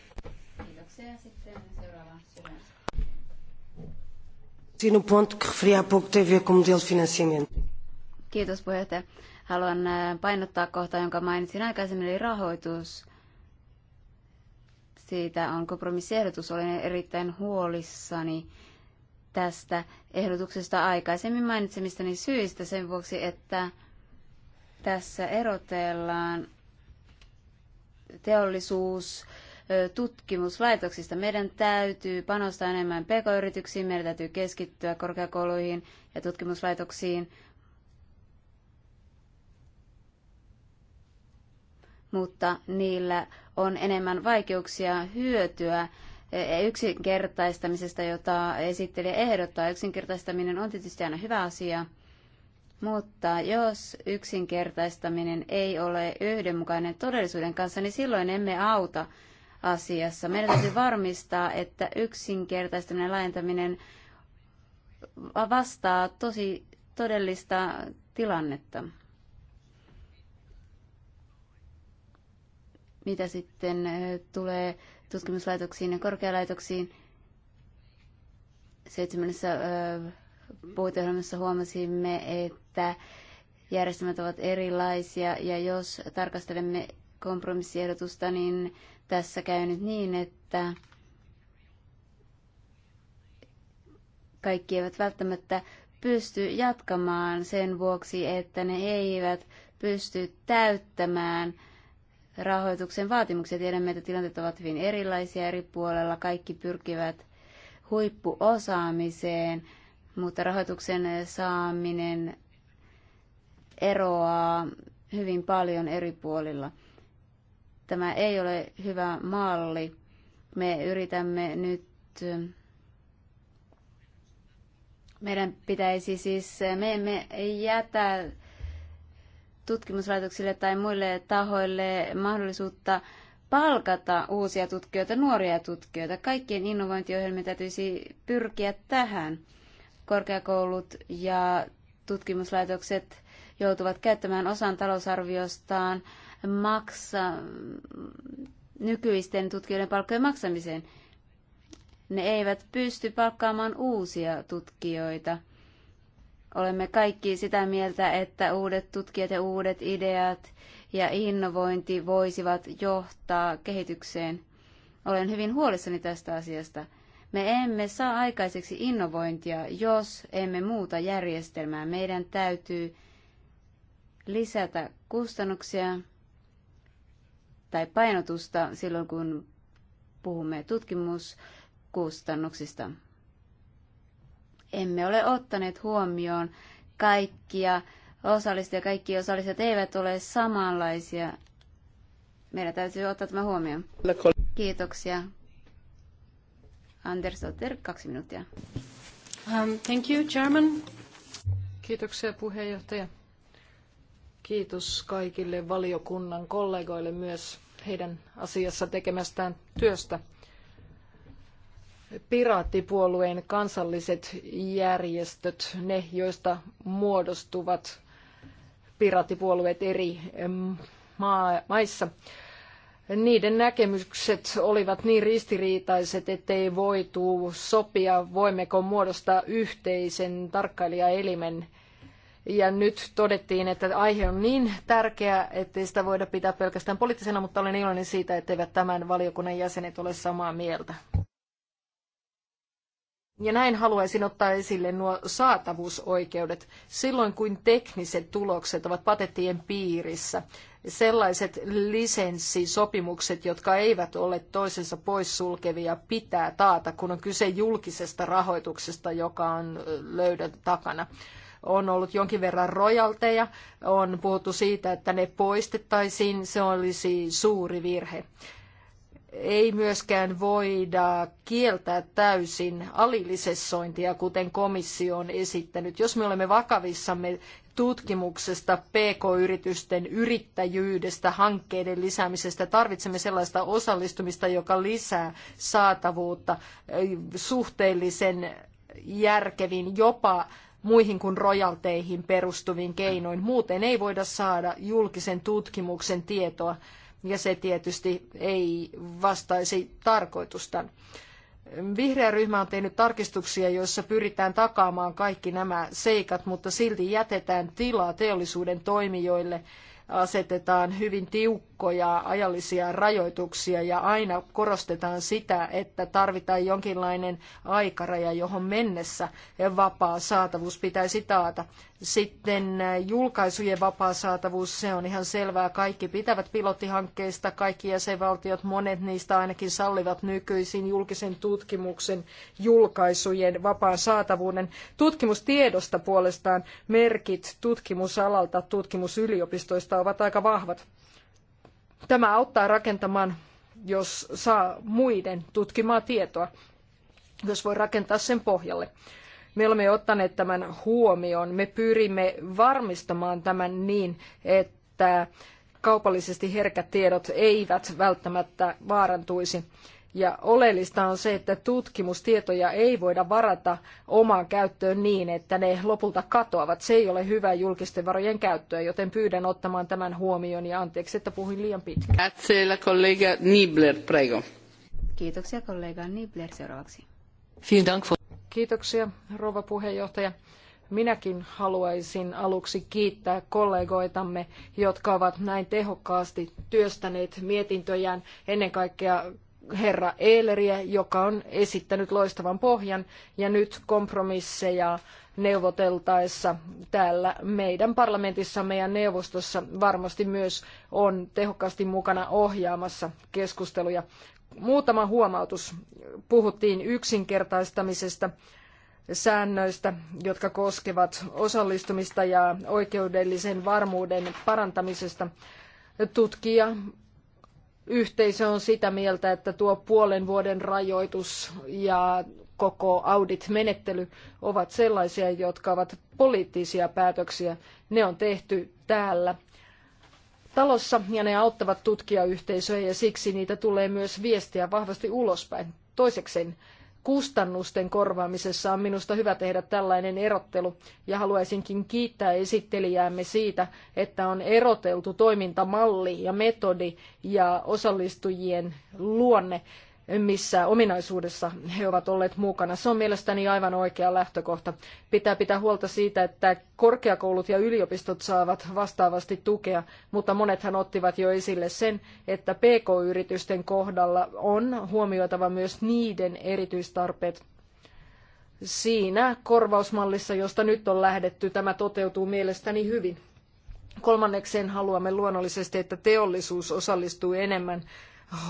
Siinä no on ponto, que referi há pouco, tem a ver com modelo financiamento. Kiitos puheenjohtaja. Haluan eh, painottaa kohtaa, jonka mainitsin aikaisemmin, eli rahoitus. Siitä on kompromissiehdotus. Olen erittäin huolissani tästä ehdotuksesta aikaisemmin mainitsemistani syistä sen vuoksi, että tässä erotellaan teollisuus, tutkimuslaitoksista. Meidän täytyy panostaa enemmän pk-yrityksiin, meidän täytyy keskittyä korkeakouluihin ja tutkimuslaitoksiin. Mutta niillä on enemmän vaikeuksia hyötyä e, e, yksinkertaistamisesta, jota esittelijä ehdottaa. Yksinkertaistaminen on tietysti aina hyvä asia, mutta jos yksinkertaistaminen ei ole yhdenmukainen todellisuuden kanssa, niin silloin emme auta asiassa. Meidän täytyy varmistaa, että yksinkertaistaminen ja laajentaminen vastaa tosi todellista tilannetta. Mitä sitten tulee tutkimuslaitoksiin ja korkealaitoksiin, seitsemännessä puiteohjelmassa huomasimme, että järjestelmät ovat erilaisia ja jos tarkastelemme kompromissiehdotusta, niin tässä käynyt niin, että kaikki eivät välttämättä pysty jatkamaan sen vuoksi, että ne eivät pysty täyttämään rahoituksen vaatimuksia. Tiedämme, että tilanteet ovat hyvin erilaisia eri puolella. Kaikki pyrkivät huippuosaamiseen, mutta rahoituksen saaminen eroaa hyvin paljon eri puolilla. Tämä ei ole hyvä malli. Me yritämme nyt meidän pitäisi siis, me emme jätä tutkimuslaitoksille tai muille tahoille mahdollisuutta palkata uusia tutkijoita, nuoria tutkijoita. Kaikkien innovointiohjelmien täytyisi pyrkiä tähän. Korkeakoulut ja tutkimuslaitokset joutuvat käyttämään osan talousarviostaan maksa, nykyisten tutkijoiden palkkojen maksamiseen. Ne eivät pysty palkkaamaan uusia tutkijoita. Olemme kaikki sitä mieltä, että uudet tutkijat ja uudet ideat ja innovointi voisivat johtaa kehitykseen. Olen hyvin huolissani tästä asiasta. Me emme saa aikaiseksi innovointia, jos emme muuta järjestelmää. Meidän täytyy lisätä kustannuksia tai painotusta silloin, kun puhumme tutkimuskustannuksista. Emme ole ottaneet huomioon kaikkia osallistuja. Kaikki osalliset eivät ole samanlaisia. Meidän täytyy ottaa tämä huomioon. Kiitoksia. Anders Otter, kaksi minuuttia. Um, thank you, Chairman. Kiitoksia puheenjohtaja. Kiitos kaikille valiokunnan kollegoille myös heidän asiassa tekemästään työstä. Piraattipuolueen kansalliset järjestöt, ne joista muodostuvat piraattipuolueet eri maissa, niiden näkemykset olivat niin ristiriitaiset, ettei voitu sopia, voimmeko muodostaa yhteisen tarkkailijaelimen ja nyt todettiin, että aihe on niin tärkeä, ettei sitä voida pitää pelkästään poliittisena, mutta olen iloinen siitä, etteivät tämän valiokunnan jäsenet ole samaa mieltä. Ja näin haluaisin ottaa esille nuo saatavuusoikeudet. Silloin kun tekniset tulokset ovat patettien piirissä, sellaiset lisenssisopimukset, jotka eivät ole toisensa poissulkevia, pitää taata, kun on kyse julkisesta rahoituksesta, joka on löydön takana on ollut jonkin verran rojalteja. On puhuttu siitä, että ne poistettaisiin. Se olisi suuri virhe. Ei myöskään voida kieltää täysin alillisessointia, kuten komissio on esittänyt. Jos me olemme vakavissamme tutkimuksesta, PK-yritysten yrittäjyydestä, hankkeiden lisäämisestä. Tarvitsemme sellaista osallistumista, joka lisää saatavuutta suhteellisen järkevin, jopa muihin kuin rojalteihin perustuviin keinoin. Muuten ei voida saada julkisen tutkimuksen tietoa ja se tietysti ei vastaisi tarkoitusta. Vihreä ryhmä on tehnyt tarkistuksia, joissa pyritään takaamaan kaikki nämä seikat, mutta silti jätetään tilaa teollisuuden toimijoille – asetetaan hyvin tiukkoja ajallisia rajoituksia ja aina korostetaan sitä, että tarvitaan jonkinlainen aikaraja, johon mennessä vapaa saatavuus pitäisi taata. Sitten äh, julkaisujen vapaa saatavuus, se on ihan selvää. Kaikki pitävät pilottihankkeista, kaikki jäsenvaltiot, monet niistä ainakin sallivat nykyisin julkisen tutkimuksen julkaisujen vapaan saatavuuden. Tutkimustiedosta puolestaan merkit tutkimusalalta, tutkimusyliopistoista ovat aika vahvat. Tämä auttaa rakentamaan, jos saa muiden tutkimaa tietoa, jos voi rakentaa sen pohjalle. Me olemme ottaneet tämän huomioon. Me pyrimme varmistamaan tämän niin, että kaupallisesti herkät tiedot eivät välttämättä vaarantuisi. Ja oleellista on se, että tutkimustietoja ei voida varata omaan käyttöön niin, että ne lopulta katoavat. Se ei ole hyvä julkisten varojen käyttöä, joten pyydän ottamaan tämän huomioon ja anteeksi, että puhuin liian pitkään. Nibler, prego. Kiitoksia kollega Nibler seuraavaksi. Vielen Dank. Kiitoksia, rouva puheenjohtaja. Minäkin haluaisin aluksi kiittää kollegoitamme, jotka ovat näin tehokkaasti työstäneet mietintöjään, ennen kaikkea herra Ehleriä, joka on esittänyt loistavan pohjan, ja nyt kompromisseja neuvoteltaessa täällä meidän parlamentissamme ja neuvostossa varmasti myös on tehokkaasti mukana ohjaamassa keskusteluja. Muutama huomautus. Puhuttiin yksinkertaistamisesta säännöistä, jotka koskevat osallistumista ja oikeudellisen varmuuden parantamisesta. Tutkija yhteisö on sitä mieltä, että tuo puolen vuoden rajoitus ja koko audit-menettely ovat sellaisia, jotka ovat poliittisia päätöksiä. Ne on tehty täällä talossa ja ne auttavat tutkijayhteisöä ja siksi niitä tulee myös viestiä vahvasti ulospäin. Toisekseen kustannusten korvaamisessa on minusta hyvä tehdä tällainen erottelu ja haluaisinkin kiittää esittelijäämme siitä, että on eroteltu toimintamalli ja metodi ja osallistujien luonne missä ominaisuudessa he ovat olleet mukana. Se on mielestäni aivan oikea lähtökohta. Pitää pitää huolta siitä, että korkeakoulut ja yliopistot saavat vastaavasti tukea, mutta monethan ottivat jo esille sen, että PK-yritysten kohdalla on huomioitava myös niiden erityistarpeet. Siinä korvausmallissa, josta nyt on lähdetty, tämä toteutuu mielestäni hyvin. Kolmannekseen haluamme luonnollisesti, että teollisuus osallistuu enemmän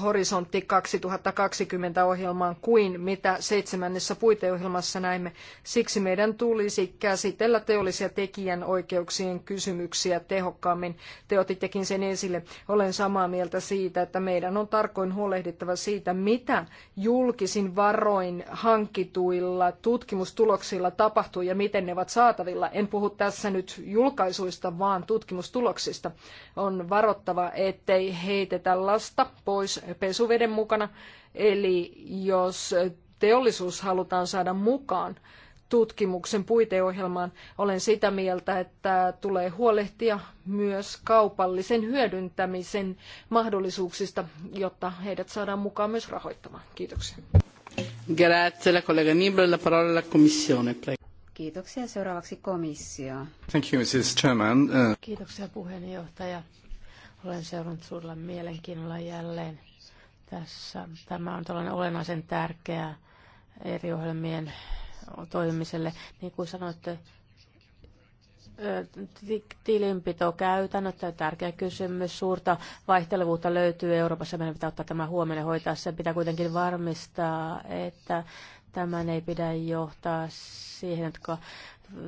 Horisontti 2020 ohjelmaan kuin mitä seitsemännessä puiteohjelmassa näimme. Siksi meidän tulisi käsitellä teollisia tekijänoikeuksien kysymyksiä tehokkaammin. Te otittekin sen esille. Olen samaa mieltä siitä, että meidän on tarkoin huolehdittava siitä, mitä julkisin varoin hankituilla tutkimustuloksilla tapahtuu ja miten ne ovat saatavilla. En puhu tässä nyt julkaisuista, vaan tutkimustuloksista. On varottava, ettei heitetä lasta pois myös pesuveden mukana. Eli jos teollisuus halutaan saada mukaan tutkimuksen puiteohjelmaan, olen sitä mieltä, että tulee huolehtia myös kaupallisen hyödyntämisen mahdollisuuksista, jotta heidät saadaan mukaan myös rahoittamaan. Kiitoksia. Grazie, la collega Nibler, la parola alla Commissione, Kiitoksia. Seuraavaksi komissio. Thank you, Mrs. Chairman. Uh, Kiitoksia puheenjohtaja. Olen seurannut sulla mielenkiinnolla jälleen tässä. Tämä on tällainen olennaisen tärkeä eri ohjelmien toimimiselle. Niin kuin sanoitte, tilinpitokäytännöt on tärkeä kysymys. Suurta vaihtelevuutta löytyy Euroopassa. Meidän pitää ottaa tämä huomioon ja hoitaa se. Pitää kuitenkin varmistaa, että tämän ei pidä johtaa siihen, että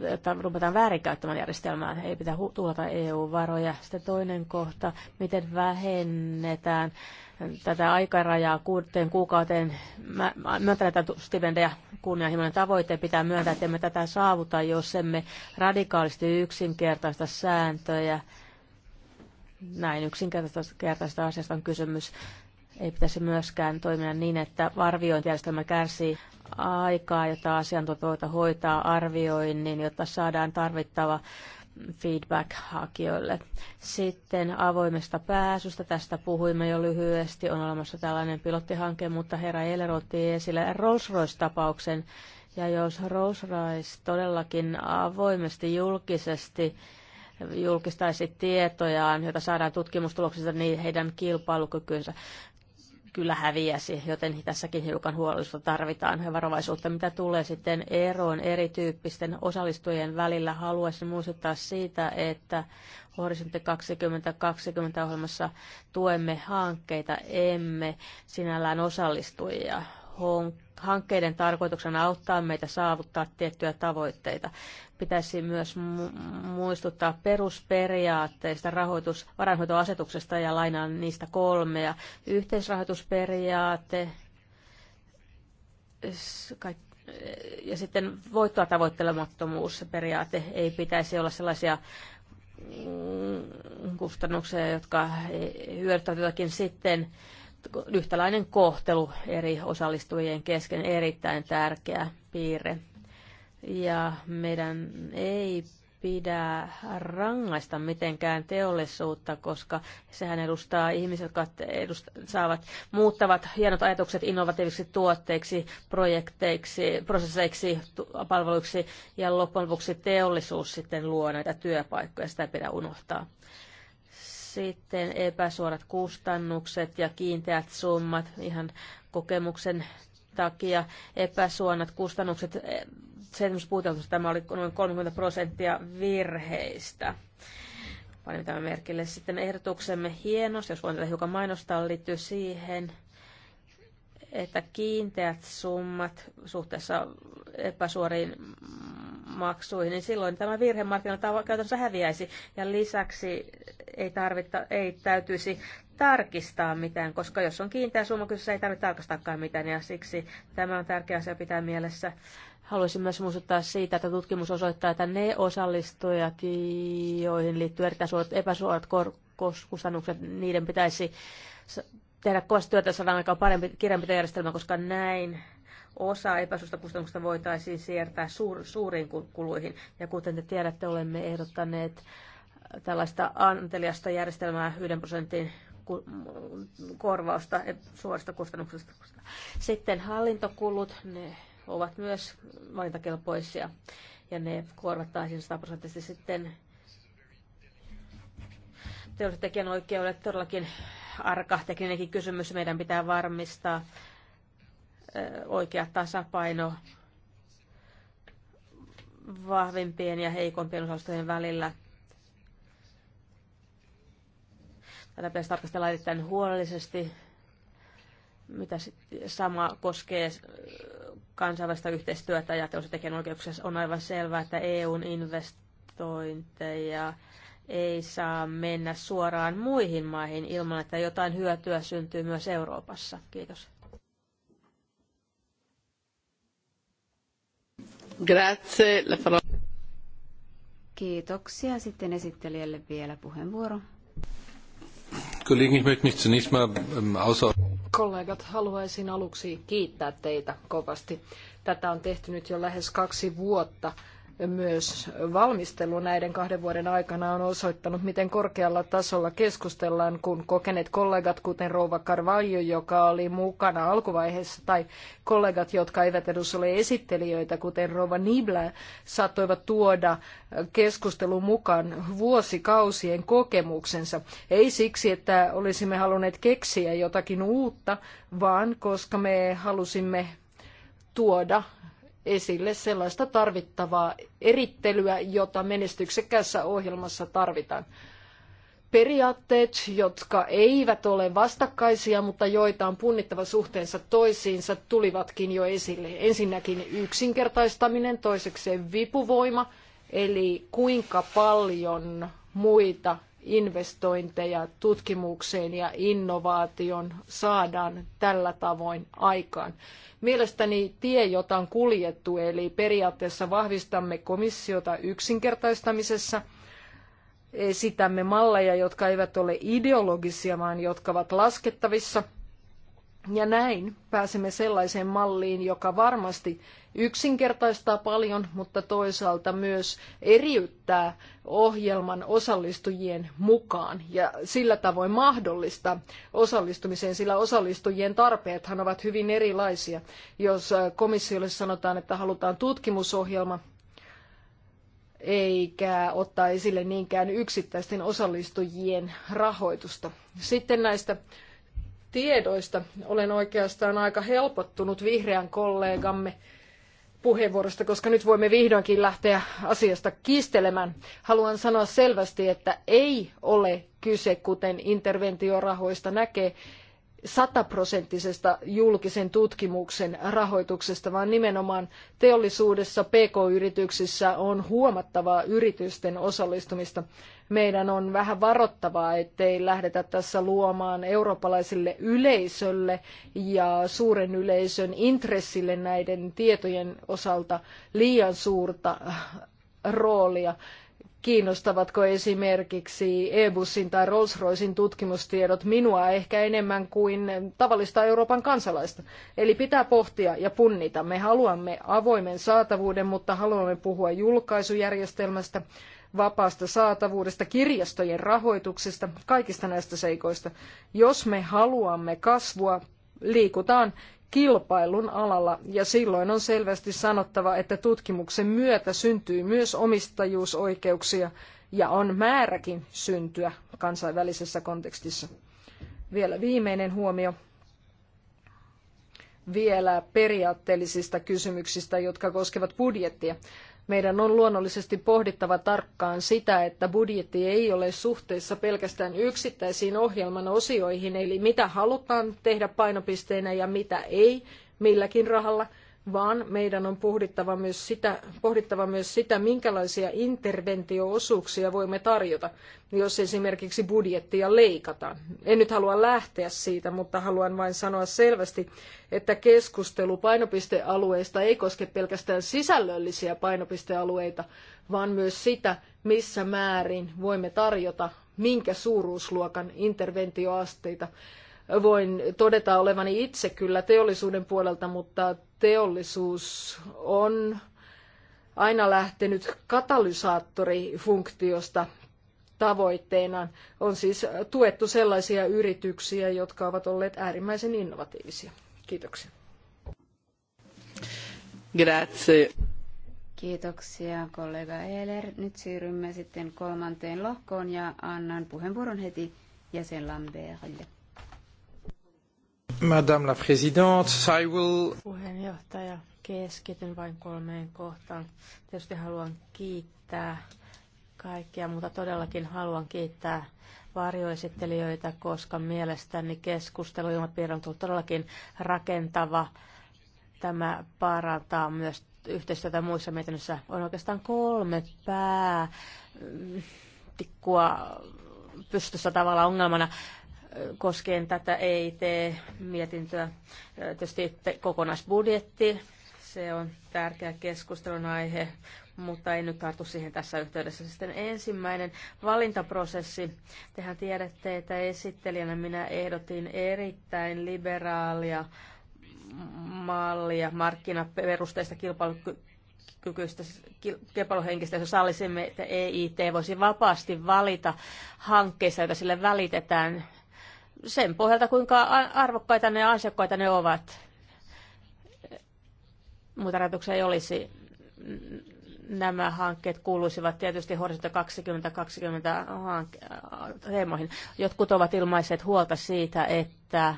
että ruvetaan väärinkäyttämään järjestelmää, ei pitää tuota EU-varoja. Sitten toinen kohta, miten vähennetään tätä aikarajaa kuuteen kuukauteen. Myöntää tätä stipendejä kunnianhimoinen tavoite pitää myöntää, että emme tätä saavuta, jos emme radikaalisti yksinkertaista sääntöjä. Näin yksinkertaisesta asiasta on kysymys. Ei pitäisi myöskään toimia niin, että arviointijärjestelmä kärsii aikaa, jota asiantuntijat hoitaa arvioinnin, jotta saadaan tarvittava feedback hakijoille. Sitten avoimesta pääsystä, tästä puhuimme jo lyhyesti, on olemassa tällainen pilottihanke, mutta herra Eller otti esille Rolls-Royce-tapauksen, ja jos Rolls-Royce todellakin avoimesti julkisesti julkistaisi tietojaan, joita saadaan tutkimustuloksista, niin heidän kilpailukykynsä kyllä häviäisi, joten tässäkin hiukan huolellisuutta tarvitaan ja varovaisuutta. Mitä tulee sitten eroon erityyppisten osallistujien välillä, haluaisin muistuttaa siitä, että Horisontti 2020 ohjelmassa tuemme hankkeita, emme sinällään osallistujia hankkeiden tarkoituksena auttaa meitä saavuttaa tiettyjä tavoitteita. Pitäisi myös muistuttaa perusperiaatteista rahoitus, varainhoitoasetuksesta ja lainaan niistä kolmea. Yhteisrahoitusperiaate, ja sitten voittoa tavoittelemattomuus periaate ei pitäisi olla sellaisia mm, kustannuksia, jotka hyödyttävät jotakin sitten yhtäläinen kohtelu eri osallistujien kesken erittäin tärkeä piirre. Ja meidän ei pidä rangaista mitenkään teollisuutta, koska sehän edustaa ihmiset, jotka edust- saavat, muuttavat hienot ajatukset innovatiivisiksi tuotteiksi, projekteiksi, prosesseiksi, palveluiksi ja loppujen lopuksi teollisuus sitten luo näitä työpaikkoja. Sitä ei pidä unohtaa. Sitten epäsuorat kustannukset ja kiinteät summat ihan kokemuksen takia epäsuonat kustannukset, eh, seitsemäspuutelmassa tämä oli noin 30 prosenttia virheistä. Panin tämän merkille. Sitten ehdotuksemme hienos, jos voin tätä hiukan mainostaa, liittyy siihen, että kiinteät summat suhteessa epäsuoriin maksuihin, niin silloin tämä virhemarkkina käytännössä häviäisi. Ja lisäksi ei, tarvita, ei täytyisi tarkistaa mitään, koska jos on kiinteä summa kyseessä, ei tarvitse tarkastaakaan mitään. Ja siksi tämä on tärkeä asia pitää mielessä. Haluaisin myös muistuttaa siitä, että tutkimus osoittaa, että ne osallistujat, joihin liittyy erittäin suuret epäsuorat kustannukset, niiden pitäisi tehdä kovasti työtä, saadaan aikaan parempi kirjanpitojärjestelmä, koska näin osa epäsuosta kustannuksista voitaisiin siirtää suur, suuriin kuluihin. Ja kuten te tiedätte, olemme ehdottaneet äh, tällaista anteliasta järjestelmää 1 prosentin korvausta suorista kustannuksista. Sitten hallintokulut, ne ovat myös valintakelpoisia ja ne korvattaisiin 100 prosenttisesti sitten teolliset tekijänoikeudet todellakin arka tekninenkin kysymys. Meidän pitää varmistaa, oikea tasapaino vahvimpien ja heikompien osastojen välillä. Tätä pitäisi tarkastella erittäin huolellisesti. Mitä sama koskee kansainvälistä yhteistyötä ja teollisen oikeuksia. on aivan selvää, että EUn investointeja ei saa mennä suoraan muihin maihin ilman, että jotain hyötyä syntyy myös Euroopassa. Kiitos. Grazie. La parola. Kiitoksia. Sitten esittelijälle vielä puheenvuoro. Ähm, Kollegat, haluaisin aluksi kiittää teitä kovasti. Tätä on tehty nyt jo lähes kaksi vuotta myös valmistelu näiden kahden vuoden aikana on osoittanut, miten korkealla tasolla keskustellaan, kun kokeneet kollegat, kuten Rouva Carvalho, joka oli mukana alkuvaiheessa, tai kollegat, jotka eivät edes ole esittelijöitä, kuten Rouva Nibla, saattoivat tuoda keskustelun mukaan vuosikausien kokemuksensa. Ei siksi, että olisimme halunneet keksiä jotakin uutta, vaan koska me halusimme tuoda esille sellaista tarvittavaa erittelyä, jota menestyksekkäässä ohjelmassa tarvitaan. Periaatteet, jotka eivät ole vastakkaisia, mutta joita on punnittava suhteensa toisiinsa, tulivatkin jo esille. Ensinnäkin yksinkertaistaminen, toisekseen vipuvoima, eli kuinka paljon muita investointeja tutkimukseen ja innovaation saadaan tällä tavoin aikaan. Mielestäni tie, jota on kuljettu, eli periaatteessa vahvistamme komissiota yksinkertaistamisessa, esitämme malleja, jotka eivät ole ideologisia, vaan jotka ovat laskettavissa – ja näin pääsemme sellaiseen malliin, joka varmasti yksinkertaistaa paljon, mutta toisaalta myös eriyttää ohjelman osallistujien mukaan ja sillä tavoin mahdollista osallistumiseen, sillä osallistujien tarpeethan ovat hyvin erilaisia. Jos äh, komissiolle sanotaan, että halutaan tutkimusohjelma, eikä ottaa esille niinkään yksittäisten osallistujien rahoitusta. Sitten näistä tiedoista. Olen oikeastaan aika helpottunut vihreän kollegamme puheenvuorosta, koska nyt voimme vihdoinkin lähteä asiasta kiistelemään. Haluan sanoa selvästi, että ei ole kyse, kuten interventiorahoista näkee, sataprosenttisesta julkisen tutkimuksen rahoituksesta, vaan nimenomaan teollisuudessa, pk-yrityksissä on huomattavaa yritysten osallistumista. Meidän on vähän varottavaa, ettei lähdetä tässä luomaan eurooppalaiselle yleisölle ja suuren yleisön intressille näiden tietojen osalta liian suurta roolia kiinnostavatko esimerkiksi e-bussin tai Rolls-Roycein tutkimustiedot minua ehkä enemmän kuin tavallista Euroopan kansalaista. Eli pitää pohtia ja punnita. Me haluamme avoimen saatavuuden, mutta haluamme puhua julkaisujärjestelmästä, vapaasta saatavuudesta, kirjastojen rahoituksesta, kaikista näistä seikoista. Jos me haluamme kasvua, liikutaan kilpailun alalla ja silloin on selvästi sanottava, että tutkimuksen myötä syntyy myös omistajuusoikeuksia ja on määräkin syntyä kansainvälisessä kontekstissa. Vielä viimeinen huomio vielä periaatteellisista kysymyksistä, jotka koskevat budjettia. Meidän on luonnollisesti pohdittava tarkkaan sitä, että budjetti ei ole suhteessa pelkästään yksittäisiin ohjelman osioihin, eli mitä halutaan tehdä painopisteenä ja mitä ei milläkin rahalla – vaan meidän on pohdittava myös sitä, pohdittava myös sitä minkälaisia interventioosuuksia voimme tarjota, jos esimerkiksi budjettia leikataan. En nyt halua lähteä siitä, mutta haluan vain sanoa selvästi, että keskustelu painopistealueista ei koske pelkästään sisällöllisiä painopistealueita, vaan myös sitä, missä määrin voimme tarjota minkä suuruusluokan interventioasteita voin todeta olevani itse kyllä teollisuuden puolelta, mutta teollisuus on aina lähtenyt katalysaattorifunktiosta tavoitteena. On siis tuettu sellaisia yrityksiä, jotka ovat olleet äärimmäisen innovatiivisia. Kiitoksia. Grazie. Kiitoksia kollega Eler. Nyt siirrymme sitten kolmanteen lohkoon ja annan puheenvuoron heti jäsen Lambertille. Madame la Présidente, I will... Puheenjohtaja, keskityn vain kolmeen kohtaan. Tietysti haluan kiittää kaikkia, mutta todellakin haluan kiittää varjoesittelijöitä, koska mielestäni keskustelu ilmapiiri on tullut todellakin rakentava. Tämä parantaa myös yhteistyötä muissa mietinnöissä. On oikeastaan kolme pää tikkua pystyssä tavalla ongelmana koskien tätä EIT-mietintöä. Tietysti kokonaisbudjetti, se on tärkeä keskustelun aihe, mutta ei nyt tartu siihen tässä yhteydessä. Sitten ensimmäinen valintaprosessi. Tehän tiedätte, että esittelijänä minä ehdotin erittäin liberaalia mallia markkinaperusteista kilpailukykyistä kilpailuhenkistä, jos sallisimme, että EIT voisi vapaasti valita hankkeissa, joita sille välitetään sen pohjalta, kuinka arvokkaita ne ja ansiokkaita ne ovat. Muita rajoituksia ei olisi. Nämä hankkeet kuuluisivat tietysti Horisontti 2020 teemoihin. Jotkut ovat ilmaiset huolta siitä, että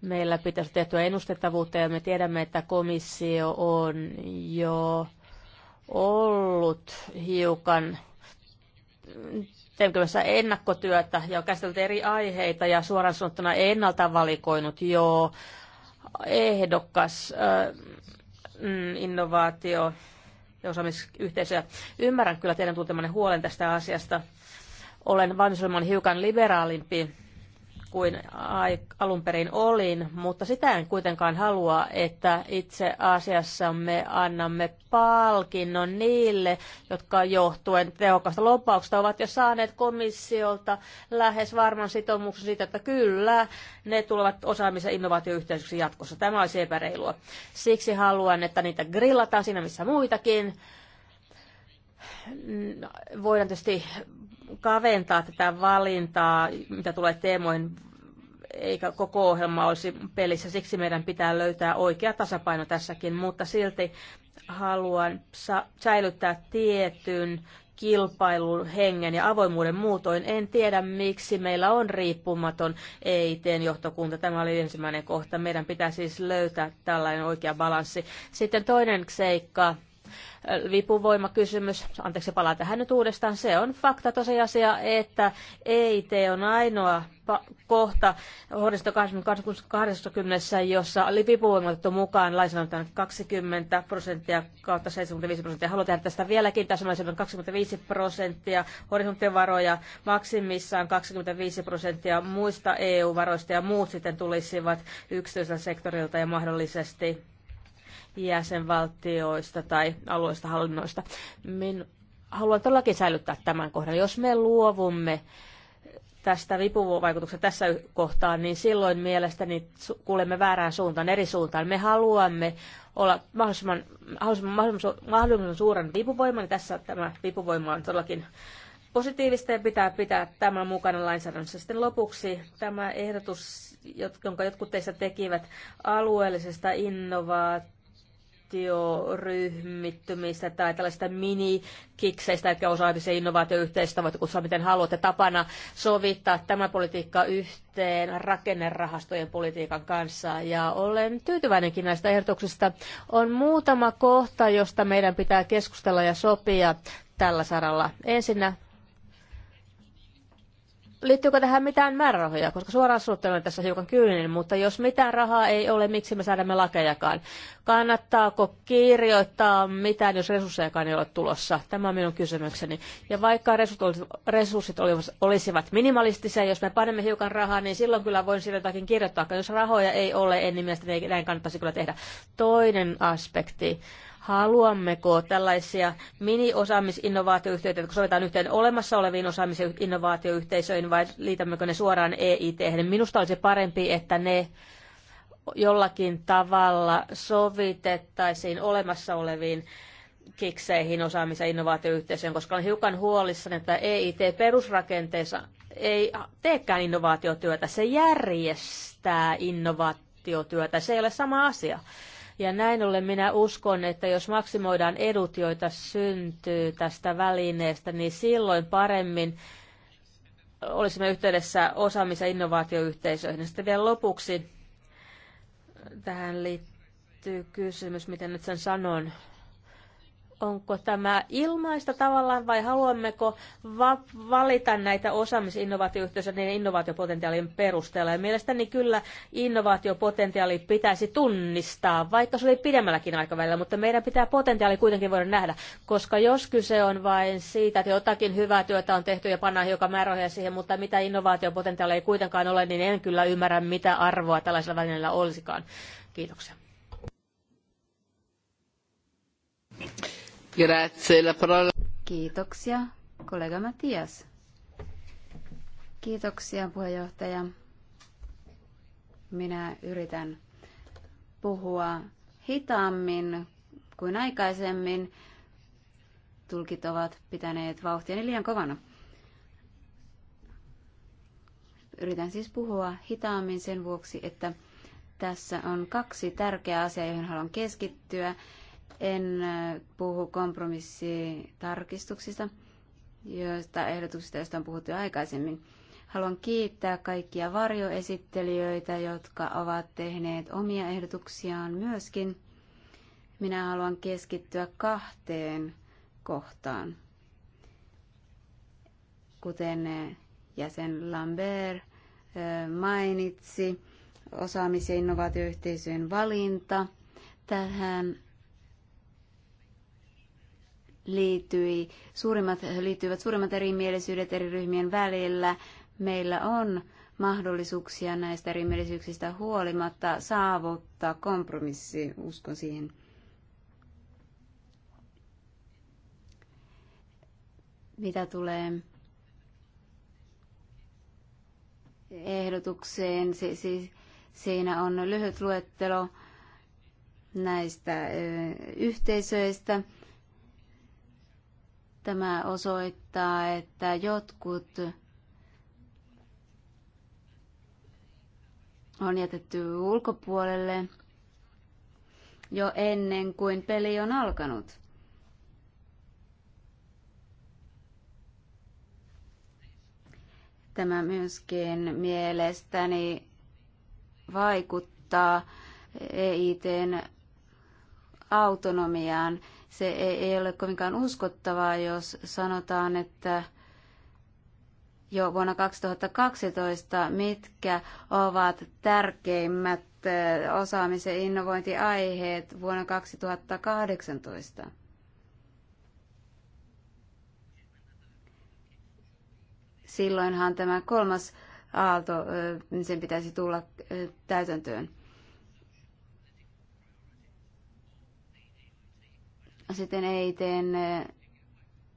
meillä pitäisi tehtyä ennustettavuutta ja me tiedämme, että komissio on jo ollut hiukan tekemässä ennakkotyötä ja on eri aiheita ja suoraan sanottuna ennalta valikoinut jo ehdokas äh, innovaatio ja osaamisyhteisöä. Ymmärrän kyllä teidän tuntemanne huolen tästä asiasta. Olen valmis olemaan hiukan liberaalimpi kuin alun perin olin, mutta sitä en kuitenkaan halua, että itse asiassa me annamme palkinnon niille, jotka johtuen tehokasta lopauksesta ovat jo saaneet komissiolta lähes varman sitoumuksen siitä, että kyllä, ne tulevat osaamisen ja innovaatioyhteisöksi jatkossa. Tämä olisi epäreilua. Siksi haluan, että niitä grillataan siinä missä muitakin. Voidaan tietysti kaventaa tätä valintaa, mitä tulee teemoin, eikä koko ohjelma olisi pelissä. Siksi meidän pitää löytää oikea tasapaino tässäkin, mutta silti haluan säilyttää tietyn kilpailun hengen ja avoimuuden muutoin. En tiedä, miksi meillä on riippumaton EITn johtokunta. Tämä oli ensimmäinen kohta. Meidän pitää siis löytää tällainen oikea balanssi. Sitten toinen seikka, vipuvoimakysymys, anteeksi palaan tähän nyt uudestaan, se on fakta tosiasia, että EIT on ainoa kohta vuodesta 2020, jossa oli vipuvoimatettu mukaan lainsäädäntöön 20 prosenttia kautta 75 prosenttia. Haluan tehdä tästä vieläkin täsmällisemmän 25 prosenttia horisonttien varoja, maksimissaan 25 prosenttia muista EU-varoista ja muut sitten tulisivat yksityisellä sektorilta ja mahdollisesti jäsenvaltioista tai alueista hallinnoista. Min, haluan todellakin säilyttää tämän kohdan. Jos me luovumme tästä vipuvaikutuksesta tässä kohtaa, niin silloin mielestäni kuulemme väärään suuntaan, eri suuntaan. Me haluamme olla mahdollisimman, mahdollisimman, mahdollisimman suuren vipuvoiman, tässä tämä vipuvoima on todellakin positiivista ja pitää pitää tämä mukana lainsäädännössä. Sitten lopuksi tämä ehdotus, jonka jotkut teistä tekivät alueellisesta innovaatiosta, innovaatioryhmittymistä tai tällaista minikikseistä, eli osaamisen se innovaatioyhteistä, voit kutsua miten haluatte tapana sovittaa tämä politiikka yhteen rakennerahastojen politiikan kanssa. Ja olen tyytyväinenkin näistä ehdotuksista. On muutama kohta, josta meidän pitää keskustella ja sopia tällä saralla. Ensinnä Liittyykö tähän mitään määrärahoja? Koska suoraan suhteen on tässä hiukan kyyninen, mutta jos mitään rahaa ei ole, miksi me säädämme lakejakaan? Kannattaako kirjoittaa mitään, jos resurssejakaan ei ole tulossa? Tämä on minun kysymykseni. Ja vaikka resurssit olisivat minimalistisia, jos me panemme hiukan rahaa, niin silloin kyllä voin sille jotakin kirjoittaa. Jos rahoja ei ole, niin mielestäni näin kannattaisi kyllä tehdä. Toinen aspekti Haluammeko tällaisia mini-osaamisinnovaatioyhtiöitä, jotka sovitaan yhteen olemassa oleviin osaamisinnovaatioyhteisöihin vai liitämmekö ne suoraan EIT? -hän? Minusta olisi parempi, että ne jollakin tavalla sovitettaisiin olemassa oleviin kikseihin osaamis- ja innovaatioyhteisöön, koska olen hiukan huolissani, että EIT perusrakenteessa ei teekään innovaatiotyötä, se järjestää innovaatiotyötä, se ei ole sama asia. Ja näin ollen minä uskon, että jos maksimoidaan edut, joita syntyy tästä välineestä, niin silloin paremmin olisimme yhteydessä osaamis- ja innovaatioyhteisöihin. Sitten vielä lopuksi tähän liittyy kysymys, miten nyt sen sanon onko tämä ilmaista tavallaan vai haluammeko va- valita näitä osaamisinnovaatioyhteisöjä niiden innovaatiopotentiaalin perusteella. Ja mielestäni kyllä innovaatiopotentiaali pitäisi tunnistaa, vaikka se oli pidemmälläkin aikavälillä, mutta meidän pitää potentiaali kuitenkin voida nähdä, koska jos kyse on vain siitä, että jotakin hyvää työtä on tehty ja pannaan hiukan määrärahoja siihen, mutta mitä innovaatiopotentiaalia ei kuitenkaan ole, niin en kyllä ymmärrä, mitä arvoa tällaisella välineellä olisikaan. Kiitoksia. Grazie, la parola. Kiitoksia, kollega Mattias. Kiitoksia, puheenjohtaja. Minä yritän puhua hitaammin kuin aikaisemmin. Tulkit ovat pitäneet vauhtiani liian kovana. Yritän siis puhua hitaammin sen vuoksi, että tässä on kaksi tärkeää asiaa, joihin haluan keskittyä. En äh, puhu kompromissitarkistuksista, joista ehdotuksista, joista on puhuttu jo aikaisemmin. Haluan kiittää kaikkia varjoesittelijöitä, jotka ovat tehneet omia ehdotuksiaan myöskin. Minä haluan keskittyä kahteen kohtaan. Kuten äh, jäsen Lambert äh, mainitsi, osaamis- ja innovaatioyhteisöjen valinta. Tähän liittyi, suurimmat, liittyivät suurimmat erimielisyydet eri ryhmien välillä. Meillä on mahdollisuuksia näistä erimielisyyksistä huolimatta saavuttaa kompromissi, uskon siihen. Mitä tulee ehdotukseen, si- si- siinä on lyhyt luettelo näistä yhteisöistä – Tämä osoittaa, että jotkut on jätetty ulkopuolelle jo ennen kuin peli on alkanut. Tämä myöskin mielestäni vaikuttaa EITn autonomiaan se ei ole kovinkaan uskottavaa, jos sanotaan, että jo vuonna 2012, mitkä ovat tärkeimmät eh, osaamisen innovointiaiheet vuonna 2018. Silloinhan tämä kolmas aalto, eh, niin sen pitäisi tulla eh, täytäntöön. sitten ei EITn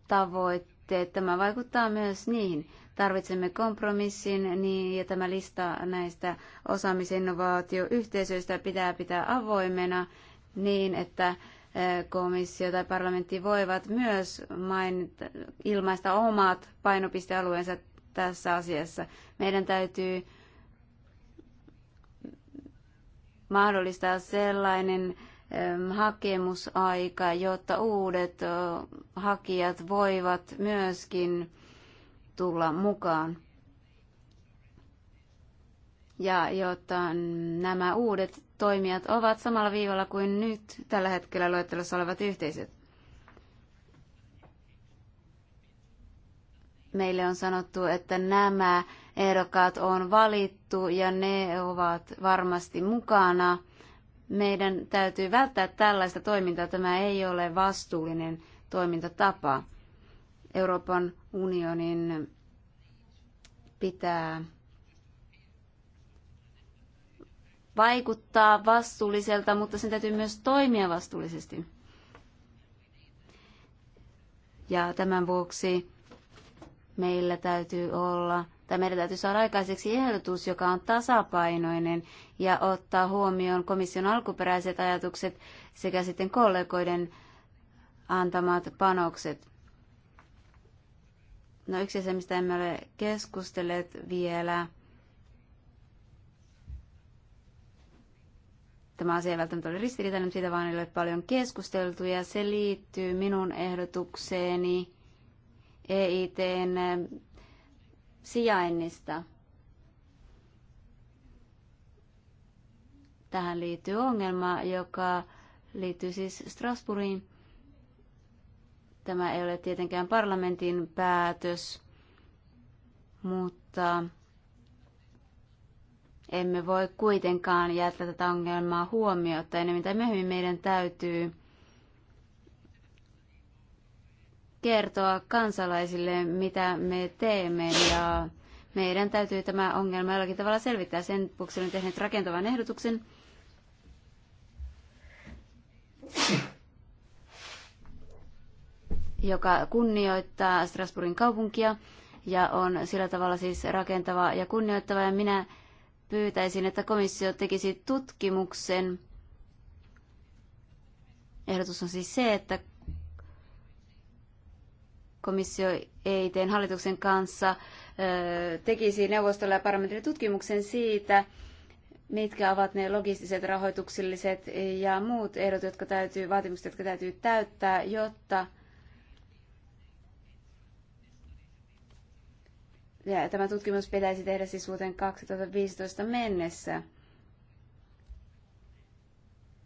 tavoitteet. Tämä vaikuttaa myös niihin. Tarvitsemme kompromissin niin, ja tämä lista näistä osaamisinnovaatioyhteisöistä pitää pitää avoimena niin, että eh, komissio tai parlamentti voivat myös mainita, ilmaista omat painopistealueensa tässä asiassa. Meidän täytyy mahdollistaa sellainen hakemusaika, jotta uudet hakijat voivat myöskin tulla mukaan. Ja jotta nämä uudet toimijat ovat samalla viivalla kuin nyt tällä hetkellä luettelossa olevat yhteisöt. Meille on sanottu, että nämä ehdokkaat on valittu ja ne ovat varmasti mukana – meidän täytyy välttää tällaista toimintaa. Tämä ei ole vastuullinen toimintatapa. Euroopan unionin pitää vaikuttaa vastuulliselta, mutta sen täytyy myös toimia vastuullisesti. Ja tämän vuoksi meillä täytyy olla tai meidän täytyy saada aikaiseksi ehdotus, joka on tasapainoinen ja ottaa huomioon komission alkuperäiset ajatukset sekä sitten kollegoiden antamat panokset. No yksi se, mistä emme ole keskustelleet vielä, tämä asia ei välttämättä ole ristiriitainen, siitä vaan ei ole paljon keskusteltu ja se liittyy minun ehdotukseeni EITn sijainnista. Tähän liittyy ongelma, joka liittyy siis Strasbourgiin. Tämä ei ole tietenkään parlamentin päätös, mutta emme voi kuitenkaan jättää tätä ongelmaa huomiota. Enemmän tai myöhemmin meidän täytyy kertoa kansalaisille, mitä me teemme ja meidän täytyy tämä ongelma jollakin tavalla selvittää. Sen vuoksi olen tehnyt rakentavan ehdotuksen. joka kunnioittaa Strasbourgin kaupunkia ja on sillä tavalla siis rakentava ja kunnioittava. Ja minä pyytäisin, että komissio tekisi tutkimuksen. Ehdotus on siis se, että komissio EITn hallituksen kanssa tekisi neuvostolle ja parlamentille tutkimuksen siitä, mitkä ovat ne logistiset, rahoitukselliset ja muut ehdot, jotka täytyy, vaatimukset, jotka täytyy täyttää, jotta ja tämä tutkimus pitäisi tehdä siis vuoteen 2015 mennessä.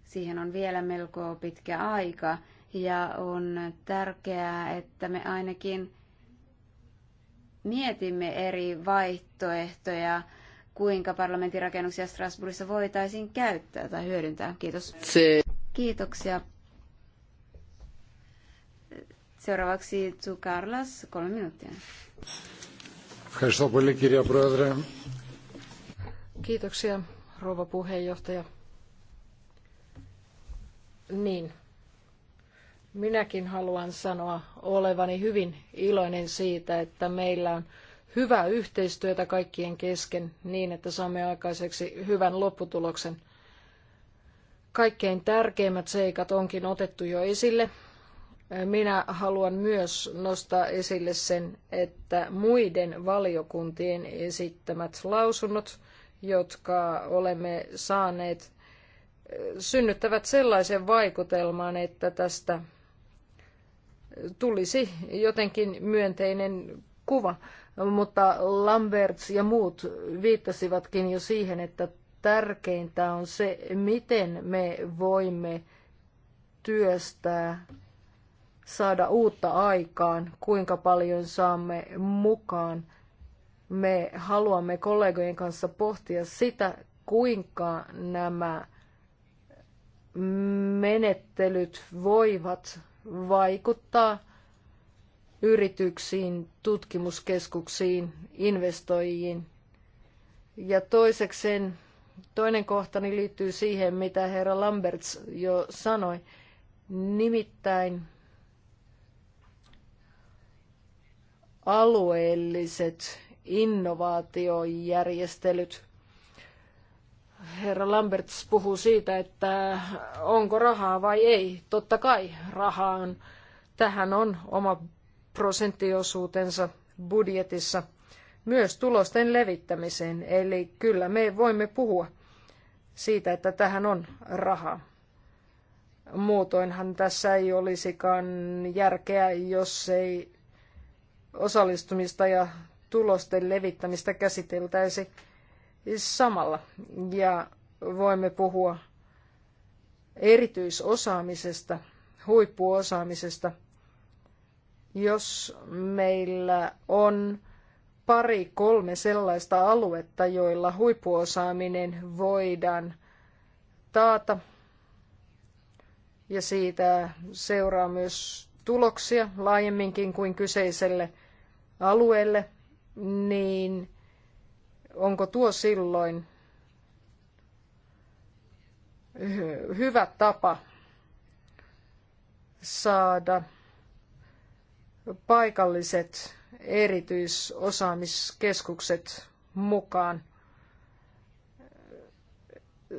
Siihen on vielä melko pitkä aika ja on tärkeää, että me ainakin mietimme eri vaihtoehtoja, kuinka parlamentin rakennuksia Strasbourgissa voitaisiin käyttää tai hyödyntää. Kiitos. Kiitoksia. Seuraavaksi Tsu Karlas, kolme minuuttia. Kiitoksia, rouva puheenjohtaja. Niin, Minäkin haluan sanoa olevani hyvin iloinen siitä, että meillä on hyvää yhteistyötä kaikkien kesken niin, että saamme aikaiseksi hyvän lopputuloksen. Kaikkein tärkeimmät seikat onkin otettu jo esille. Minä haluan myös nostaa esille sen, että muiden valiokuntien esittämät lausunnot, jotka olemme saaneet, synnyttävät sellaisen vaikutelman, että tästä tulisi jotenkin myönteinen kuva, mutta Lamberts ja muut viittasivatkin jo siihen, että tärkeintä on se, miten me voimme työstää, saada uutta aikaan, kuinka paljon saamme mukaan. Me haluamme kollegojen kanssa pohtia sitä, kuinka nämä menettelyt voivat vaikuttaa yrityksiin, tutkimuskeskuksiin, investoijiin. Ja toisekseen toinen kohtani liittyy siihen, mitä herra Lamberts jo sanoi. Nimittäin alueelliset innovaatiojärjestelyt – Herra Lamberts puhuu siitä, että onko rahaa vai ei. Totta kai rahaa on. Tähän on oma prosenttiosuutensa budjetissa. Myös tulosten levittämiseen. Eli kyllä me voimme puhua siitä, että tähän on rahaa. Muutoinhan tässä ei olisikaan järkeä, jos ei osallistumista ja tulosten levittämistä käsiteltäisi samalla. Ja voimme puhua erityisosaamisesta, huippuosaamisesta, jos meillä on pari kolme sellaista aluetta, joilla huippuosaaminen voidaan taata. Ja siitä seuraa myös tuloksia laajemminkin kuin kyseiselle alueelle, niin – onko tuo silloin hyvä tapa saada paikalliset erityisosaamiskeskukset mukaan.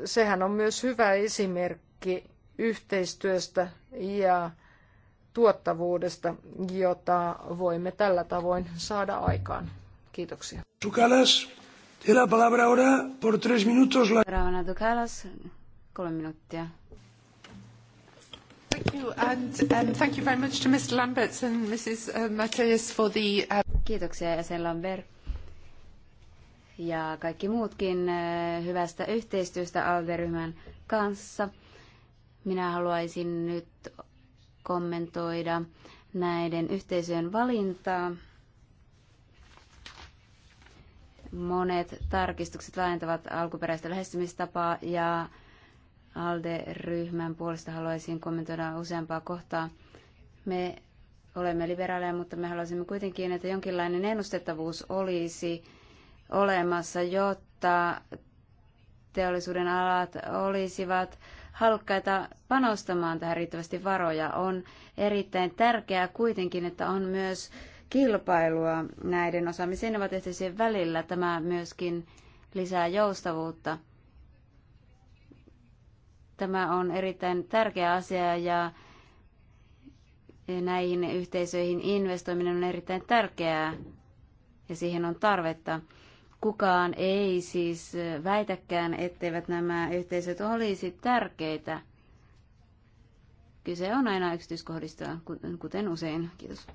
Sehän on myös hyvä esimerkki yhteistyöstä ja tuottavuudesta, jota voimme tällä tavoin saada aikaan. Kiitoksia. Tsukalas. Tiene la palabra ahora por Thank you, and thank you very much to Mr. Lamberts and Mrs. Uh, Mateus for the... Uh, Kiitoksia jäsen Lambert ja kaikki muutkin uh, hyvästä yhteistyöstä alde kanssa. Minä haluaisin nyt kommentoida näiden yhteisöjen valintaa. Monet tarkistukset laajentavat alkuperäistä lähestymistapaa ja ALDE-ryhmän puolesta haluaisin kommentoida useampaa kohtaa. Me olemme liberaaleja, mutta me haluaisimme kuitenkin, että jonkinlainen ennustettavuus olisi olemassa, jotta teollisuuden alat olisivat halukkaita panostamaan tähän riittävästi varoja. On erittäin tärkeää kuitenkin, että on myös kilpailua näiden osaamisen innovatiivisten välillä. Tämä myöskin lisää joustavuutta. Tämä on erittäin tärkeä asia ja näihin yhteisöihin investoiminen on erittäin tärkeää ja siihen on tarvetta. Kukaan ei siis väitäkään, etteivät nämä yhteisöt olisi tärkeitä. Kyse on aina yksityiskohdista, kuten usein. Kiitos.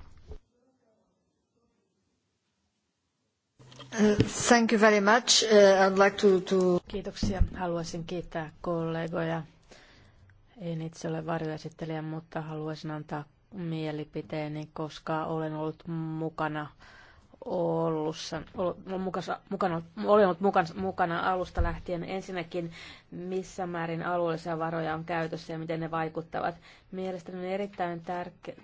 Uh, Kiitoksia. Haluaisin kiittää kollegoja. En itse ole varjoesittelijä, mutta haluaisin antaa mielipiteeni, koska olen ollut mukana ollussa, ollut mukana, mukana, olen ollut mukana, mukana alusta lähtien ensinnäkin, missä määrin alueellisia varoja on käytössä ja miten ne vaikuttavat. Mielestäni on erittäin tärkeää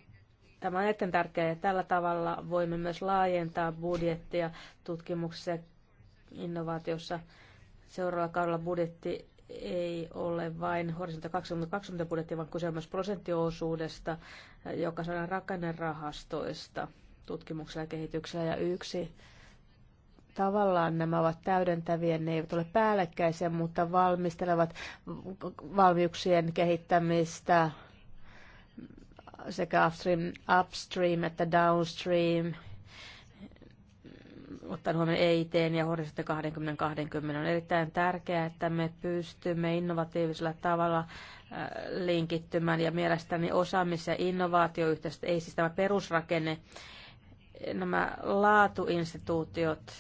Tämä on erittäin tärkeää ja tällä tavalla voimme myös laajentaa budjettia tutkimuksessa ja innovaatiossa. Seuraavalla kaudella budjetti ei ole vain horisontti 2020 budjetti, vaan kyse on myös prosenttiosuudesta, joka saadaan rakennerahastoista tutkimuksella ja kehityksellä. Ja yksi tavallaan nämä ovat täydentäviä, ne eivät ole päällekkäisiä, mutta valmistelevat valmiuksien kehittämistä, sekä upstream, upstream että downstream, ottaen huomioon EIT ja horisontti 2020 on erittäin tärkeää, että me pystymme innovatiivisella tavalla äh, linkittymään ja mielestäni osaamis- ja innovaatioyhteistyö, ei siis tämä perusrakenne, nämä laatuinstituutiot,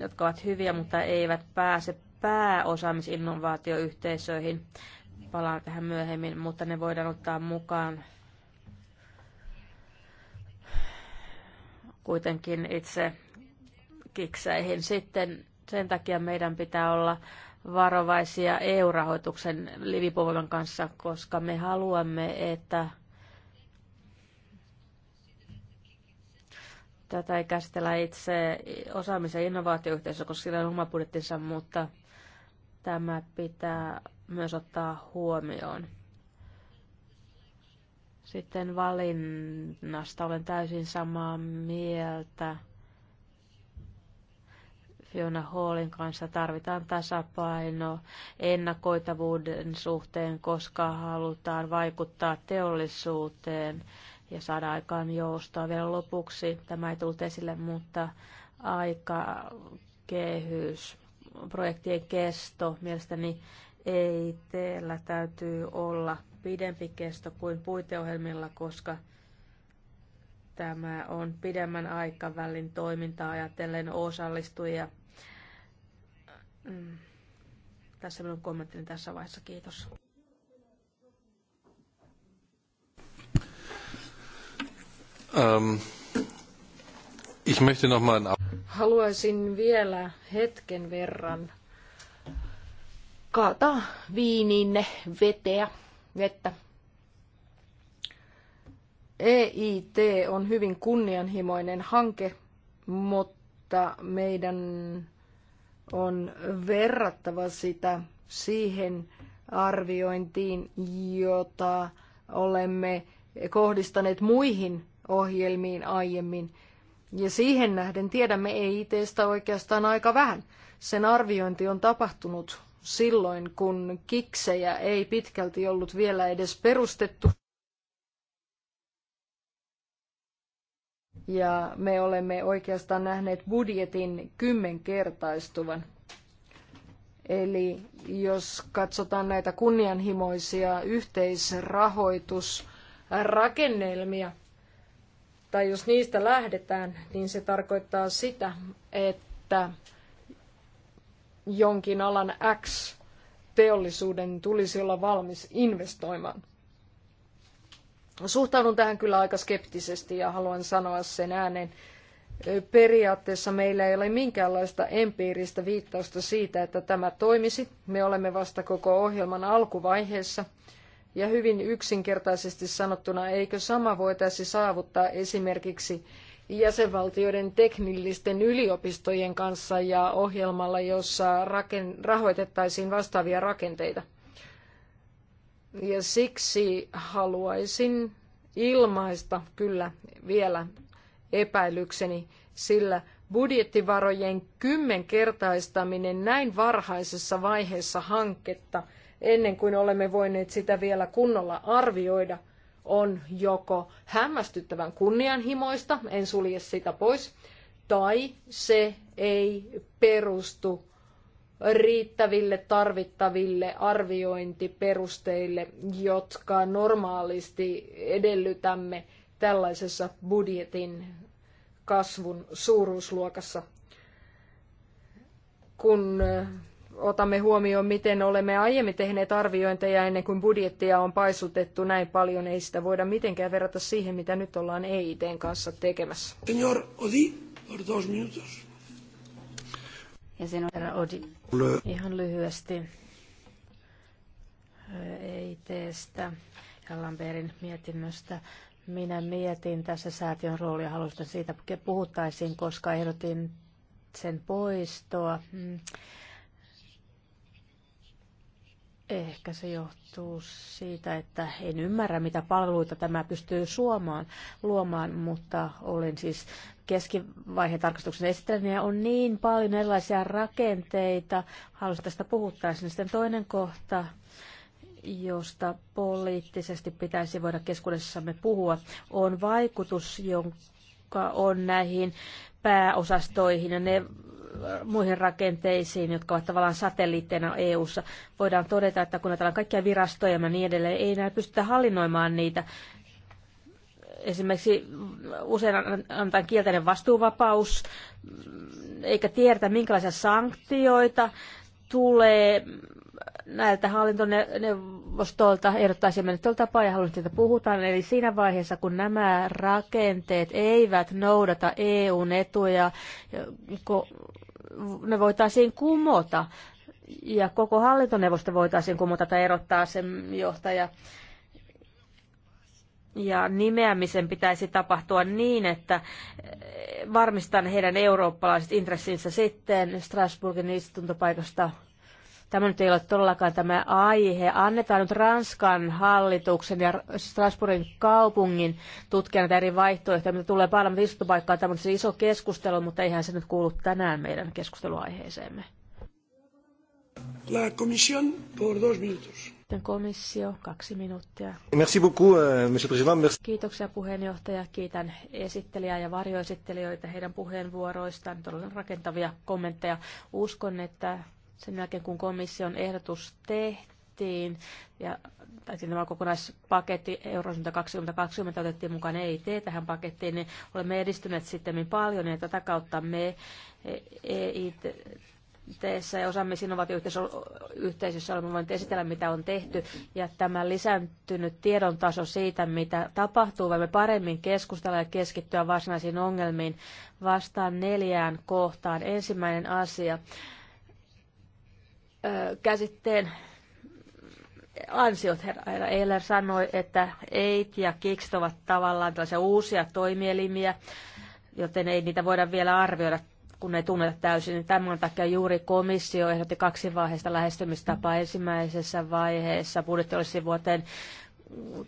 jotka ovat hyviä, mutta eivät pääse pääosaamisinnovaatioyhteisöihin, Palaan tähän myöhemmin, mutta ne voidaan ottaa mukaan kuitenkin itse kikseihin. Sitten sen takia meidän pitää olla varovaisia EU-rahoituksen livipuolen kanssa, koska me haluamme, että tätä ei käsitellä itse osaamisen ja innovaatioyhteisö, koska sillä on oma budjettinsa, mutta tämä pitää myös ottaa huomioon. Sitten valinnasta olen täysin samaa mieltä. Fiona Hallin kanssa tarvitaan tasapaino ennakoitavuuden suhteen, koska halutaan vaikuttaa teollisuuteen ja saada aikaan joustoa. Vielä lopuksi, tämä ei tullut esille, mutta aika kehys, projektien kesto mielestäni ei teillä täytyy olla pidempi kesto kuin puiteohjelmilla, koska tämä on pidemmän aikavälin toimintaa ajatellen osallistujia. Mm. Tässä minun kommenttini tässä vaiheessa. Kiitos. Um. Ich möchte noch mal Haluaisin vielä hetken verran kaataa viiniinne veteä, vettä. EIT on hyvin kunnianhimoinen hanke, mutta meidän on verrattava sitä siihen arviointiin, jota olemme kohdistaneet muihin ohjelmiin aiemmin. Ja siihen nähden tiedämme EITstä oikeastaan aika vähän. Sen arviointi on tapahtunut silloin, kun kiksejä ei pitkälti ollut vielä edes perustettu. Ja me olemme oikeastaan nähneet budjetin kymmenkertaistuvan. Eli jos katsotaan näitä kunnianhimoisia yhteisrahoitusrakennelmia, tai jos niistä lähdetään, niin se tarkoittaa sitä, että jonkin alan X teollisuuden tulisi olla valmis investoimaan. Suhtaudun tähän kyllä aika skeptisesti ja haluan sanoa sen ääneen. Periaatteessa meillä ei ole minkäänlaista empiiristä viittausta siitä, että tämä toimisi. Me olemme vasta koko ohjelman alkuvaiheessa. Ja hyvin yksinkertaisesti sanottuna, eikö sama voitaisi saavuttaa esimerkiksi jäsenvaltioiden teknillisten yliopistojen kanssa ja ohjelmalla, jossa rahoitettaisiin vastaavia rakenteita. Ja siksi haluaisin ilmaista kyllä vielä epäilykseni, sillä budjettivarojen kymmenkertaistaminen näin varhaisessa vaiheessa hanketta, ennen kuin olemme voineet sitä vielä kunnolla arvioida – on joko hämmästyttävän kunnianhimoista, en sulje sitä pois, tai se ei perustu riittäville tarvittaville arviointiperusteille, jotka normaalisti edellytämme tällaisessa budjetin kasvun suuruusluokassa. Kun otamme huomioon, miten olemme aiemmin tehneet arviointeja ennen kuin budjettia on paisutettu näin paljon, ei sitä voida mitenkään verrata siihen, mitä nyt ollaan EITn kanssa tekemässä. Señor Odi, por dos minutos. Ja sinun herra Odi, ihan lyhyesti EITstä eh, e ja Lamberin mietinnöstä. Minä mietin tässä säätiön roolia, halusin siitä puhuttaisiin, koska ehdotin sen poistoa. Mm. Ehkä se johtuu siitä, että en ymmärrä, mitä palveluita tämä pystyy suomaan, luomaan, mutta olen siis keskivaihetarkastuksen esittelijänä ja on niin paljon erilaisia rakenteita. Haluaisin tästä puhuttaisiin. Sitten toinen kohta, josta poliittisesti pitäisi voida keskuudessamme puhua, on vaikutus, jonka on näihin pääosastoihin ja ne muihin rakenteisiin, jotka ovat tavallaan satelliitteina EU-ssa. Voidaan todeta, että kun ajatellaan kaikkia virastoja ja niin edelleen, ei näin pystytä hallinnoimaan niitä. Esimerkiksi usein antaa kielteinen vastuuvapaus, eikä tiedetä minkälaisia sanktioita tulee näiltä hallintoneuvostolta ehdottaisimme nyt tapaa ja haluaisin, että puhutaan. Eli siinä vaiheessa, kun nämä rakenteet eivät noudata EUn etuja, ne voitaisiin kumota ja koko hallintoneuvosto voitaisiin kumota tai erottaa sen johtaja. Ja nimeämisen pitäisi tapahtua niin, että varmistan heidän eurooppalaiset intressinsä sitten Strasbourgin istuntopaikasta Tämä nyt ei ole todellakaan tämä aihe. Annetaan nyt Ranskan hallituksen ja Strasbourgin kaupungin tutkia näitä eri vaihtoehtoja, mitä tulee parlamentin istuntopaikkaan. Tämä on siis iso keskustelu, mutta eihän se nyt kuulu tänään meidän keskusteluaiheeseemme. La Commission pour dos minutos. Sitten komissio, kaksi minuuttia. Merci beaucoup, euh, monsieur président. Merci. Kiitoksia puheenjohtaja. Kiitän esittelijää ja varjoesittelijöitä heidän puheenvuoroistaan. Todella rakentavia kommentteja. Uskon, että sen jälkeen, kun komission ehdotus tehtiin, ja tai tämä kokonaispaketti Eurosyntä 2020 otettiin mukaan EIT tähän pakettiin, niin olemme edistyneet sitten paljon, ja tätä kautta me EIT teissä ja sinovat innovaatioyhteisössä olemme voineet esitellä, mitä on tehty. Ja tämä lisääntynyt tiedon taso siitä, mitä tapahtuu, voimme paremmin keskustella ja keskittyä varsinaisiin ongelmiin. Vastaan neljään kohtaan. Ensimmäinen asia käsitteen ansiot. Herra Eiler sanoi, että EIT ja KIKST ovat tavallaan tällaisia uusia toimielimiä, joten ei niitä voida vielä arvioida kun ei tunneta täysin. Tämän takia juuri komissio ehdotti kaksi vaiheista lähestymistapaa. Ensimmäisessä vaiheessa budjetti olisi vuoteen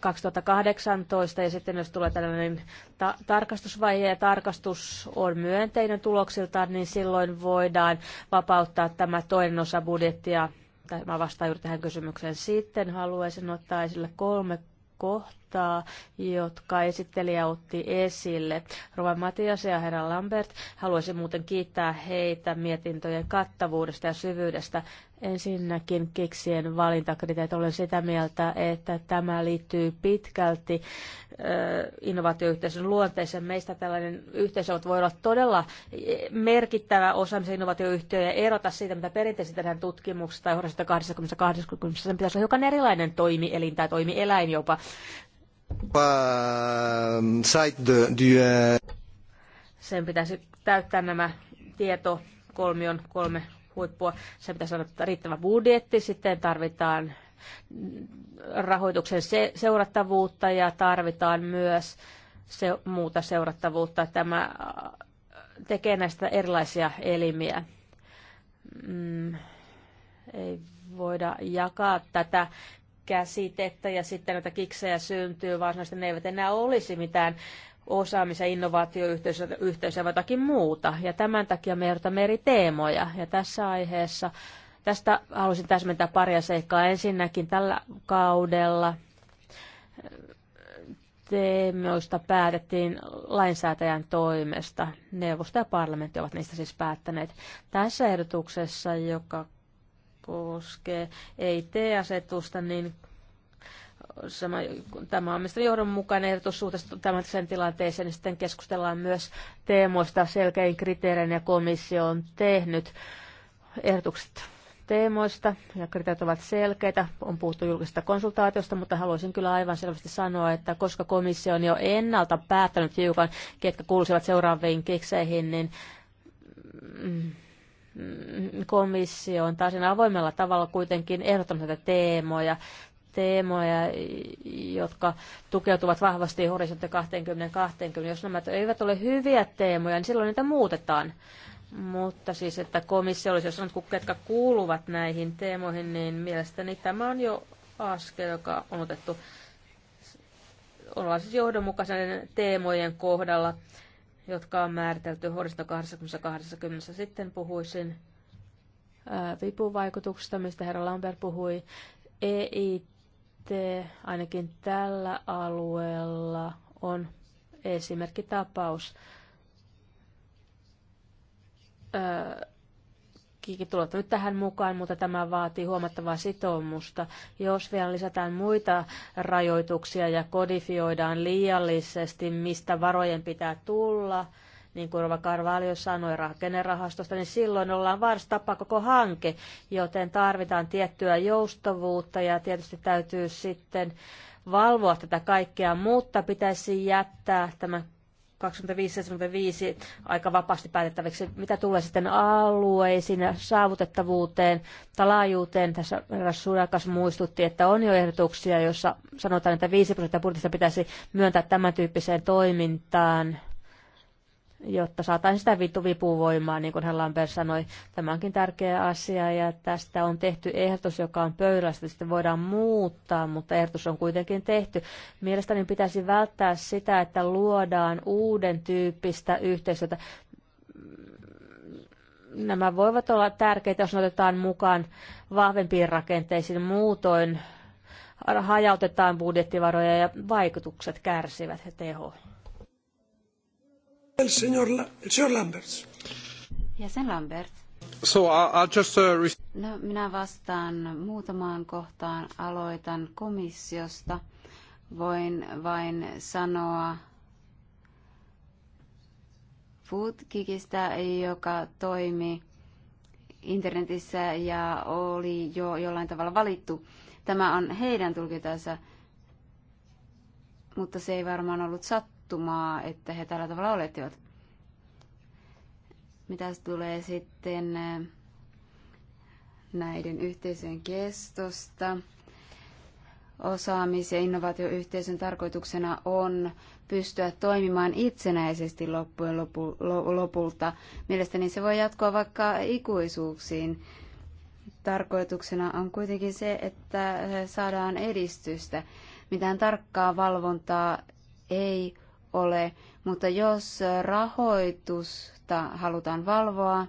2018 ja sitten jos tulee tällainen ta- tarkastusvaihe ja tarkastus on myönteinen tuloksiltaan, niin silloin voidaan vapauttaa tämä toinen osa budjettia. Tai mä vastaan juuri tähän kysymykseen. Sitten haluaisin ottaa esille kolme kohtaa, jotka esittelijä otti esille. Rova Matias ja herra Lambert, haluaisin muuten kiittää heitä mietintöjen kattavuudesta ja syvyydestä. Ensinnäkin keksien valintakriteet. Olen sitä mieltä, että tämä liittyy pitkälti innovaatioyhteisön luonteeseen. Meistä tällainen yhteisö voi olla todella merkittävä osaamisen innovaatioyhtiö ja erota siitä, mitä perinteisesti tehdään tutkimuksesta tai horisontta 20, 20 Sen pitäisi olla hiukan erilainen toimielin tai toimieläin jopa. Sen pitäisi täyttää nämä tieto kolmion kolme huippua. Sen pitäisi olla riittävä budjetti, sitten tarvitaan rahoituksen se- seurattavuutta ja tarvitaan myös se- muuta seurattavuutta. Tämä äh, tekee näistä erilaisia elimiä. Mm, ei voida jakaa tätä käsitettä ja sitten näitä kiksejä syntyy, vaan ne eivät enää olisi mitään osaamis- ja innovaatioyhteisöä vai jotakin muuta. Ja tämän takia me eri teemoja. Ja tässä aiheessa Tästä haluaisin täsmentää paria seikkaa. Ensinnäkin tällä kaudella teemoista päätettiin lainsäätäjän toimesta. Neuvosto ja parlamentti ovat niistä siis päättäneet. Tässä ehdotuksessa, joka koskee EIT-asetusta, niin sama, tämä on mielestäni johdonmukainen ehdotus suhteessa tämän sen tilanteeseen, niin sitten keskustellaan myös teemoista selkein kriteerein ja komissio on tehnyt ehdotukset teemoista ja kriteerit ovat selkeitä. On puhuttu julkisesta konsultaatiosta, mutta haluaisin kyllä aivan selvästi sanoa, että koska komissio on jo ennalta päättänyt hiukan, ketkä kuuluisivat seuraaviin kikseihin, niin mm, komissio on taas avoimella tavalla kuitenkin ehdottanut näitä teemoja teemoja, jotka tukeutuvat vahvasti horisontti 2020. Jos nämä eivät ole hyviä teemoja, niin silloin niitä muutetaan. Mutta siis, että komissio olisi sanonut, ketkä kuuluvat näihin teemoihin, niin mielestäni tämä on jo askel, joka on otettu ollaan siis johdonmukaisen teemojen kohdalla, jotka on määritelty Horisto 2020. Sitten puhuisin vipuvaikutuksista, mistä herra Lambert puhui. EIT ainakin tällä alueella on esimerkki tapaus tulevat nyt tähän mukaan, mutta tämä vaatii huomattavaa sitoumusta. Jos vielä lisätään muita rajoituksia ja kodifioidaan liiallisesti, mistä varojen pitää tulla, niin kuin Rova Karvalio sanoi rakennerahastosta, niin silloin ollaan varsin tappaa koko hanke, joten tarvitaan tiettyä joustavuutta ja tietysti täytyy sitten valvoa tätä kaikkea, mutta pitäisi jättää tämä 25-75 aika vapaasti päätettäväksi. Mitä tulee sitten alueisiin ja saavutettavuuteen tai laajuuteen, tässä Surakas muistutti, että on jo ehdotuksia, joissa sanotaan, että 5 prosenttia budjetista pitäisi myöntää tämän tyyppiseen toimintaan jotta saataisiin sitä vituvipuvoimaa, niin kuin hän Lambert sanoi. Tämä onkin tärkeä asia ja tästä on tehty ehdotus, joka on pöydällä, sitten voidaan muuttaa, mutta ehdotus on kuitenkin tehty. Mielestäni pitäisi välttää sitä, että luodaan uuden tyyppistä yhteistyötä. Nämä voivat olla tärkeitä, jos ne otetaan mukaan vahvempiin rakenteisiin. Muutoin hajautetaan budjettivaroja ja vaikutukset kärsivät ja teho. El señor, La, el señor Jäsen Lambert. So I'll just, uh, no, minä vastaan muutamaan kohtaan. Aloitan komissiosta. Voin vain sanoa Foodkikistä, joka toimi internetissä ja oli jo jollain tavalla valittu. Tämä on heidän tulkintansa, mutta se ei varmaan ollut sattu sattumaa, että he tällä tavalla olettivat. Mitä tulee sitten äh, näiden yhteisöjen kestosta? Osaamis- ja innovaatioyhteisön tarkoituksena on pystyä toimimaan itsenäisesti loppujen lopu- lopulta. Mielestäni se voi jatkoa vaikka ikuisuuksiin. Tarkoituksena on kuitenkin se, että äh, saadaan edistystä. Mitään tarkkaa valvontaa ei ole, mutta jos rahoitusta halutaan valvoa,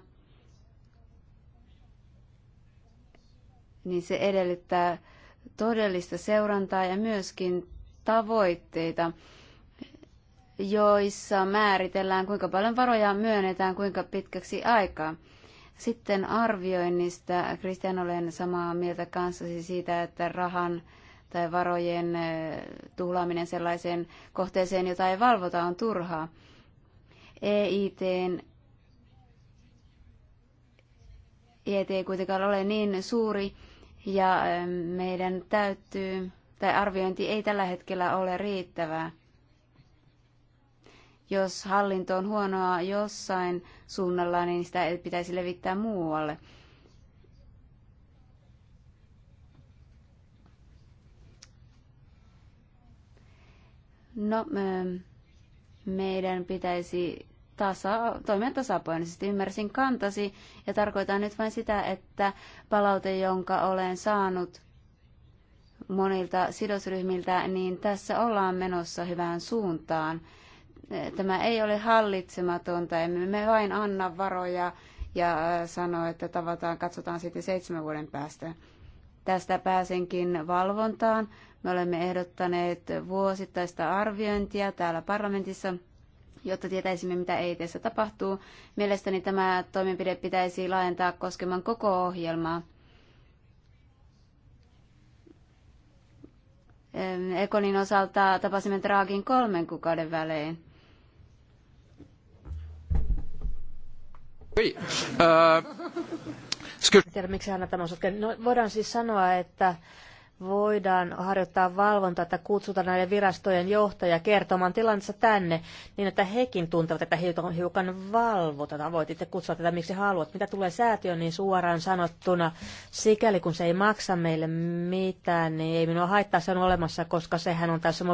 niin se edellyttää todellista seurantaa ja myöskin tavoitteita, joissa määritellään, kuinka paljon varoja myönnetään, kuinka pitkäksi aikaa. Sitten arvioinnista. Kristian, olen samaa mieltä kanssasi siitä, että rahan tai varojen eh, tuhlaaminen sellaiseen kohteeseen, jota ei valvota, on turhaa. EITn EIT ei kuitenkaan ole niin suuri ja eh, meidän täytyy, tai arviointi ei tällä hetkellä ole riittävää. Jos hallinto on huonoa jossain suunnalla, niin sitä ei pitäisi levittää muualle. No, ähm, meidän pitäisi tasa, toimia tasapainoisesti. Ymmärsin kantasi ja tarkoitan nyt vain sitä, että palaute, jonka olen saanut monilta sidosryhmiltä, niin tässä ollaan menossa hyvään suuntaan. Äh, tämä ei ole hallitsematonta, emme me vain anna varoja ja äh, sano, että tavataan, katsotaan sitten seitsemän vuoden päästä. Tästä pääsenkin valvontaan, me olemme ehdottaneet vuosittaista arviointia täällä parlamentissa, jotta tietäisimme, mitä EITssä tapahtuu. Mielestäni tämä toimenpide pitäisi laajentaa koskemaan koko ohjelmaa. Ekonin osalta tapasimme Draakin kolmen kuukauden välein. Oui. Uh, äh, tiedä, miksi hän tämä No, voidaan siis sanoa, että voidaan harjoittaa valvontaa, että kutsutaan näiden virastojen johtajia kertomaan tilannetta tänne, niin että hekin tuntevat, että on hiukan valvotaan. Voit itse kutsua tätä, miksi haluat. Mitä tulee säätiön, niin suoraan sanottuna, sikäli kun se ei maksa meille mitään, niin ei minua haittaa, sen olemassa, koska sehän on tässä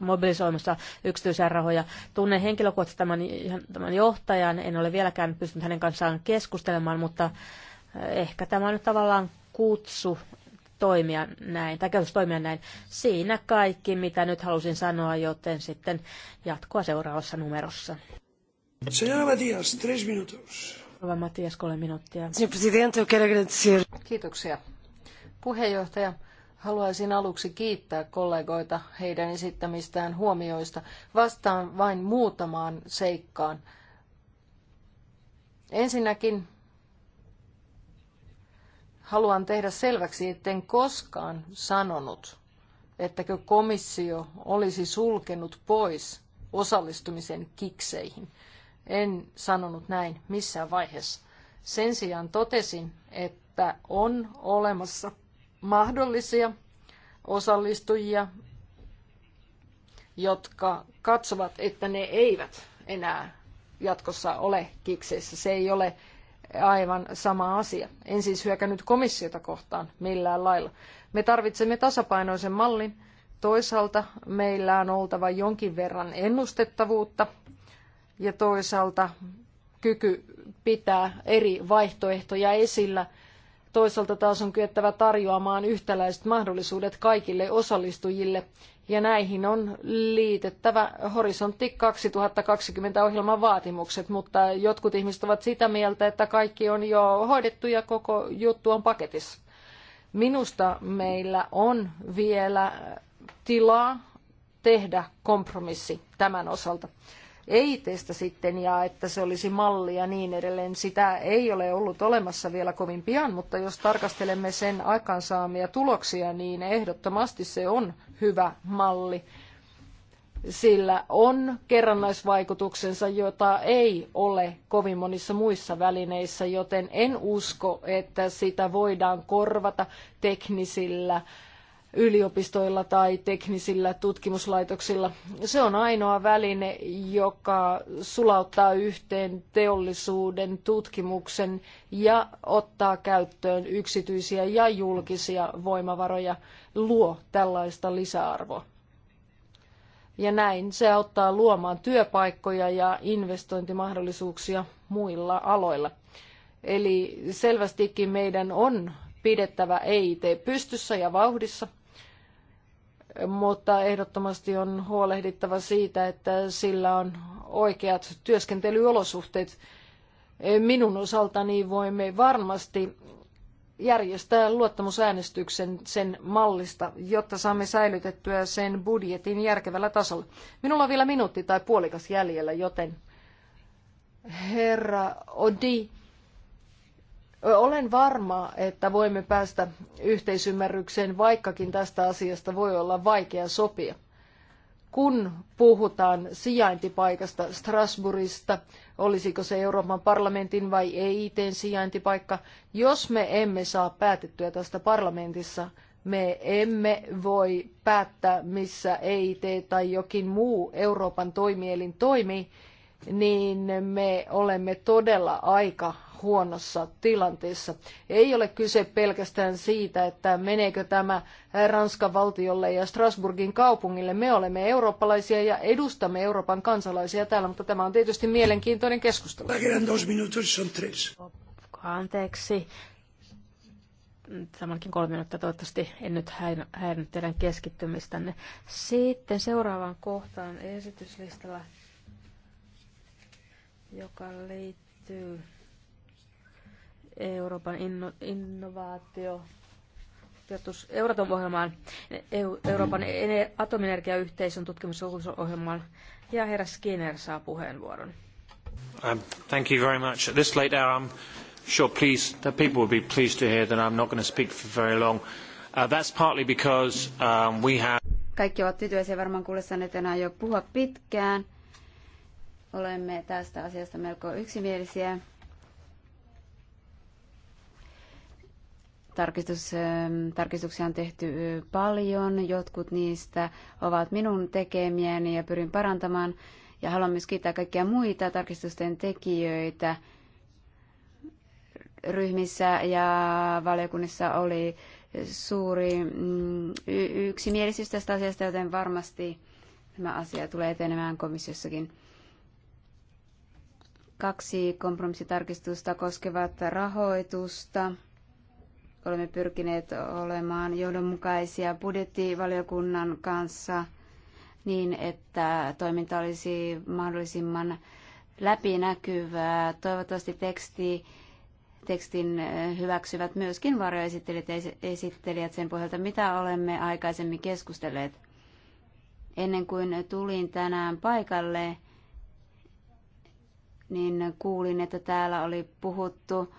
mobilisoimassa yksityisiä rahoja. Tunnen henkilökohtaisesti tämän, tämän johtajan, en ole vieläkään pystynyt hänen kanssaan keskustelemaan, mutta eh, ehkä tämä on nyt tavallaan kutsu toimia näin, tai käytös toimia näin. Siinä kaikki, mitä nyt halusin sanoa, joten sitten jatkoa seuraavassa numerossa. Señora Matias, tres minutos. Hyvä Matias, kolme minuuttia. Kiitoksia. Puheenjohtaja, haluaisin aluksi kiittää kollegoita heidän esittämistään huomioista. Vastaan vain muutamaan seikkaan. Ensinnäkin haluan tehdä selväksi, etten koskaan sanonut, että komissio olisi sulkenut pois osallistumisen kikseihin. En sanonut näin missään vaiheessa. Sen sijaan totesin, että on olemassa mahdollisia osallistujia, jotka katsovat, että ne eivät enää jatkossa ole kikseissä. Se ei ole aivan sama asia. En siis hyökännyt komissiota kohtaan millään lailla. Me tarvitsemme tasapainoisen mallin. Toisaalta meillä on oltava jonkin verran ennustettavuutta ja toisaalta kyky pitää eri vaihtoehtoja esillä. Toisaalta taas on kyettävä tarjoamaan yhtäläiset mahdollisuudet kaikille osallistujille ja näihin on liitettävä Horisontti 2020 ohjelman vaatimukset, mutta jotkut ihmiset ovat sitä mieltä, että kaikki on jo hoidettu ja koko juttu on paketissa. Minusta meillä on vielä tilaa tehdä kompromissi tämän osalta. EITstä sitten ja että se olisi malli ja niin edelleen. Sitä ei ole ollut olemassa vielä kovin pian, mutta jos tarkastelemme sen aikansaamia tuloksia, niin ehdottomasti se on hyvä malli sillä on kerrannaisvaikutuksensa, jota ei ole kovin monissa muissa välineissä, joten en usko, että sitä voidaan korvata teknisillä yliopistoilla tai teknisillä tutkimuslaitoksilla. Se on ainoa väline, joka sulauttaa yhteen teollisuuden tutkimuksen ja ottaa käyttöön yksityisiä ja julkisia voimavaroja, luo tällaista lisäarvoa. Ja näin se auttaa luomaan työpaikkoja ja investointimahdollisuuksia muilla aloilla. Eli selvästikin meidän on pidettävä EIT pystyssä ja vauhdissa mutta ehdottomasti on huolehdittava siitä, että sillä on oikeat työskentelyolosuhteet. Minun osaltani voimme varmasti järjestää luottamusäänestyksen sen mallista, jotta saamme säilytettyä sen budjetin järkevällä tasolla. Minulla on vielä minuutti tai puolikas jäljellä, joten herra Odi, olen varma, että voimme päästä yhteisymmärrykseen, vaikkakin tästä asiasta voi olla vaikea sopia. Kun puhutaan sijaintipaikasta Strasbourgista, olisiko se Euroopan parlamentin vai EITn sijaintipaikka, jos me emme saa päätettyä tästä parlamentissa, me emme voi päättää, missä EIT tai jokin muu Euroopan toimielin toimii, niin me olemme todella aika huonossa tilanteessa. Ei ole kyse pelkästään siitä, että meneekö tämä Ranskan valtiolle ja Strasbourgin kaupungille. Me olemme eurooppalaisia ja edustamme Euroopan kansalaisia täällä, mutta tämä on tietysti mielenkiintoinen keskustelu. Anteeksi. Tämänkin kolme minuuttia toivottavasti en nyt häirinyt teidän keskittymistänne. Sitten seuraavaan kohtaan esityslistalla, joka liittyy Euroopan inno, innovaatio Euratom-ohjelmaan, Euroopan atomenergiayhteisön tutkimusohjelmaan ja herra Skinner saa puheenvuoron. Um, thank you very much. At this late hour, I'm sure please, that people will be pleased to hear that I'm not going to speak for very long. Uh, that's partly because um, we have... Kaikki ovat tyytyväisiä varmaan kuulessaan, että enää jo puhua pitkään. Olemme tästä asiasta melko yksimielisiä. Tarkistus, ähm, tarkistuksia on tehty paljon, jotkut niistä ovat minun tekemiäni ja pyrin parantamaan. Ja haluan myös kiittää kaikkia muita tarkistusten tekijöitä. Ryhmissä ja valiokunnissa oli suuri mm, yksimielisyys tästä asiasta, joten varmasti tämä asia tulee etenemään komissiossakin. Kaksi kompromissitarkistusta koskevat rahoitusta. Olemme pyrkineet olemaan johdonmukaisia budjettivaliokunnan kanssa niin, että toiminta olisi mahdollisimman läpinäkyvää. Toivottavasti teksti, tekstin hyväksyvät myöskin varjoesittelijät ja esittelijät sen pohjalta, mitä olemme aikaisemmin keskustelleet. Ennen kuin tulin tänään paikalle, niin kuulin, että täällä oli puhuttu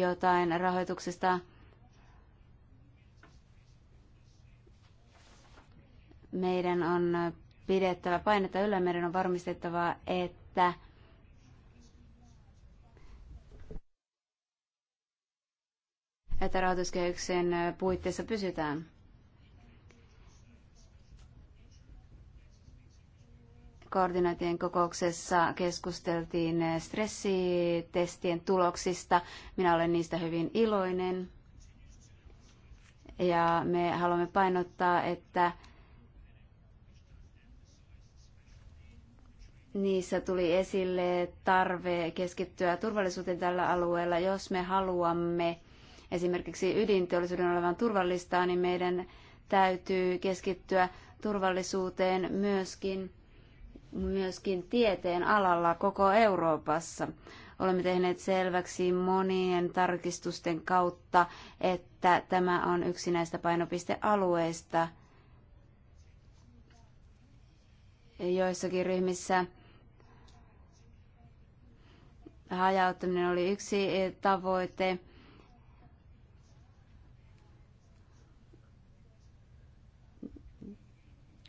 jotain rahoituksesta Meidän on pidettävä painetta yllä, meidän on varmistettava, että että rahoituskehyksen puitteissa pysytään. koordinaatien kokouksessa keskusteltiin stressitestien tuloksista. Minä olen niistä hyvin iloinen. Ja me haluamme painottaa, että Niissä tuli esille tarve keskittyä turvallisuuteen tällä alueella. Jos me haluamme esimerkiksi ydinteollisuuden olevan turvallista, niin meidän täytyy keskittyä turvallisuuteen myöskin, myöskin tieteen alalla koko Euroopassa. Olemme tehneet selväksi monien tarkistusten kautta, että tämä on yksi näistä painopistealueista. Joissakin ryhmissä hajauttaminen oli yksi eh, tavoite.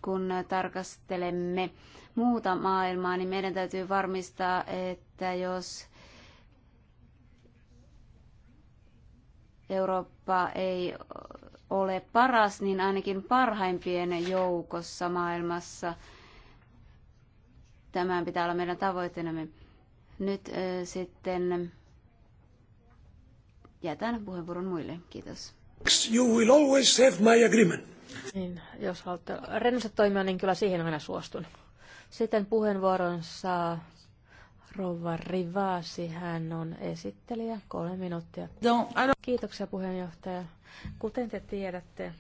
Kun tarkastelemme muuta maailmaa, niin meidän täytyy varmistaa, että jos Eurooppa ei ole paras, niin ainakin parhaimpien joukossa maailmassa. Tämän pitää olla meidän tavoitteenamme. Nyt sitten jätän puheenvuoron muille. Kiitos. You will always have my agreement. Niin, jos haluatte rennosti toimia, niin kyllä siihen aina suostun. Sitten puheenvuoron saa Rova Rivasi, hän on esittelijä, kolme minuuttia. Kiitoksia puheenjohtaja. Kuten te tiedätte,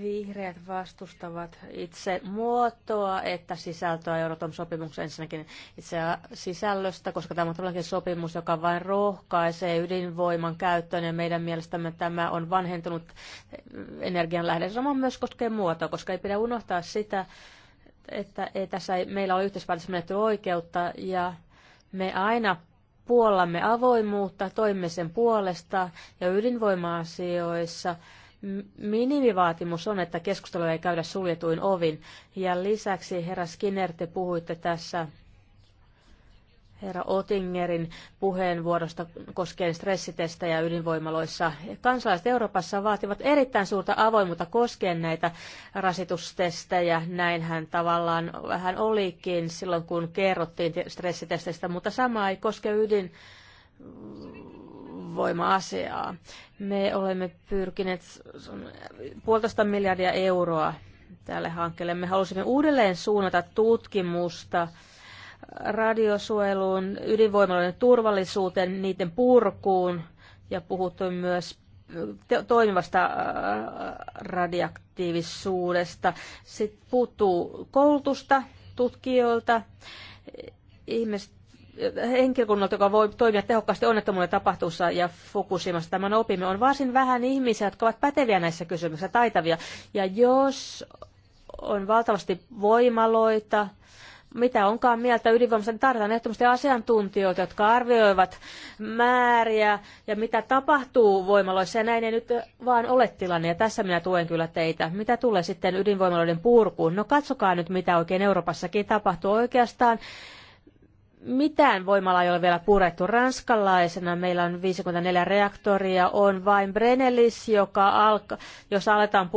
Vihreät vastustavat itse muotoa, että sisältöä Euroopan sopimuksen ensinnäkin itse sisällöstä, koska tämä on todellakin sopimus, joka vain rohkaisee ydinvoiman käyttöön ja meidän mielestämme tämä on vanhentunut energianlähde. Sama myös koskee muotoa, koska ei pidä unohtaa sitä, että ei tässä ei, meillä ole menetty oikeutta ja me aina puollamme avoimuutta, toimme sen puolesta ja ydinvoima-asioissa – minimivaatimus on, että keskustelu ei käydä suljetuin ovin. Ja lisäksi, herra Skinner, te puhuitte tässä herra Otingerin puheenvuorosta koskien stressitestejä ydinvoimaloissa. Kansalaiset Euroopassa vaativat erittäin suurta avoimuutta koskien näitä rasitustestejä. Näinhän tavallaan vähän olikin silloin, kun kerrottiin stressitesteistä, mutta sama ei koske ydin ydinvoima aseaa Me olemme pyrkineet puolitoista miljardia euroa tälle hankkeelle. Me halusimme uudelleen suunnata tutkimusta radiosuojeluun, ydinvoimaloiden turvallisuuteen, niiden purkuun ja puhuttu myös toimivasta äh, radioaktiivisuudesta. Sitten puuttuu koulutusta tutkijoilta. Ihmiset henkilökunnalta, joka voi toimia tehokkaasti onnettomuuden tapahtuussa ja fokusimassa tämän opimme, on varsin vähän ihmisiä, jotka ovat päteviä näissä kysymyksissä, taitavia. Ja jos on valtavasti voimaloita, mitä onkaan mieltä ydinvoimasta, niin tarvitaan ehdottomasti asiantuntijoita, jotka arvioivat määriä ja mitä tapahtuu voimaloissa. Ja näin ei nyt vaan ole tilanne, ja tässä minä tuen kyllä teitä. Mitä tulee sitten ydinvoimaloiden purkuun? No katsokaa nyt, mitä oikein Euroopassakin tapahtuu oikeastaan mitään voimalaa ei ole vielä purettu ranskalaisena. Meillä on 54 reaktoria, on vain Brenelis, joka alka, jos aletaan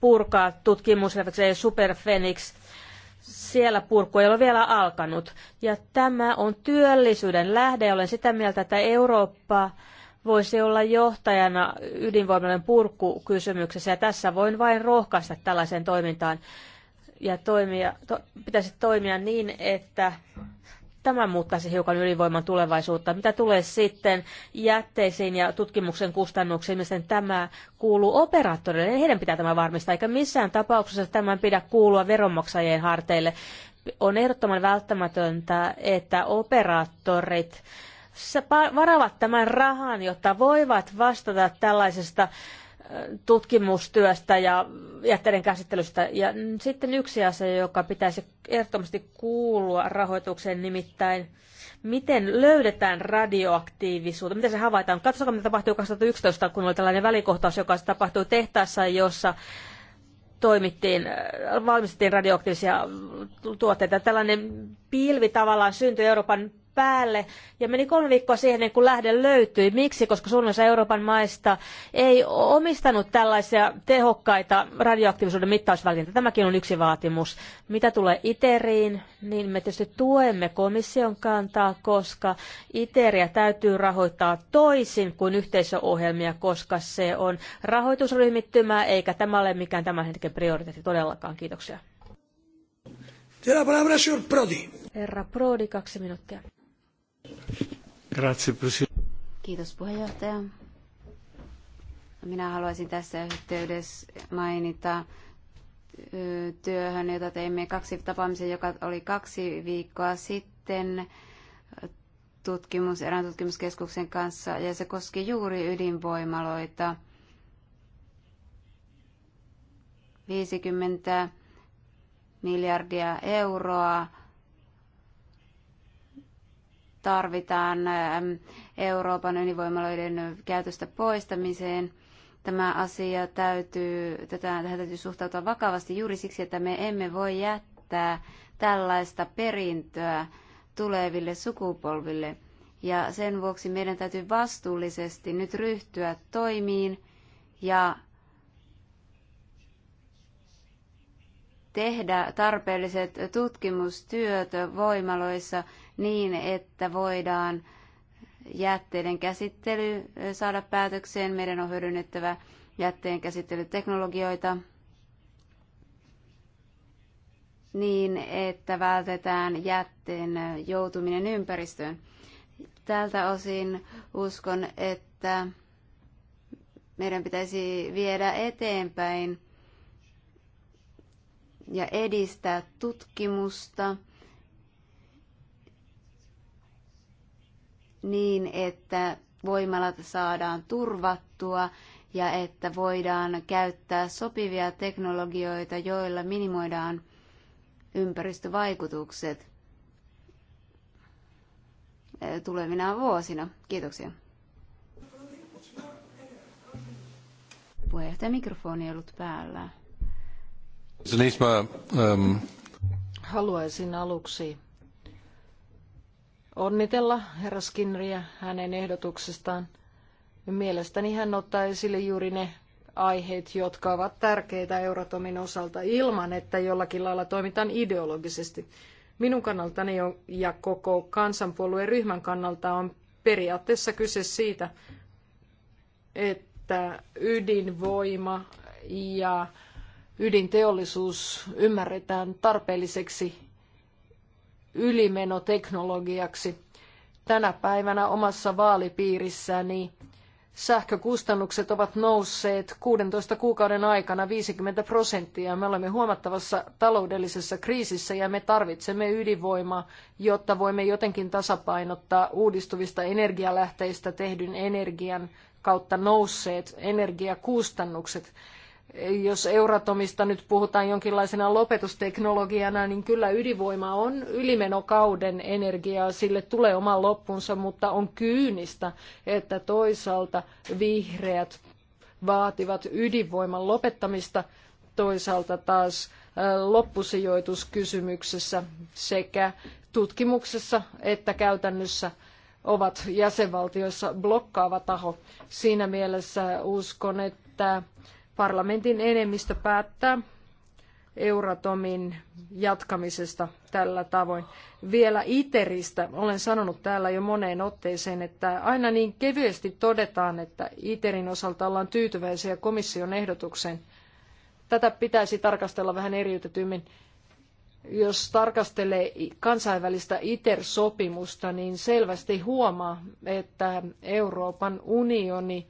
purkaa tutkimus, ei Superfenix, siellä purku ei ole vielä alkanut. Ja tämä on työllisyyden lähde. Olen sitä mieltä, että Eurooppa voisi olla johtajana ydinvoimallinen purkukysymyksessä. Ja tässä voin vain rohkaista tällaiseen toimintaan. Ja toimia, to, pitäisi toimia niin, että Tämä muuttaisi hiukan ylivoiman tulevaisuutta. Mitä tulee sitten jätteisiin ja tutkimuksen kustannuksiin, miten niin tämä kuuluu operaattoreille, heidän pitää tämä varmistaa, eikä missään tapauksessa tämän pidä kuulua veronmaksajien harteille. On ehdottoman välttämätöntä, että operaattorit varavat tämän rahan, jotta voivat vastata tällaisesta tutkimustyöstä ja jätteiden käsittelystä. Ja sitten yksi asia, joka pitäisi ehdottomasti kuulua rahoitukseen, nimittäin miten löydetään radioaktiivisuutta, miten se havaitaan. Katsokaa, mitä tapahtui 2011, kun oli tällainen välikohtaus, joka tapahtui tehtaassa, jossa toimittiin, valmistettiin radioaktiivisia tuotteita. Tällainen pilvi tavallaan syntyi Euroopan päälle. Ja meni kolme viikkoa siihen, kun lähde löytyi. Miksi? Koska suurin osa Euroopan maista ei omistanut tällaisia tehokkaita radioaktiivisuuden mittausvälineitä. Tämäkin on yksi vaatimus. Mitä tulee ITERiin, niin me tietysti tuemme komission kantaa, koska ITERiä täytyy rahoittaa toisin kuin yhteisöohjelmia, koska se on rahoitusryhmittymää, eikä tämä ole mikään tämän hetken prioriteetti todellakaan. Kiitoksia. Herra Prodi, kaksi minuuttia. Grazie, Kiitos puheenjohtaja. No, minä haluaisin tässä yhteydessä mainita työhön, jota teimme kaksi tapaamisen, joka oli kaksi viikkoa sitten tutkimus, erään tutkimuskeskuksen kanssa, ja se koski juuri ydinvoimaloita. 50 miljardia euroa tarvitaan ähm, Euroopan ydinvoimaloiden käytöstä poistamiseen. Tämä asia täytyy, tätä, tähän täytyy suhtautua vakavasti juuri siksi, että me emme voi jättää tällaista perintöä tuleville sukupolville. Ja sen vuoksi meidän täytyy vastuullisesti nyt ryhtyä toimiin ja tehdä tarpeelliset tutkimustyöt voimaloissa niin, että voidaan jätteiden käsittely saada päätökseen. Meidän on hyödynnettävä jätteen käsittelyteknologioita niin, että vältetään jätteen joutuminen ympäristöön. Tältä osin uskon, että meidän pitäisi viedä eteenpäin ja edistää tutkimusta – niin, että voimalat saadaan turvattua ja että voidaan käyttää sopivia teknologioita, joilla minimoidaan ympäristövaikutukset tulevina vuosina. Kiitoksia. Puheenjohtaja mikrofoni on ollut päällä. Ähm, Haluaisin aluksi onnitella herra Skinneria hänen ehdotuksestaan. Mielestäni hän ottaa esille juuri ne aiheet, jotka ovat tärkeitä Euratomin osalta ilman, että jollakin lailla toimitaan ideologisesti. Minun kannaltani ja koko kansanpuolueen ryhmän kannalta on periaatteessa kyse siitä, että ydinvoima ja ydinteollisuus ymmärretään tarpeelliseksi ylimenoteknologiaksi. Tänä päivänä omassa vaalipiirissäni sähkökustannukset ovat nousseet 16 kuukauden aikana 50 prosenttia. Me olemme huomattavassa taloudellisessa kriisissä ja me tarvitsemme ydinvoimaa, jotta voimme jotenkin tasapainottaa uudistuvista energialähteistä tehdyn energian kautta nousseet energiakustannukset jos Euratomista nyt puhutaan jonkinlaisena lopetusteknologiana, niin kyllä ydinvoima on ylimenokauden energiaa, sille tulee oma loppunsa, mutta on kyynistä, että toisaalta vihreät vaativat ydinvoiman lopettamista, toisaalta taas loppusijoituskysymyksessä sekä tutkimuksessa että käytännössä ovat jäsenvaltioissa blokkaava taho. Siinä mielessä uskon, että parlamentin enemmistö päättää Euratomin jatkamisesta tällä tavoin. Vielä ITERistä olen sanonut täällä jo moneen otteeseen, että aina niin kevyesti todetaan, että ITERin osalta ollaan tyytyväisiä komission ehdotukseen. Tätä pitäisi tarkastella vähän eriytetymmin. Jos tarkastelee kansainvälistä ITER-sopimusta, niin selvästi huomaa, että Euroopan unioni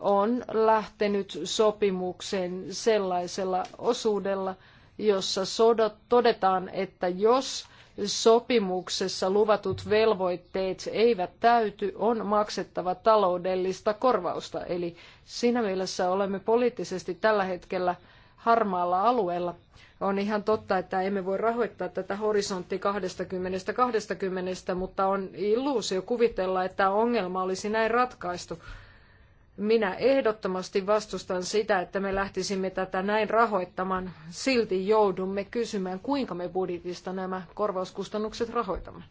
on lähtenyt sopimukseen sellaisella osuudella, jossa sodat todetaan, että jos sopimuksessa luvatut velvoitteet eivät täyty, on maksettava taloudellista korvausta. Eli siinä mielessä olemme poliittisesti tällä hetkellä harmaalla alueella. On ihan totta, että emme voi rahoittaa tätä horisontti 20-20, mutta on illuusio kuvitella, että ongelma olisi näin ratkaistu. Minä ehdottomasti vastustan sitä, että me lähtisimme tätä näin rahoittamaan. Silti joudumme kysymään, kuinka me budjetista nämä korvauskustannukset rahoitamme.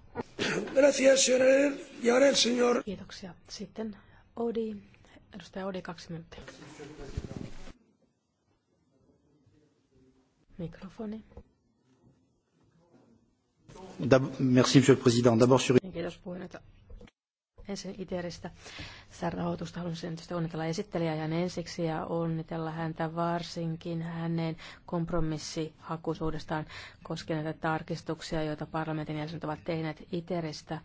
Kiitoksia. Sitten Odi. Edustaja Odi, kaksi minuuttia. Mikrofoni. Merci, monsieur le président. D'abord sur... Kiitos puheenjohtaja ensin ITERistä. Sitä rahoitusta haluaisin tietysti onnitella esittelijää ihan ensiksi ja onnitella häntä varsinkin hänen kompromissihakuisuudestaan koskien näitä tarkistuksia, joita parlamentin jäsenet ovat tehneet ITERistä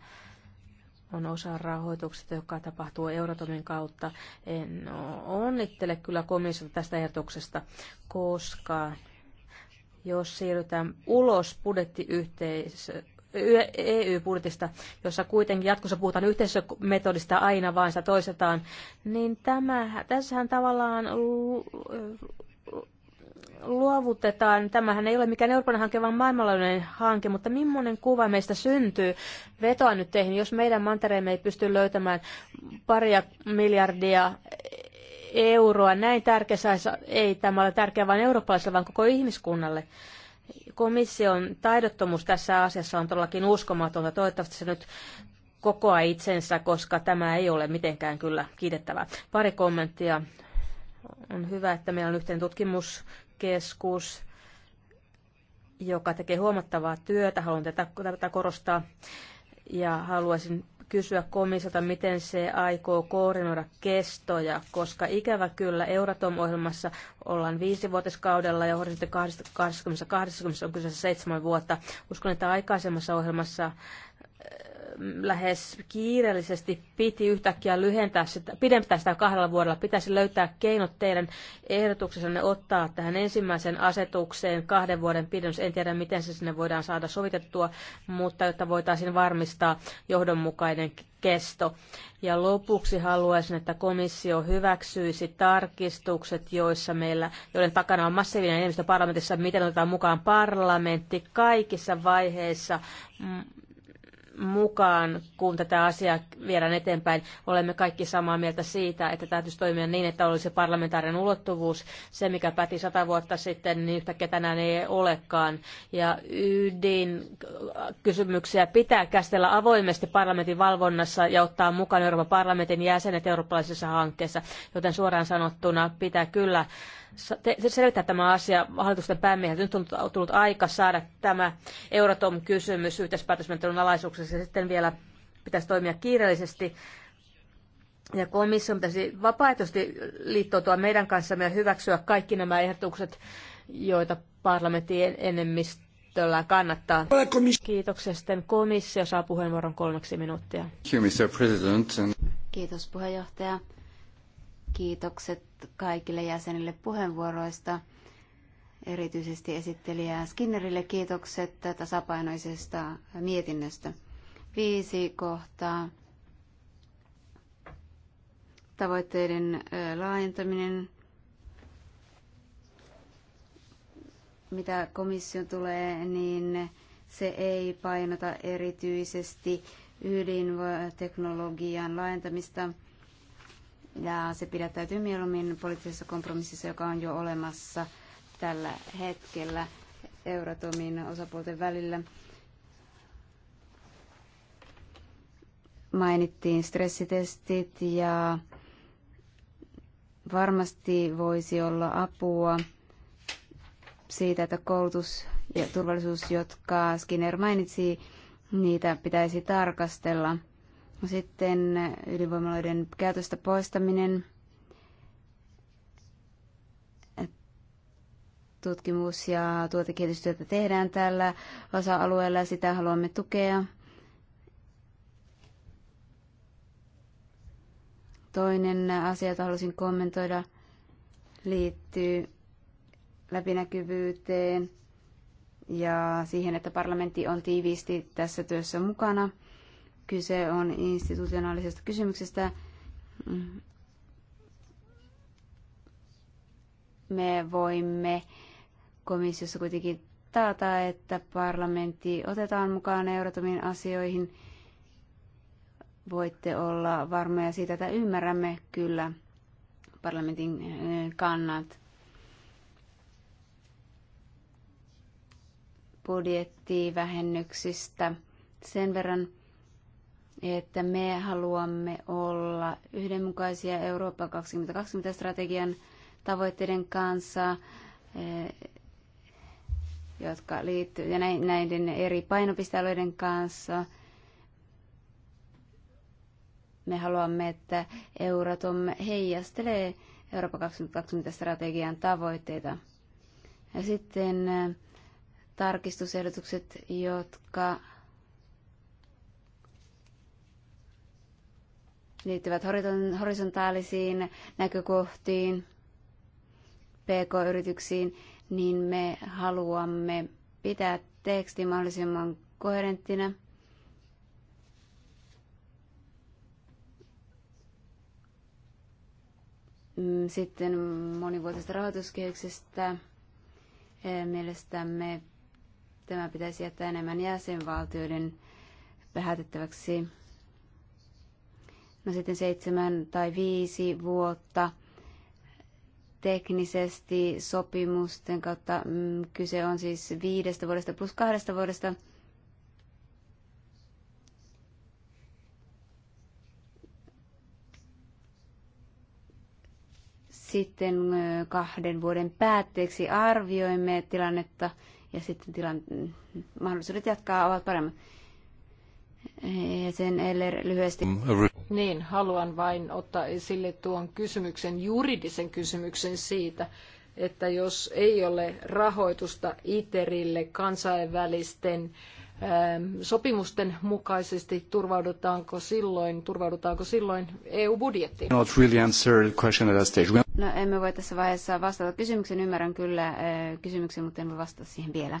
on osa rahoituksesta, joka tapahtuu Eurotomin kautta. En onnittele kyllä komissiota tästä ehdotuksesta, koska jos siirrytään ulos budjettiyhteisöstä, EU-budjetista, jossa kuitenkin jatkossa puhutaan yhteisömetodista aina vaan sitä toistetaan, niin tämä, tässähän tavallaan luovutetaan. Tämähän ei ole mikään Euroopan hanke, vaan maailmanlaajuinen hanke, mutta millainen kuva meistä syntyy? Vetoa nyt teihin, jos meidän mantereemme ei pysty löytämään paria miljardia euroa näin tärkeässä, ei tämä ole tärkeä vain eurooppalaiselle, vaan koko ihmiskunnalle. Komission taidottomuus tässä asiassa on todellakin uskomatonta. Toivottavasti se nyt kokoa itsensä, koska tämä ei ole mitenkään kyllä kiitettävää. Pari kommenttia. On hyvä, että meillä on yhteen tutkimuskeskus, joka tekee huomattavaa työtä. Haluan tätä, tätä korostaa ja haluaisin kysyä komissiota, miten se aikoo koordinoida kestoja, koska ikävä kyllä Euratom-ohjelmassa ollaan viisivuotiskaudella ja horisontti 2020 on kyseessä seitsemän vuotta. Uskon, että aikaisemmassa ohjelmassa lähes kiireellisesti piti yhtäkkiä lyhentää sitä, pidentää sitä kahdella vuodella. Pitäisi löytää keinot teidän ehdotuksessanne ottaa tähän ensimmäiseen asetukseen kahden vuoden pidennys. En tiedä, miten se sinne voidaan saada sovitettua, mutta jotta voitaisiin varmistaa johdonmukainen kesto. Ja lopuksi haluaisin, että komissio hyväksyisi tarkistukset, joissa meillä, joiden takana on massiivinen enemmistö parlamentissa, miten otetaan mukaan parlamentti kaikissa vaiheissa mm, mukaan, kun tätä asiaa viedään eteenpäin. Olemme kaikki samaa mieltä siitä, että täytyisi toimia niin, että olisi parlamentaarinen ulottuvuus. Se, mikä päti sata vuotta sitten, niin yhtäkkiä tänään ei olekaan. Ja ydin äh, kysymyksiä pitää käsitellä avoimesti parlamentin valvonnassa ja ottaa mukaan Euroopan parlamentin jäsenet eurooppalaisessa hankkeessa, Joten suoraan sanottuna pitää kyllä selvittää tämä asia hallitusten päämiehet. Nyt on tullut aika saada tämä Euratom-kysymys yhteispäätösmenettelyn alaisuuksessa ja sitten vielä pitäisi toimia kiireellisesti. Ja komissio pitäisi vapaaehtoisesti liittoutua meidän kanssamme ja hyväksyä kaikki nämä ehdotukset, joita parlamentin enemmistöllä kannattaa. Kiitoksia. Sitten komissio saa puheenvuoron kolmeksi minuuttia. Kiitos puheenjohtaja. Kiitokset kaikille jäsenille puheenvuoroista. Erityisesti esittelijä Skinnerille kiitokset tasapainoisesta mietinnöstä. Viisi kohtaa. Tavoitteiden laajentaminen. Mitä komissio tulee, niin se ei painota erityisesti ydinteknologian laajentamista – ja se pidättäytyy mieluummin poliittisessa kompromississa, joka on jo olemassa tällä hetkellä Euratomin osapuolten välillä. Mainittiin stressitestit ja varmasti voisi olla apua siitä, että koulutus ja turvallisuus, jotka Skinner mainitsi, niitä pitäisi tarkastella – sitten ydinvoimaloiden käytöstä poistaminen. Tutkimus- ja tuotekehitystyötä tehdään tällä osa-alueella ja sitä haluamme tukea. Toinen asia, jota halusin kommentoida, liittyy läpinäkyvyyteen ja siihen, että parlamentti on tiiviisti tässä työssä mukana – Kyse on institutionaalisesta kysymyksestä. Me voimme komissiossa kuitenkin taata, että parlamentti otetaan mukaan Euroopan asioihin. Voitte olla varmoja siitä, että ymmärrämme kyllä parlamentin eh, kannat. Budjettivähennyksistä sen verran, että me haluamme olla yhdenmukaisia Eurooppa 2020-strategian tavoitteiden kanssa, eh, jotka liittyvät ja näiden eri painopistealueiden kanssa. Me haluamme, että Euratom heijastelee Eurooppa 2020-strategian tavoitteita. Ja sitten eh, tarkistusehdotukset, jotka liittyvät horisontaalisiin näkökohtiin, pk-yrityksiin, niin me haluamme pitää teksti mahdollisimman koherenttina. Mm, sitten monivuotisesta rahoituskehyksestä eh, mielestämme tämä pitäisi jättää enemmän jäsenvaltioiden päätettäväksi no sitten seitsemän tai viisi vuotta teknisesti sopimusten kautta. Mm, kyse on siis viidestä vuodesta plus kahdesta vuodesta. Sitten kahden vuoden päätteeksi arvioimme tilannetta ja sitten tilan, mm, mahdollisuudet jatkaa ovat paremmat sen Eller lyhyesti. Niin, haluan vain ottaa esille tuon kysymyksen, juridisen kysymyksen siitä, että jos ei ole rahoitusta ITERille kansainvälisten ähm, sopimusten mukaisesti turvaudutaanko silloin, turvaudutaanko silloin EU-budjettiin? No, emme voi tässä vaiheessa vastata kysymykseen. Ymmärrän kyllä äh, kysymyksen, mutta en voi vastata siihen vielä.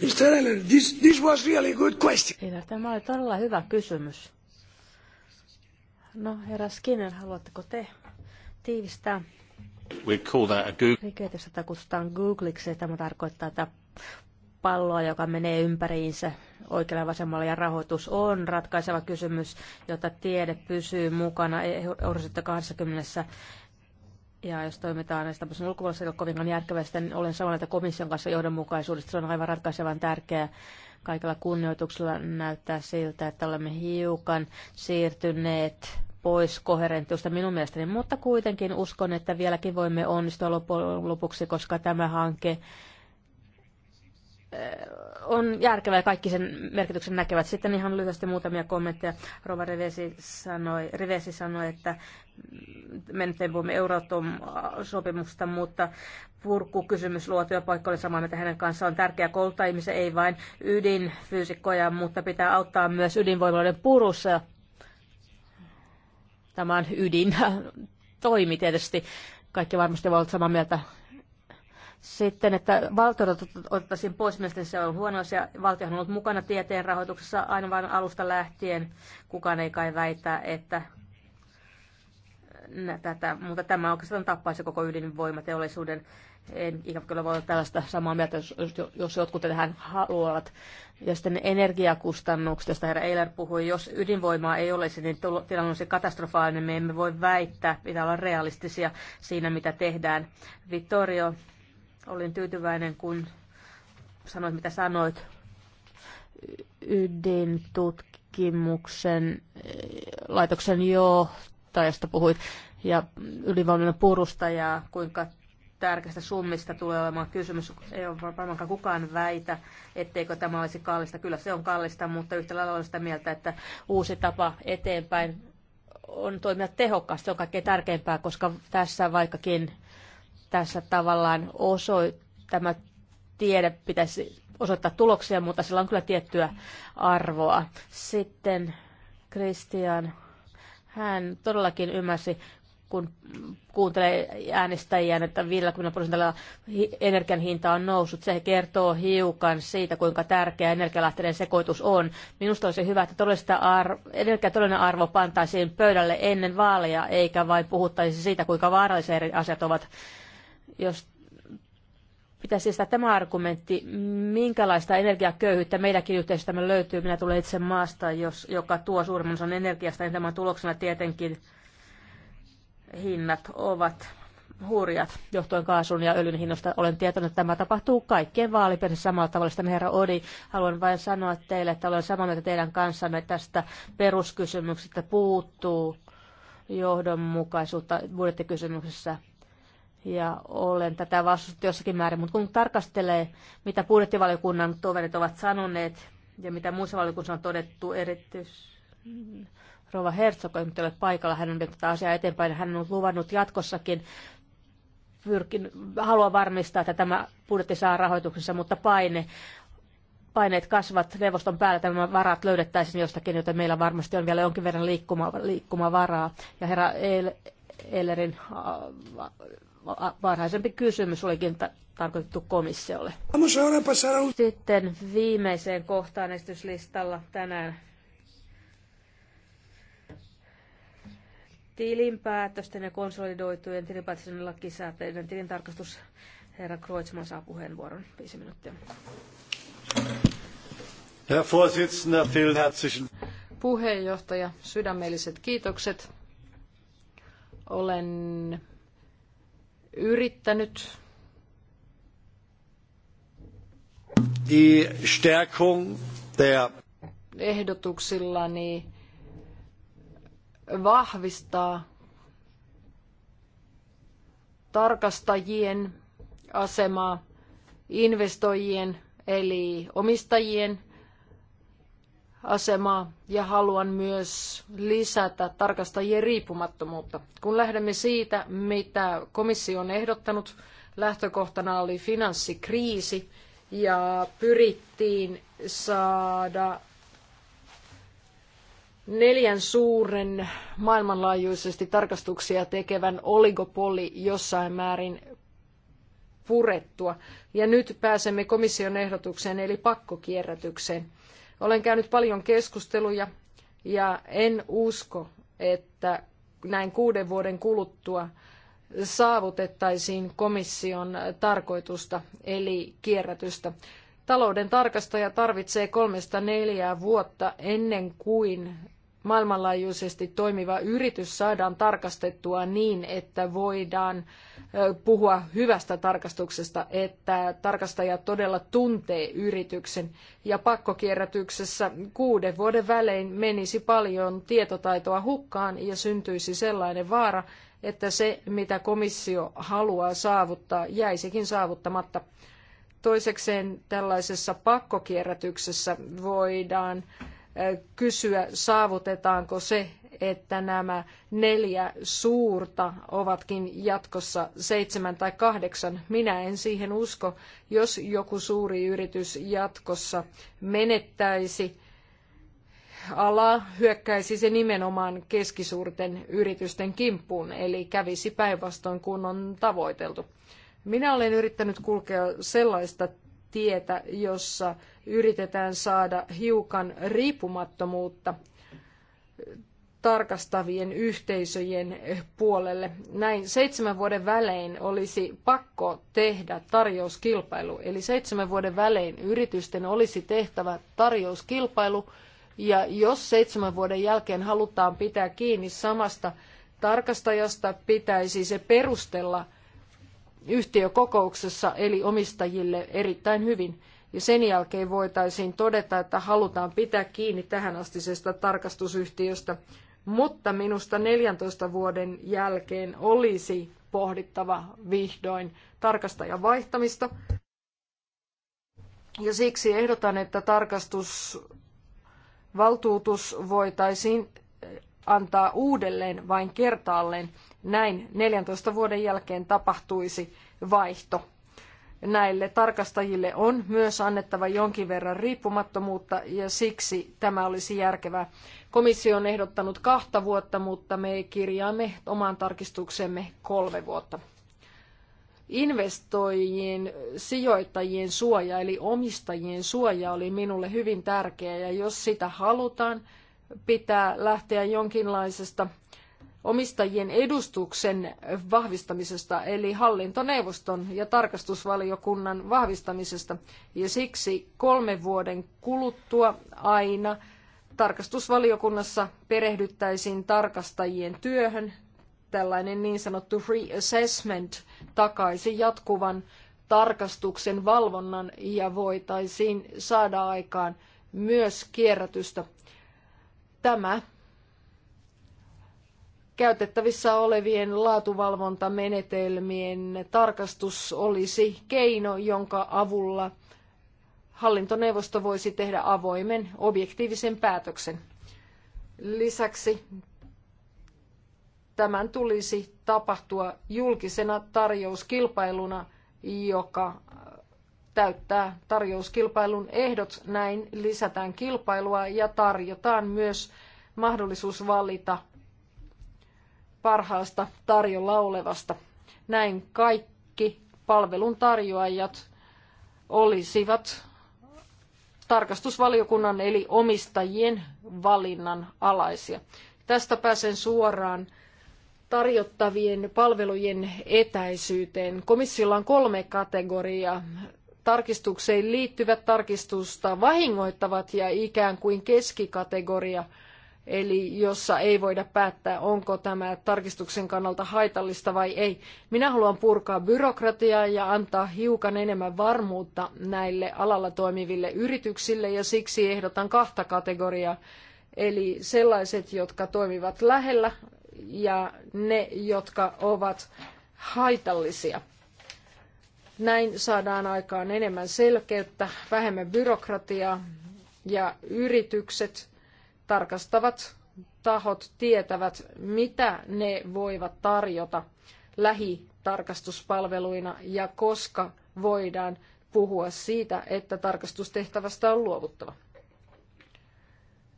Mr. Allen, this, this was really good question. tämä oli todella hyvä kysymys. No, herra Skinner, haluatteko te tiivistää? We call that a Google. Rikeetys, kutsutaan Googliksi, tämä tarkoittaa, että palloa, joka menee ympäriinsä oikealla ja vasemmalla, ja rahoitus on ratkaiseva kysymys, jota tiede pysyy mukana Euroopassa 20 ja jos toimitaan Istanbulin ulkopuolella kovinkaan järkevästi, niin olen samaa mieltä komission kanssa johdonmukaisuudesta. Se on aivan ratkaisevan tärkeää. kaikilla kunnioituksella näyttää siltä, että olemme hiukan siirtyneet pois koherentiusta minun mielestäni, mutta kuitenkin uskon, että vieläkin voimme onnistua lopuksi, koska tämä hanke on järkevää ja kaikki sen merkityksen näkevät. Sitten ihan lyhyesti muutamia kommentteja. Rova Rivesi sanoi, Rivesi sanoi että me nyt puhumme Euratom-sopimusta, mutta kysymys luo oli samaa, mitä hänen kanssaan on tärkeää kouluttaa ihmisiä, ei vain ydinfyysikkoja, mutta pitää auttaa myös ydinvoimaloiden purussa. Tämä on ydin toimi tietysti. Kaikki varmasti voivat samaa mieltä sitten, että valtiot otettaisiin pois, mielestä se on huono asia. Valtio on ollut mukana tieteen rahoituksessa aina vain alusta lähtien. Kukaan ei kai väitä, että tätä, mutta tämä oikeastaan tappaisi koko ydinvoimateollisuuden. En ikävä kyllä voi olla tällaista samaa mieltä, jos, jos jotkut tähän haluavat. Ja sitten energiakustannukset, josta herra Eiler puhui, jos ydinvoimaa ei olisi, niin tilanne olisi katastrofaalinen. Me emme voi väittää, pitää olla realistisia siinä, mitä tehdään. Vittorio Olin tyytyväinen, kun sanoit, mitä sanoit. ydin tutkimuksen eh, laitoksen johtajasta puhuit ja ylivoimainen purusta ja kuinka tärkeistä summista tulee olemaan kysymys. Ei ole varmaankaan kukaan väitä, etteikö tämä olisi kallista. Kyllä se on kallista, mutta yhtä lailla olen sitä mieltä, että uusi tapa eteenpäin on toimia tehokkaasti, on kaikkein tärkeimpää, koska tässä vaikkakin tässä tavallaan osoi, tämä tiede pitäisi osoittaa tuloksia, mutta sillä on kyllä tiettyä arvoa. Sitten Christian, hän todellakin ymmärsi, kun kuuntelee äänestäjiä, että 50 prosentilla energian hinta on noussut. Se kertoo hiukan siitä, kuinka tärkeä energialähteiden sekoitus on. Minusta olisi hyvä, että todellista arvo, energian todellinen arvo pantaisiin pöydälle ennen vaaleja, eikä vain puhuttaisi siitä, kuinka vaarallisia eri asiat ovat jos pitäisi sitä tämä argumentti, minkälaista energiaköyhyyttä meidänkin yhteisöstämme löytyy. Minä tulen itse maasta, jos, joka tuo suurimman osan energiasta, niin tämän tuloksena tietenkin hinnat ovat hurjat johtuen kaasun ja öljyn hinnosta. Olen tietoinen, että tämä tapahtuu kaikkien vaalipiirissä samalla tavalla. Sitten herra Odi, haluan vain sanoa teille, että olen samaa mieltä teidän kanssanne tästä peruskysymyksestä. Puuttuu johdonmukaisuutta budjettikysymyksessä ja olen tätä vastustanut jossakin määrin, mutta kun tarkastelee, mitä budjettivaliokunnan toverit ovat sanoneet ja mitä muissa valiokunnissa on todettu, erityisesti Rova Herzog ei ole paikalla, hän on nyt tätä asiaa eteenpäin, hän on luvannut jatkossakin pyrkin, haluaa varmistaa, että tämä budjetti saa rahoituksensa, mutta paine paineet kasvavat neuvoston päällä, tämä varat löydettäisiin jostakin, joten meillä varmasti on vielä jonkin verran liikkuma, liikkumavaraa. Ja herra El, Ellerin varhaisempi kysymys olikin ta- tarkoitettu komissiolle. Sitten viimeiseen kohtaan esityslistalla tänään tilinpäätösten ja konsolidoitujen tilinpäätösten lakisääteiden tilintarkastus. Herra Kreutzmann saa puheenvuoron. Viisi minuuttia. Herr Vorsitzender, vielen herzlichen Puheenjohtaja, sydämelliset kiitokset. Olen yrittänyt. Die Stärkung der ehdotuksillani vahvistaa tarkastajien asemaa, investoijien eli omistajien asemaa ja haluan myös lisätä tarkastajien riippumattomuutta. Kun lähdemme siitä, mitä komissio on ehdottanut, lähtökohtana oli finanssikriisi ja pyrittiin saada neljän suuren maailmanlaajuisesti tarkastuksia tekevän oligopoli jossain määrin purettua. Ja nyt pääsemme komission ehdotukseen eli pakkokierrätykseen. Olen käynyt paljon keskusteluja ja en usko, että näin kuuden vuoden kuluttua saavutettaisiin komission tarkoitusta eli kierrätystä. Talouden tarkastaja tarvitsee kolmesta neljää vuotta ennen kuin maailmanlaajuisesti toimiva yritys saadaan tarkastettua niin, että voidaan puhua hyvästä tarkastuksesta, että tarkastaja todella tuntee yrityksen. Ja pakkokierrätyksessä kuuden vuoden välein menisi paljon tietotaitoa hukkaan ja syntyisi sellainen vaara, että se, mitä komissio haluaa saavuttaa, jäisikin saavuttamatta. Toisekseen tällaisessa pakkokierrätyksessä voidaan kysyä, saavutetaanko se, että nämä neljä suurta ovatkin jatkossa seitsemän tai kahdeksan. Minä en siihen usko, jos joku suuri yritys jatkossa menettäisi ala hyökkäisi se nimenomaan keskisuurten yritysten kimppuun, eli kävisi päinvastoin kuin on tavoiteltu. Minä olen yrittänyt kulkea sellaista tietä, jossa yritetään saada hiukan riippumattomuutta tarkastavien yhteisöjen puolelle. Näin seitsemän vuoden välein olisi pakko tehdä tarjouskilpailu. Eli seitsemän vuoden välein yritysten olisi tehtävä tarjouskilpailu. Ja jos seitsemän vuoden jälkeen halutaan pitää kiinni samasta tarkastajasta, pitäisi se perustella yhtiökokouksessa eli omistajille erittäin hyvin. Ja sen jälkeen voitaisiin todeta, että halutaan pitää kiinni tähänastisesta tarkastusyhtiöstä. Mutta minusta 14 vuoden jälkeen olisi pohdittava vihdoin tarkastajan vaihtamista. Ja siksi ehdotan, että tarkastusvaltuutus voitaisiin antaa uudelleen vain kertaalleen. Näin 14 vuoden jälkeen tapahtuisi vaihto näille tarkastajille on myös annettava jonkin verran riippumattomuutta ja siksi tämä olisi järkevää. Komissio on ehdottanut kahta vuotta, mutta me kirjaamme omaan tarkistuksemme kolme vuotta. Investoijien, sijoittajien suoja eli omistajien suoja oli minulle hyvin tärkeä ja jos sitä halutaan, pitää lähteä jonkinlaisesta omistajien edustuksen vahvistamisesta, eli hallintoneuvoston ja tarkastusvaliokunnan vahvistamisesta. Ja siksi kolmen vuoden kuluttua aina tarkastusvaliokunnassa perehdyttäisiin tarkastajien työhön. Tällainen niin sanottu reassessment takaisi jatkuvan tarkastuksen valvonnan ja voitaisiin saada aikaan myös kierrätystä. Tämä käytettävissä olevien laatuvalvontamenetelmien tarkastus olisi keino, jonka avulla hallintoneuvosto voisi tehdä avoimen, objektiivisen päätöksen. Lisäksi tämän tulisi tapahtua julkisena tarjouskilpailuna, joka täyttää tarjouskilpailun ehdot. Näin lisätään kilpailua ja tarjotaan myös mahdollisuus valita parhaasta tarjolla olevasta. Näin kaikki palvelun tarjoajat olisivat tarkastusvaliokunnan eli omistajien valinnan alaisia. Tästä pääsen suoraan tarjottavien palvelujen etäisyyteen. Komissiolla on kolme kategoriaa. Tarkistukseen liittyvät tarkistusta vahingoittavat ja ikään kuin keskikategoria – eli jossa ei voida päättää, onko tämä tarkistuksen kannalta haitallista vai ei. Minä haluan purkaa byrokratiaa ja antaa hiukan enemmän varmuutta näille alalla toimiville yrityksille ja siksi ehdotan kahta kategoriaa. Eli sellaiset, jotka toimivat lähellä ja ne, jotka ovat haitallisia. Näin saadaan aikaan enemmän selkeyttä, vähemmän byrokratiaa ja yritykset, tarkastavat tahot tietävät, mitä ne voivat tarjota lähitarkastuspalveluina ja koska voidaan puhua siitä, että tarkastustehtävästä on luovuttava.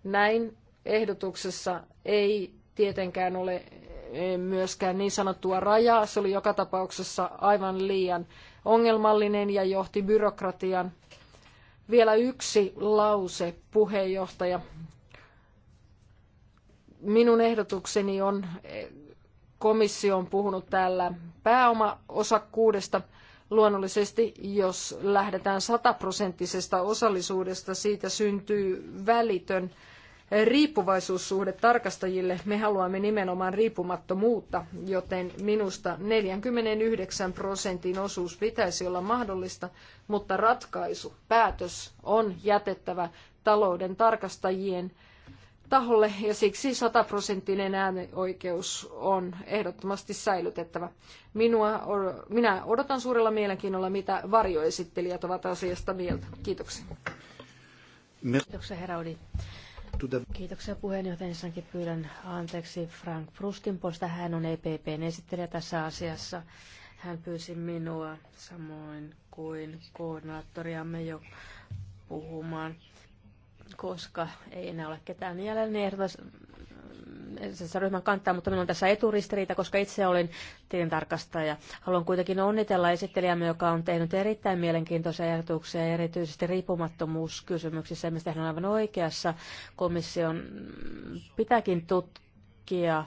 Näin ehdotuksessa ei tietenkään ole e, myöskään niin sanottua rajaa. Se oli joka tapauksessa aivan liian ongelmallinen ja johti byrokratian. Vielä yksi lause, puheenjohtaja. Minun ehdotukseni on, eh, komissio on puhunut täällä pääomaosakkuudesta, Luonnollisesti, jos lähdetään sataprosenttisesta osallisuudesta, siitä syntyy välitön riippuvaisuussuhde tarkastajille. Me haluamme nimenomaan riippumattomuutta, joten minusta 49 prosentin osuus pitäisi olla mahdollista, mutta ratkaisu, päätös on jätettävä talouden tarkastajien taholle ja siksi sataprosenttinen äänioikeus on ehdottomasti säilytettävä. Minua, minä odotan suurella mielenkiinnolla, mitä varjoesittelijät ovat asiasta mieltä. Kiitoksia. Kiitoksia herra Odi. Kiitoksia puheenjohtaja. Ensinnäkin pyydän anteeksi Frank Prustin puolesta. Hän on EPPn esittelijä tässä asiassa. Hän pyysi minua samoin kuin koordinaattoriamme jo puhumaan koska ei enää ole ketään jäljellä, niin ehdotan ryhmän kantaa, mutta minulla on tässä eturistiriita, koska itse olin tilintarkastaja. Haluan kuitenkin onnitella esittelijämme, joka on tehnyt erittäin mielenkiintoisia ehdotuksia, erityisesti riippumattomuuskysymyksissä, mistä hän on aivan oikeassa. Komission pitääkin tutkia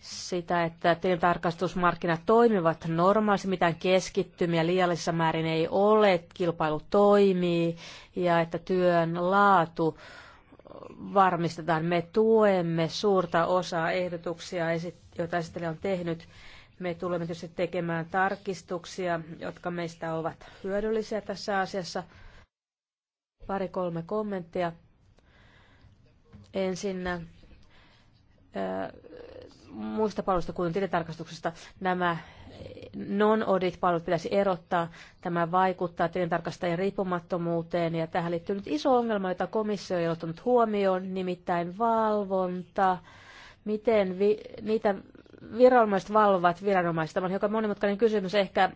sitä, että tilintarkastusmarkkinat toimivat normaalisti, mitään keskittymiä liiallisessa määrin ei ole, kilpailu toimii ja että työn laatu varmistetaan. Me tuemme suurta osaa ehdotuksia, joita esittelijä on tehnyt. Me tulemme tietysti tekemään tarkistuksia, jotka meistä ovat hyödyllisiä tässä asiassa. Pari-kolme kommenttia. Ensinnä muista palveluista kuin tilintarkastuksesta nämä non-audit-palvelut pitäisi erottaa. Tämä vaikuttaa tilintarkastajien riippumattomuuteen ja tähän liittyy nyt iso ongelma, jota komissio ei ottanut huomioon, nimittäin valvonta. Miten vi- niitä viranomaiset valvovat viranomaiset. Tämä on hiukan monimutkainen kysymys ehkä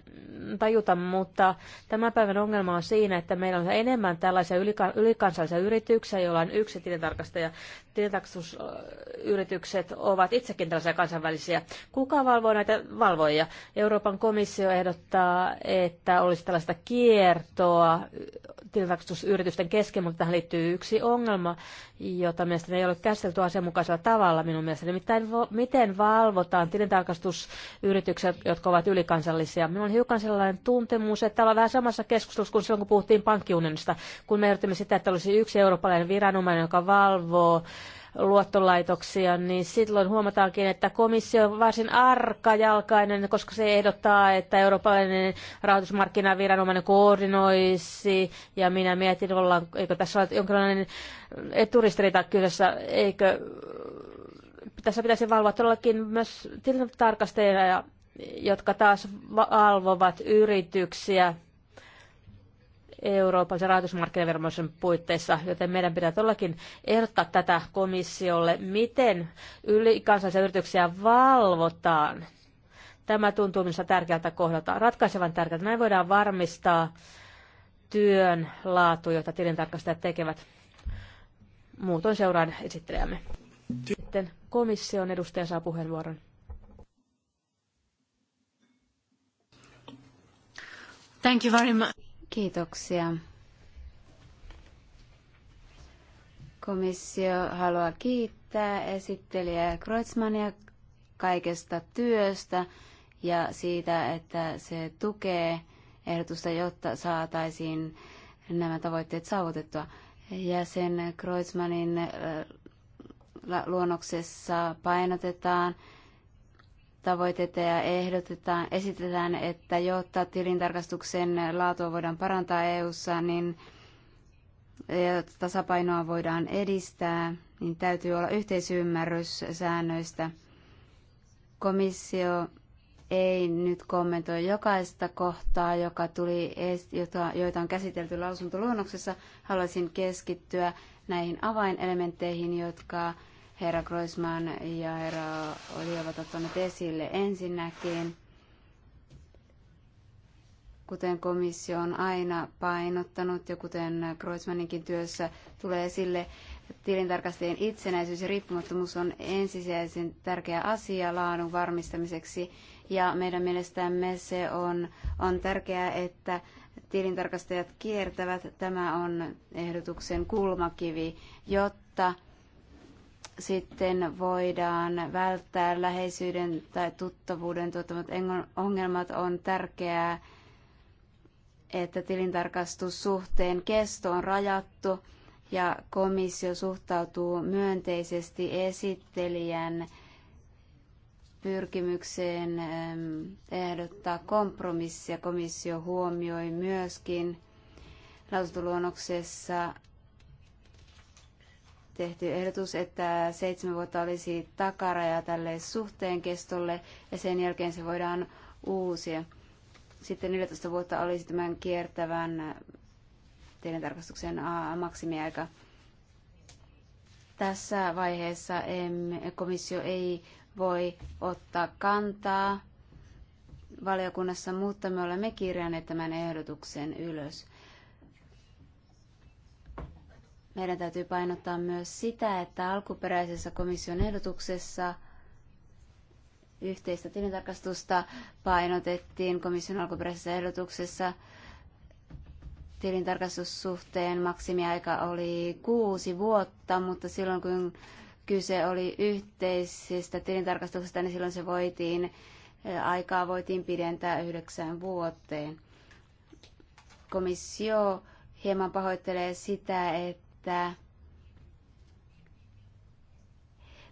tajuta, mutta tämän päivän ongelma on siinä, että meillä on enemmän tällaisia ylikansallisia yrityksiä, joilla on yksi tilintarkastaja. Tilintarkastusyritykset ovat itsekin tällaisia kansainvälisiä. Kuka valvoo näitä valvojia? Euroopan komissio ehdottaa, että olisi tällaista kiertoa tilintarkastusyritysten kesken, mutta tähän liittyy yksi ongelma, jota mielestäni ei ole käsitelty asianmukaisella tavalla minun mielestäni. Nimittäin miten valvotaan tilintarkastusyritykset, jotka ovat ylikansallisia? Minulla on hiukan sellainen tuntemus, että ollaan vähän samassa keskustelussa kuin silloin, kun puhuttiin pankkiunionista, kun me yritimme sitä, että olisi yksi eurooppalainen viranomainen, joka valvoo luottolaitoksia, niin silloin huomataankin, että komissio on varsin arkajalkainen, koska se ehdottaa, että eurooppalainen rahoitusmarkkinaviranomainen koordinoisi, ja minä mietin, ollaan, eikö tässä ole jonkinlainen eturistiriita kyseessä, eikö tässä pitäisi valvoa todellakin myös tilintarkastajia, jotka taas valvovat yrityksiä Euroopan rahoitusmarkkinaviranomaisen puitteissa, joten meidän pitää todellakin ehdottaa tätä komissiolle, miten ylikansallisia yrityksiä valvotaan. Tämä tuntuu minusta tärkeältä kohdalta, ratkaisevan tärkeältä. Näin voidaan varmistaa työn laatu, jota tilintarkastajat tekevät. Muutoin seuraan esittelijämme. Sitten komission edustaja saa puheenvuoron. Thank you very much. Kiitoksia. Komissio haluaa kiittää esittelijää Kreutzmania kaikesta työstä ja siitä, että se tukee ehdotusta, jotta saataisiin nämä tavoitteet saavutettua. Jäsen Kreutzmanin äh, luonnoksessa painotetaan tavoitetta ja ehdotetaan, esitetään, että jotta tilintarkastuksen laatua voidaan parantaa EU:ssa, niin jotta tasapainoa voidaan edistää, niin täytyy olla yhteisymmärrys säännöistä. Komissio ei nyt kommentoi jokaista kohtaa, joka tuli, jota, joita on käsitelty lausuntoluonnoksessa. Haluaisin keskittyä näihin avainelementteihin, jotka herra Groisman ja herra Oli ovat ottaneet esille. Ensinnäkin, kuten komissio on aina painottanut ja kuten Groismaninkin työssä tulee esille, tilintarkastajien itsenäisyys ja riippumattomuus on ensisijaisen tärkeä asia laadun varmistamiseksi. Ja meidän mielestämme se on, on tärkeää, että tilintarkastajat kiertävät. Tämä on ehdotuksen kulmakivi, jotta sitten voidaan välttää läheisyyden tai tuttavuuden tuottamat ongelmat, on tärkeää, että tilintarkastussuhteen kesto on rajattu ja komissio suhtautuu myönteisesti esittelijän pyrkimykseen ähm, ehdottaa kompromissia. Komissio huomioi myöskin lausuntoluonnoksessa tehty ehdotus, että seitsemän vuotta olisi takaraja tälle suhteen kestolle ja sen jälkeen se voidaan uusia. Sitten 14 vuotta olisi tämän kiertävän tarkastuksen maksimiaika. Tässä vaiheessa komissio ei voi ottaa kantaa valiokunnassa, mutta me olemme kirjanneet tämän ehdotuksen ylös. Meidän täytyy painottaa myös sitä, että alkuperäisessä komission ehdotuksessa yhteistä tilintarkastusta painotettiin komission alkuperäisessä ehdotuksessa. Tilintarkastussuhteen maksimiaika oli kuusi vuotta, mutta silloin kun kyse oli yhteisistä tilintarkastuksista, niin silloin se voitiin, aikaa voitiin pidentää yhdeksään vuoteen. Komissio hieman pahoittelee sitä, että että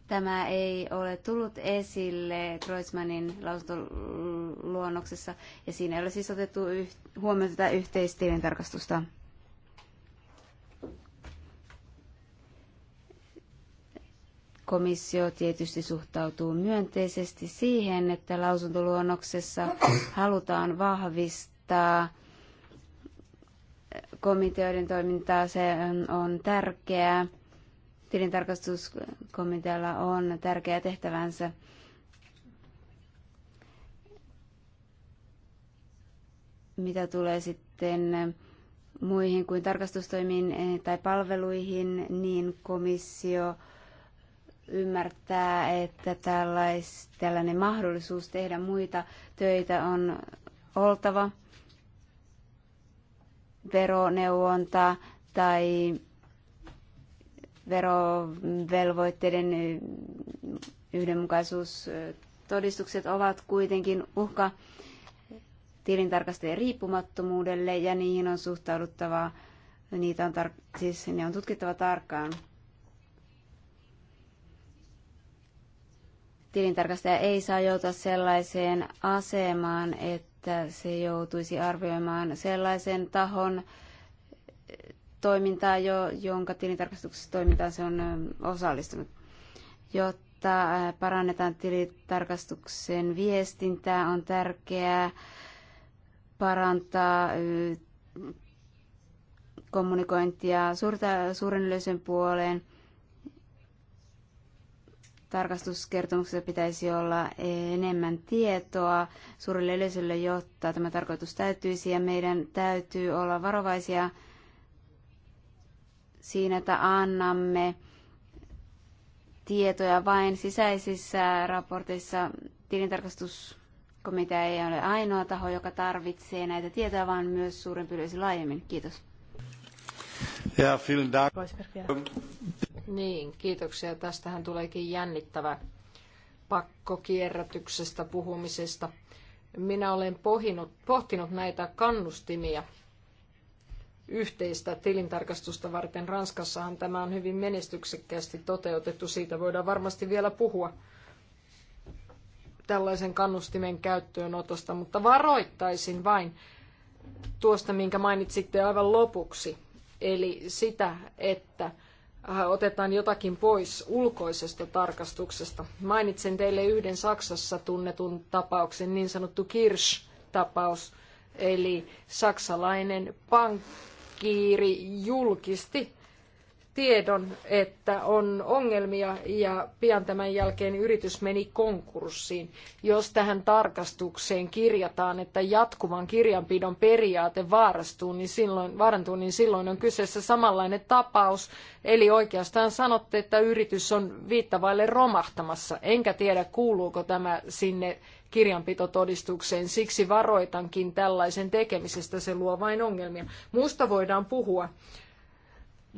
tämä ei ole tullut esille Troismanin lausuntoluonnoksessa ja siinä ei ole siis otettu huomioon tätä yhteistilintarkastusta. Komissio tietysti suhtautuu myönteisesti siihen, että lausuntoluonnoksessa halutaan vahvistaa komiteoiden toimintaa, se ähm, on tärkeää. Tilintarkastuskomitealla on tärkeä tehtävänsä. Mitä tulee sitten ähm, muihin kuin tarkastustoimiin eh, tai palveluihin, niin komissio ymmärtää, että tällais, tällainen mahdollisuus tehdä muita töitä on oltava veroneuvonta tai verovelvoitteiden yhdenmukaisuustodistukset ovat kuitenkin uhka tilintarkastajien riippumattomuudelle ja niihin on suhtauduttava, niitä on tar- siis ne on tutkittava tarkkaan. tilintarkastaja ei saa joutua sellaiseen asemaan, että se joutuisi arvioimaan sellaisen tahon eh, toimintaa, jo, jonka tilintarkastuksessa toimintaan se on eh, osallistunut. Jotta eh, parannetaan tilintarkastuksen viestintää, on tärkeää parantaa kommunikointia suurta, suuren yleisön puoleen tarkastuskertomuksessa pitäisi olla enemmän tietoa suurelle yleisölle, jotta tämä tarkoitus täyttyisi ja meidän täytyy olla varovaisia siinä, että annamme tietoja vain sisäisissä raporteissa. Tilintarkastuskomitea ei ole ainoa taho, joka tarvitsee näitä tietoja, vaan myös suurempi yleisö laajemmin. Kiitos. Ja, Dank. Niin, kiitoksia. Tästähän tuleekin jännittävä pakkokierrätyksestä puhumisesta. Minä olen pohinut, pohtinut näitä kannustimia yhteistä tilintarkastusta varten. Ranskassahan tämä on hyvin menestyksekkäästi toteutettu. Siitä voidaan varmasti vielä puhua tällaisen kannustimen käyttöönotosta, mutta varoittaisin vain tuosta, minkä mainitsitte aivan lopuksi eli sitä, että otetaan jotakin pois ulkoisesta tarkastuksesta. Mainitsen teille yhden Saksassa tunnetun tapauksen, niin sanottu Kirsch-tapaus, eli saksalainen pankkiiri julkisti tiedon, että on ongelmia ja pian tämän jälkeen yritys meni konkurssiin. Jos tähän tarkastukseen kirjataan, että jatkuvan kirjanpidon periaate vaarastuu, niin silloin, vaarantuu, niin silloin on kyseessä samanlainen tapaus. Eli oikeastaan sanotte, että yritys on viittavaille romahtamassa. Enkä tiedä, kuuluuko tämä sinne kirjanpitotodistukseen. Siksi varoitankin tällaisen tekemisestä, se luo vain ongelmia. Muusta voidaan puhua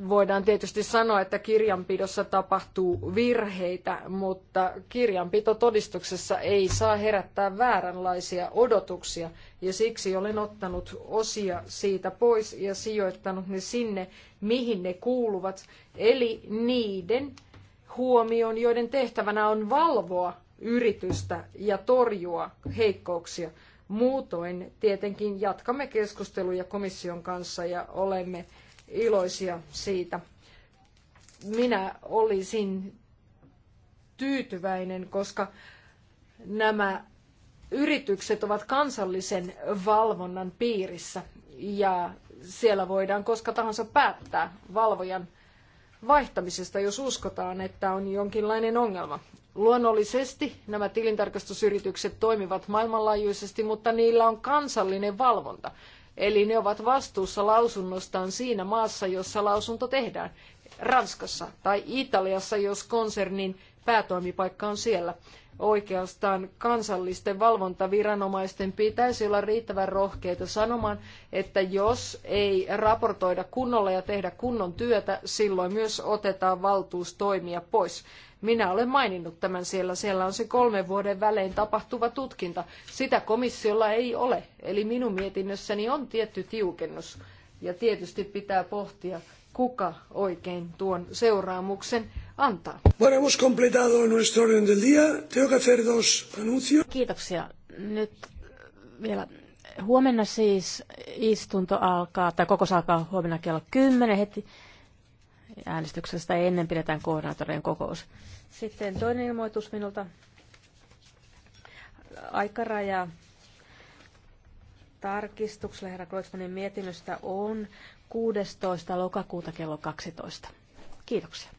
voidaan tietysti sanoa, että kirjanpidossa tapahtuu virheitä, mutta kirjanpitotodistuksessa ei saa herättää vääränlaisia odotuksia. Ja siksi olen ottanut osia siitä pois ja sijoittanut ne sinne, mihin ne kuuluvat. Eli niiden huomioon, joiden tehtävänä on valvoa yritystä ja torjua heikkouksia. Muutoin tietenkin jatkamme keskusteluja komission kanssa ja olemme iloisia siitä. Minä olisin tyytyväinen, koska nämä yritykset ovat kansallisen valvonnan piirissä ja siellä voidaan koska tahansa päättää valvojan vaihtamisesta, jos uskotaan, että on jonkinlainen ongelma. Luonnollisesti nämä tilintarkastusyritykset toimivat maailmanlaajuisesti, mutta niillä on kansallinen valvonta. Eli ne ovat vastuussa lausunnostaan siinä maassa, jossa lausunto tehdään. Ranskassa tai Italiassa, jos konsernin päätoimipaikka on siellä. Oikeastaan kansallisten valvontaviranomaisten pitäisi olla riittävän rohkeita sanomaan, että jos ei raportoida kunnolla ja tehdä kunnon työtä, silloin myös otetaan valtuus toimia pois. Minä olen maininnut tämän siellä. Siellä on se kolmen vuoden välein tapahtuva tutkinta. Sitä komissiolla ei ole. Eli minun mietinnössäni on tietty tiukennus. Ja tietysti pitää pohtia, kuka oikein tuon seuraamuksen antaa. Bueno, hemos completado nuestro orden del día. Tengo que hacer dos anuncios. Kiitoksia. Nyt vielä huomenna siis istunto alkaa, tai kokous alkaa huomenna kello 10 heti äänestyksestä ennen pidetään koordinaattorien kokous. Sitten toinen ilmoitus minulta. Aikaraja tarkistukselle herra Kreutzmannin mietinnöstä on 16. lokakuuta kello 12. Kiitoksia.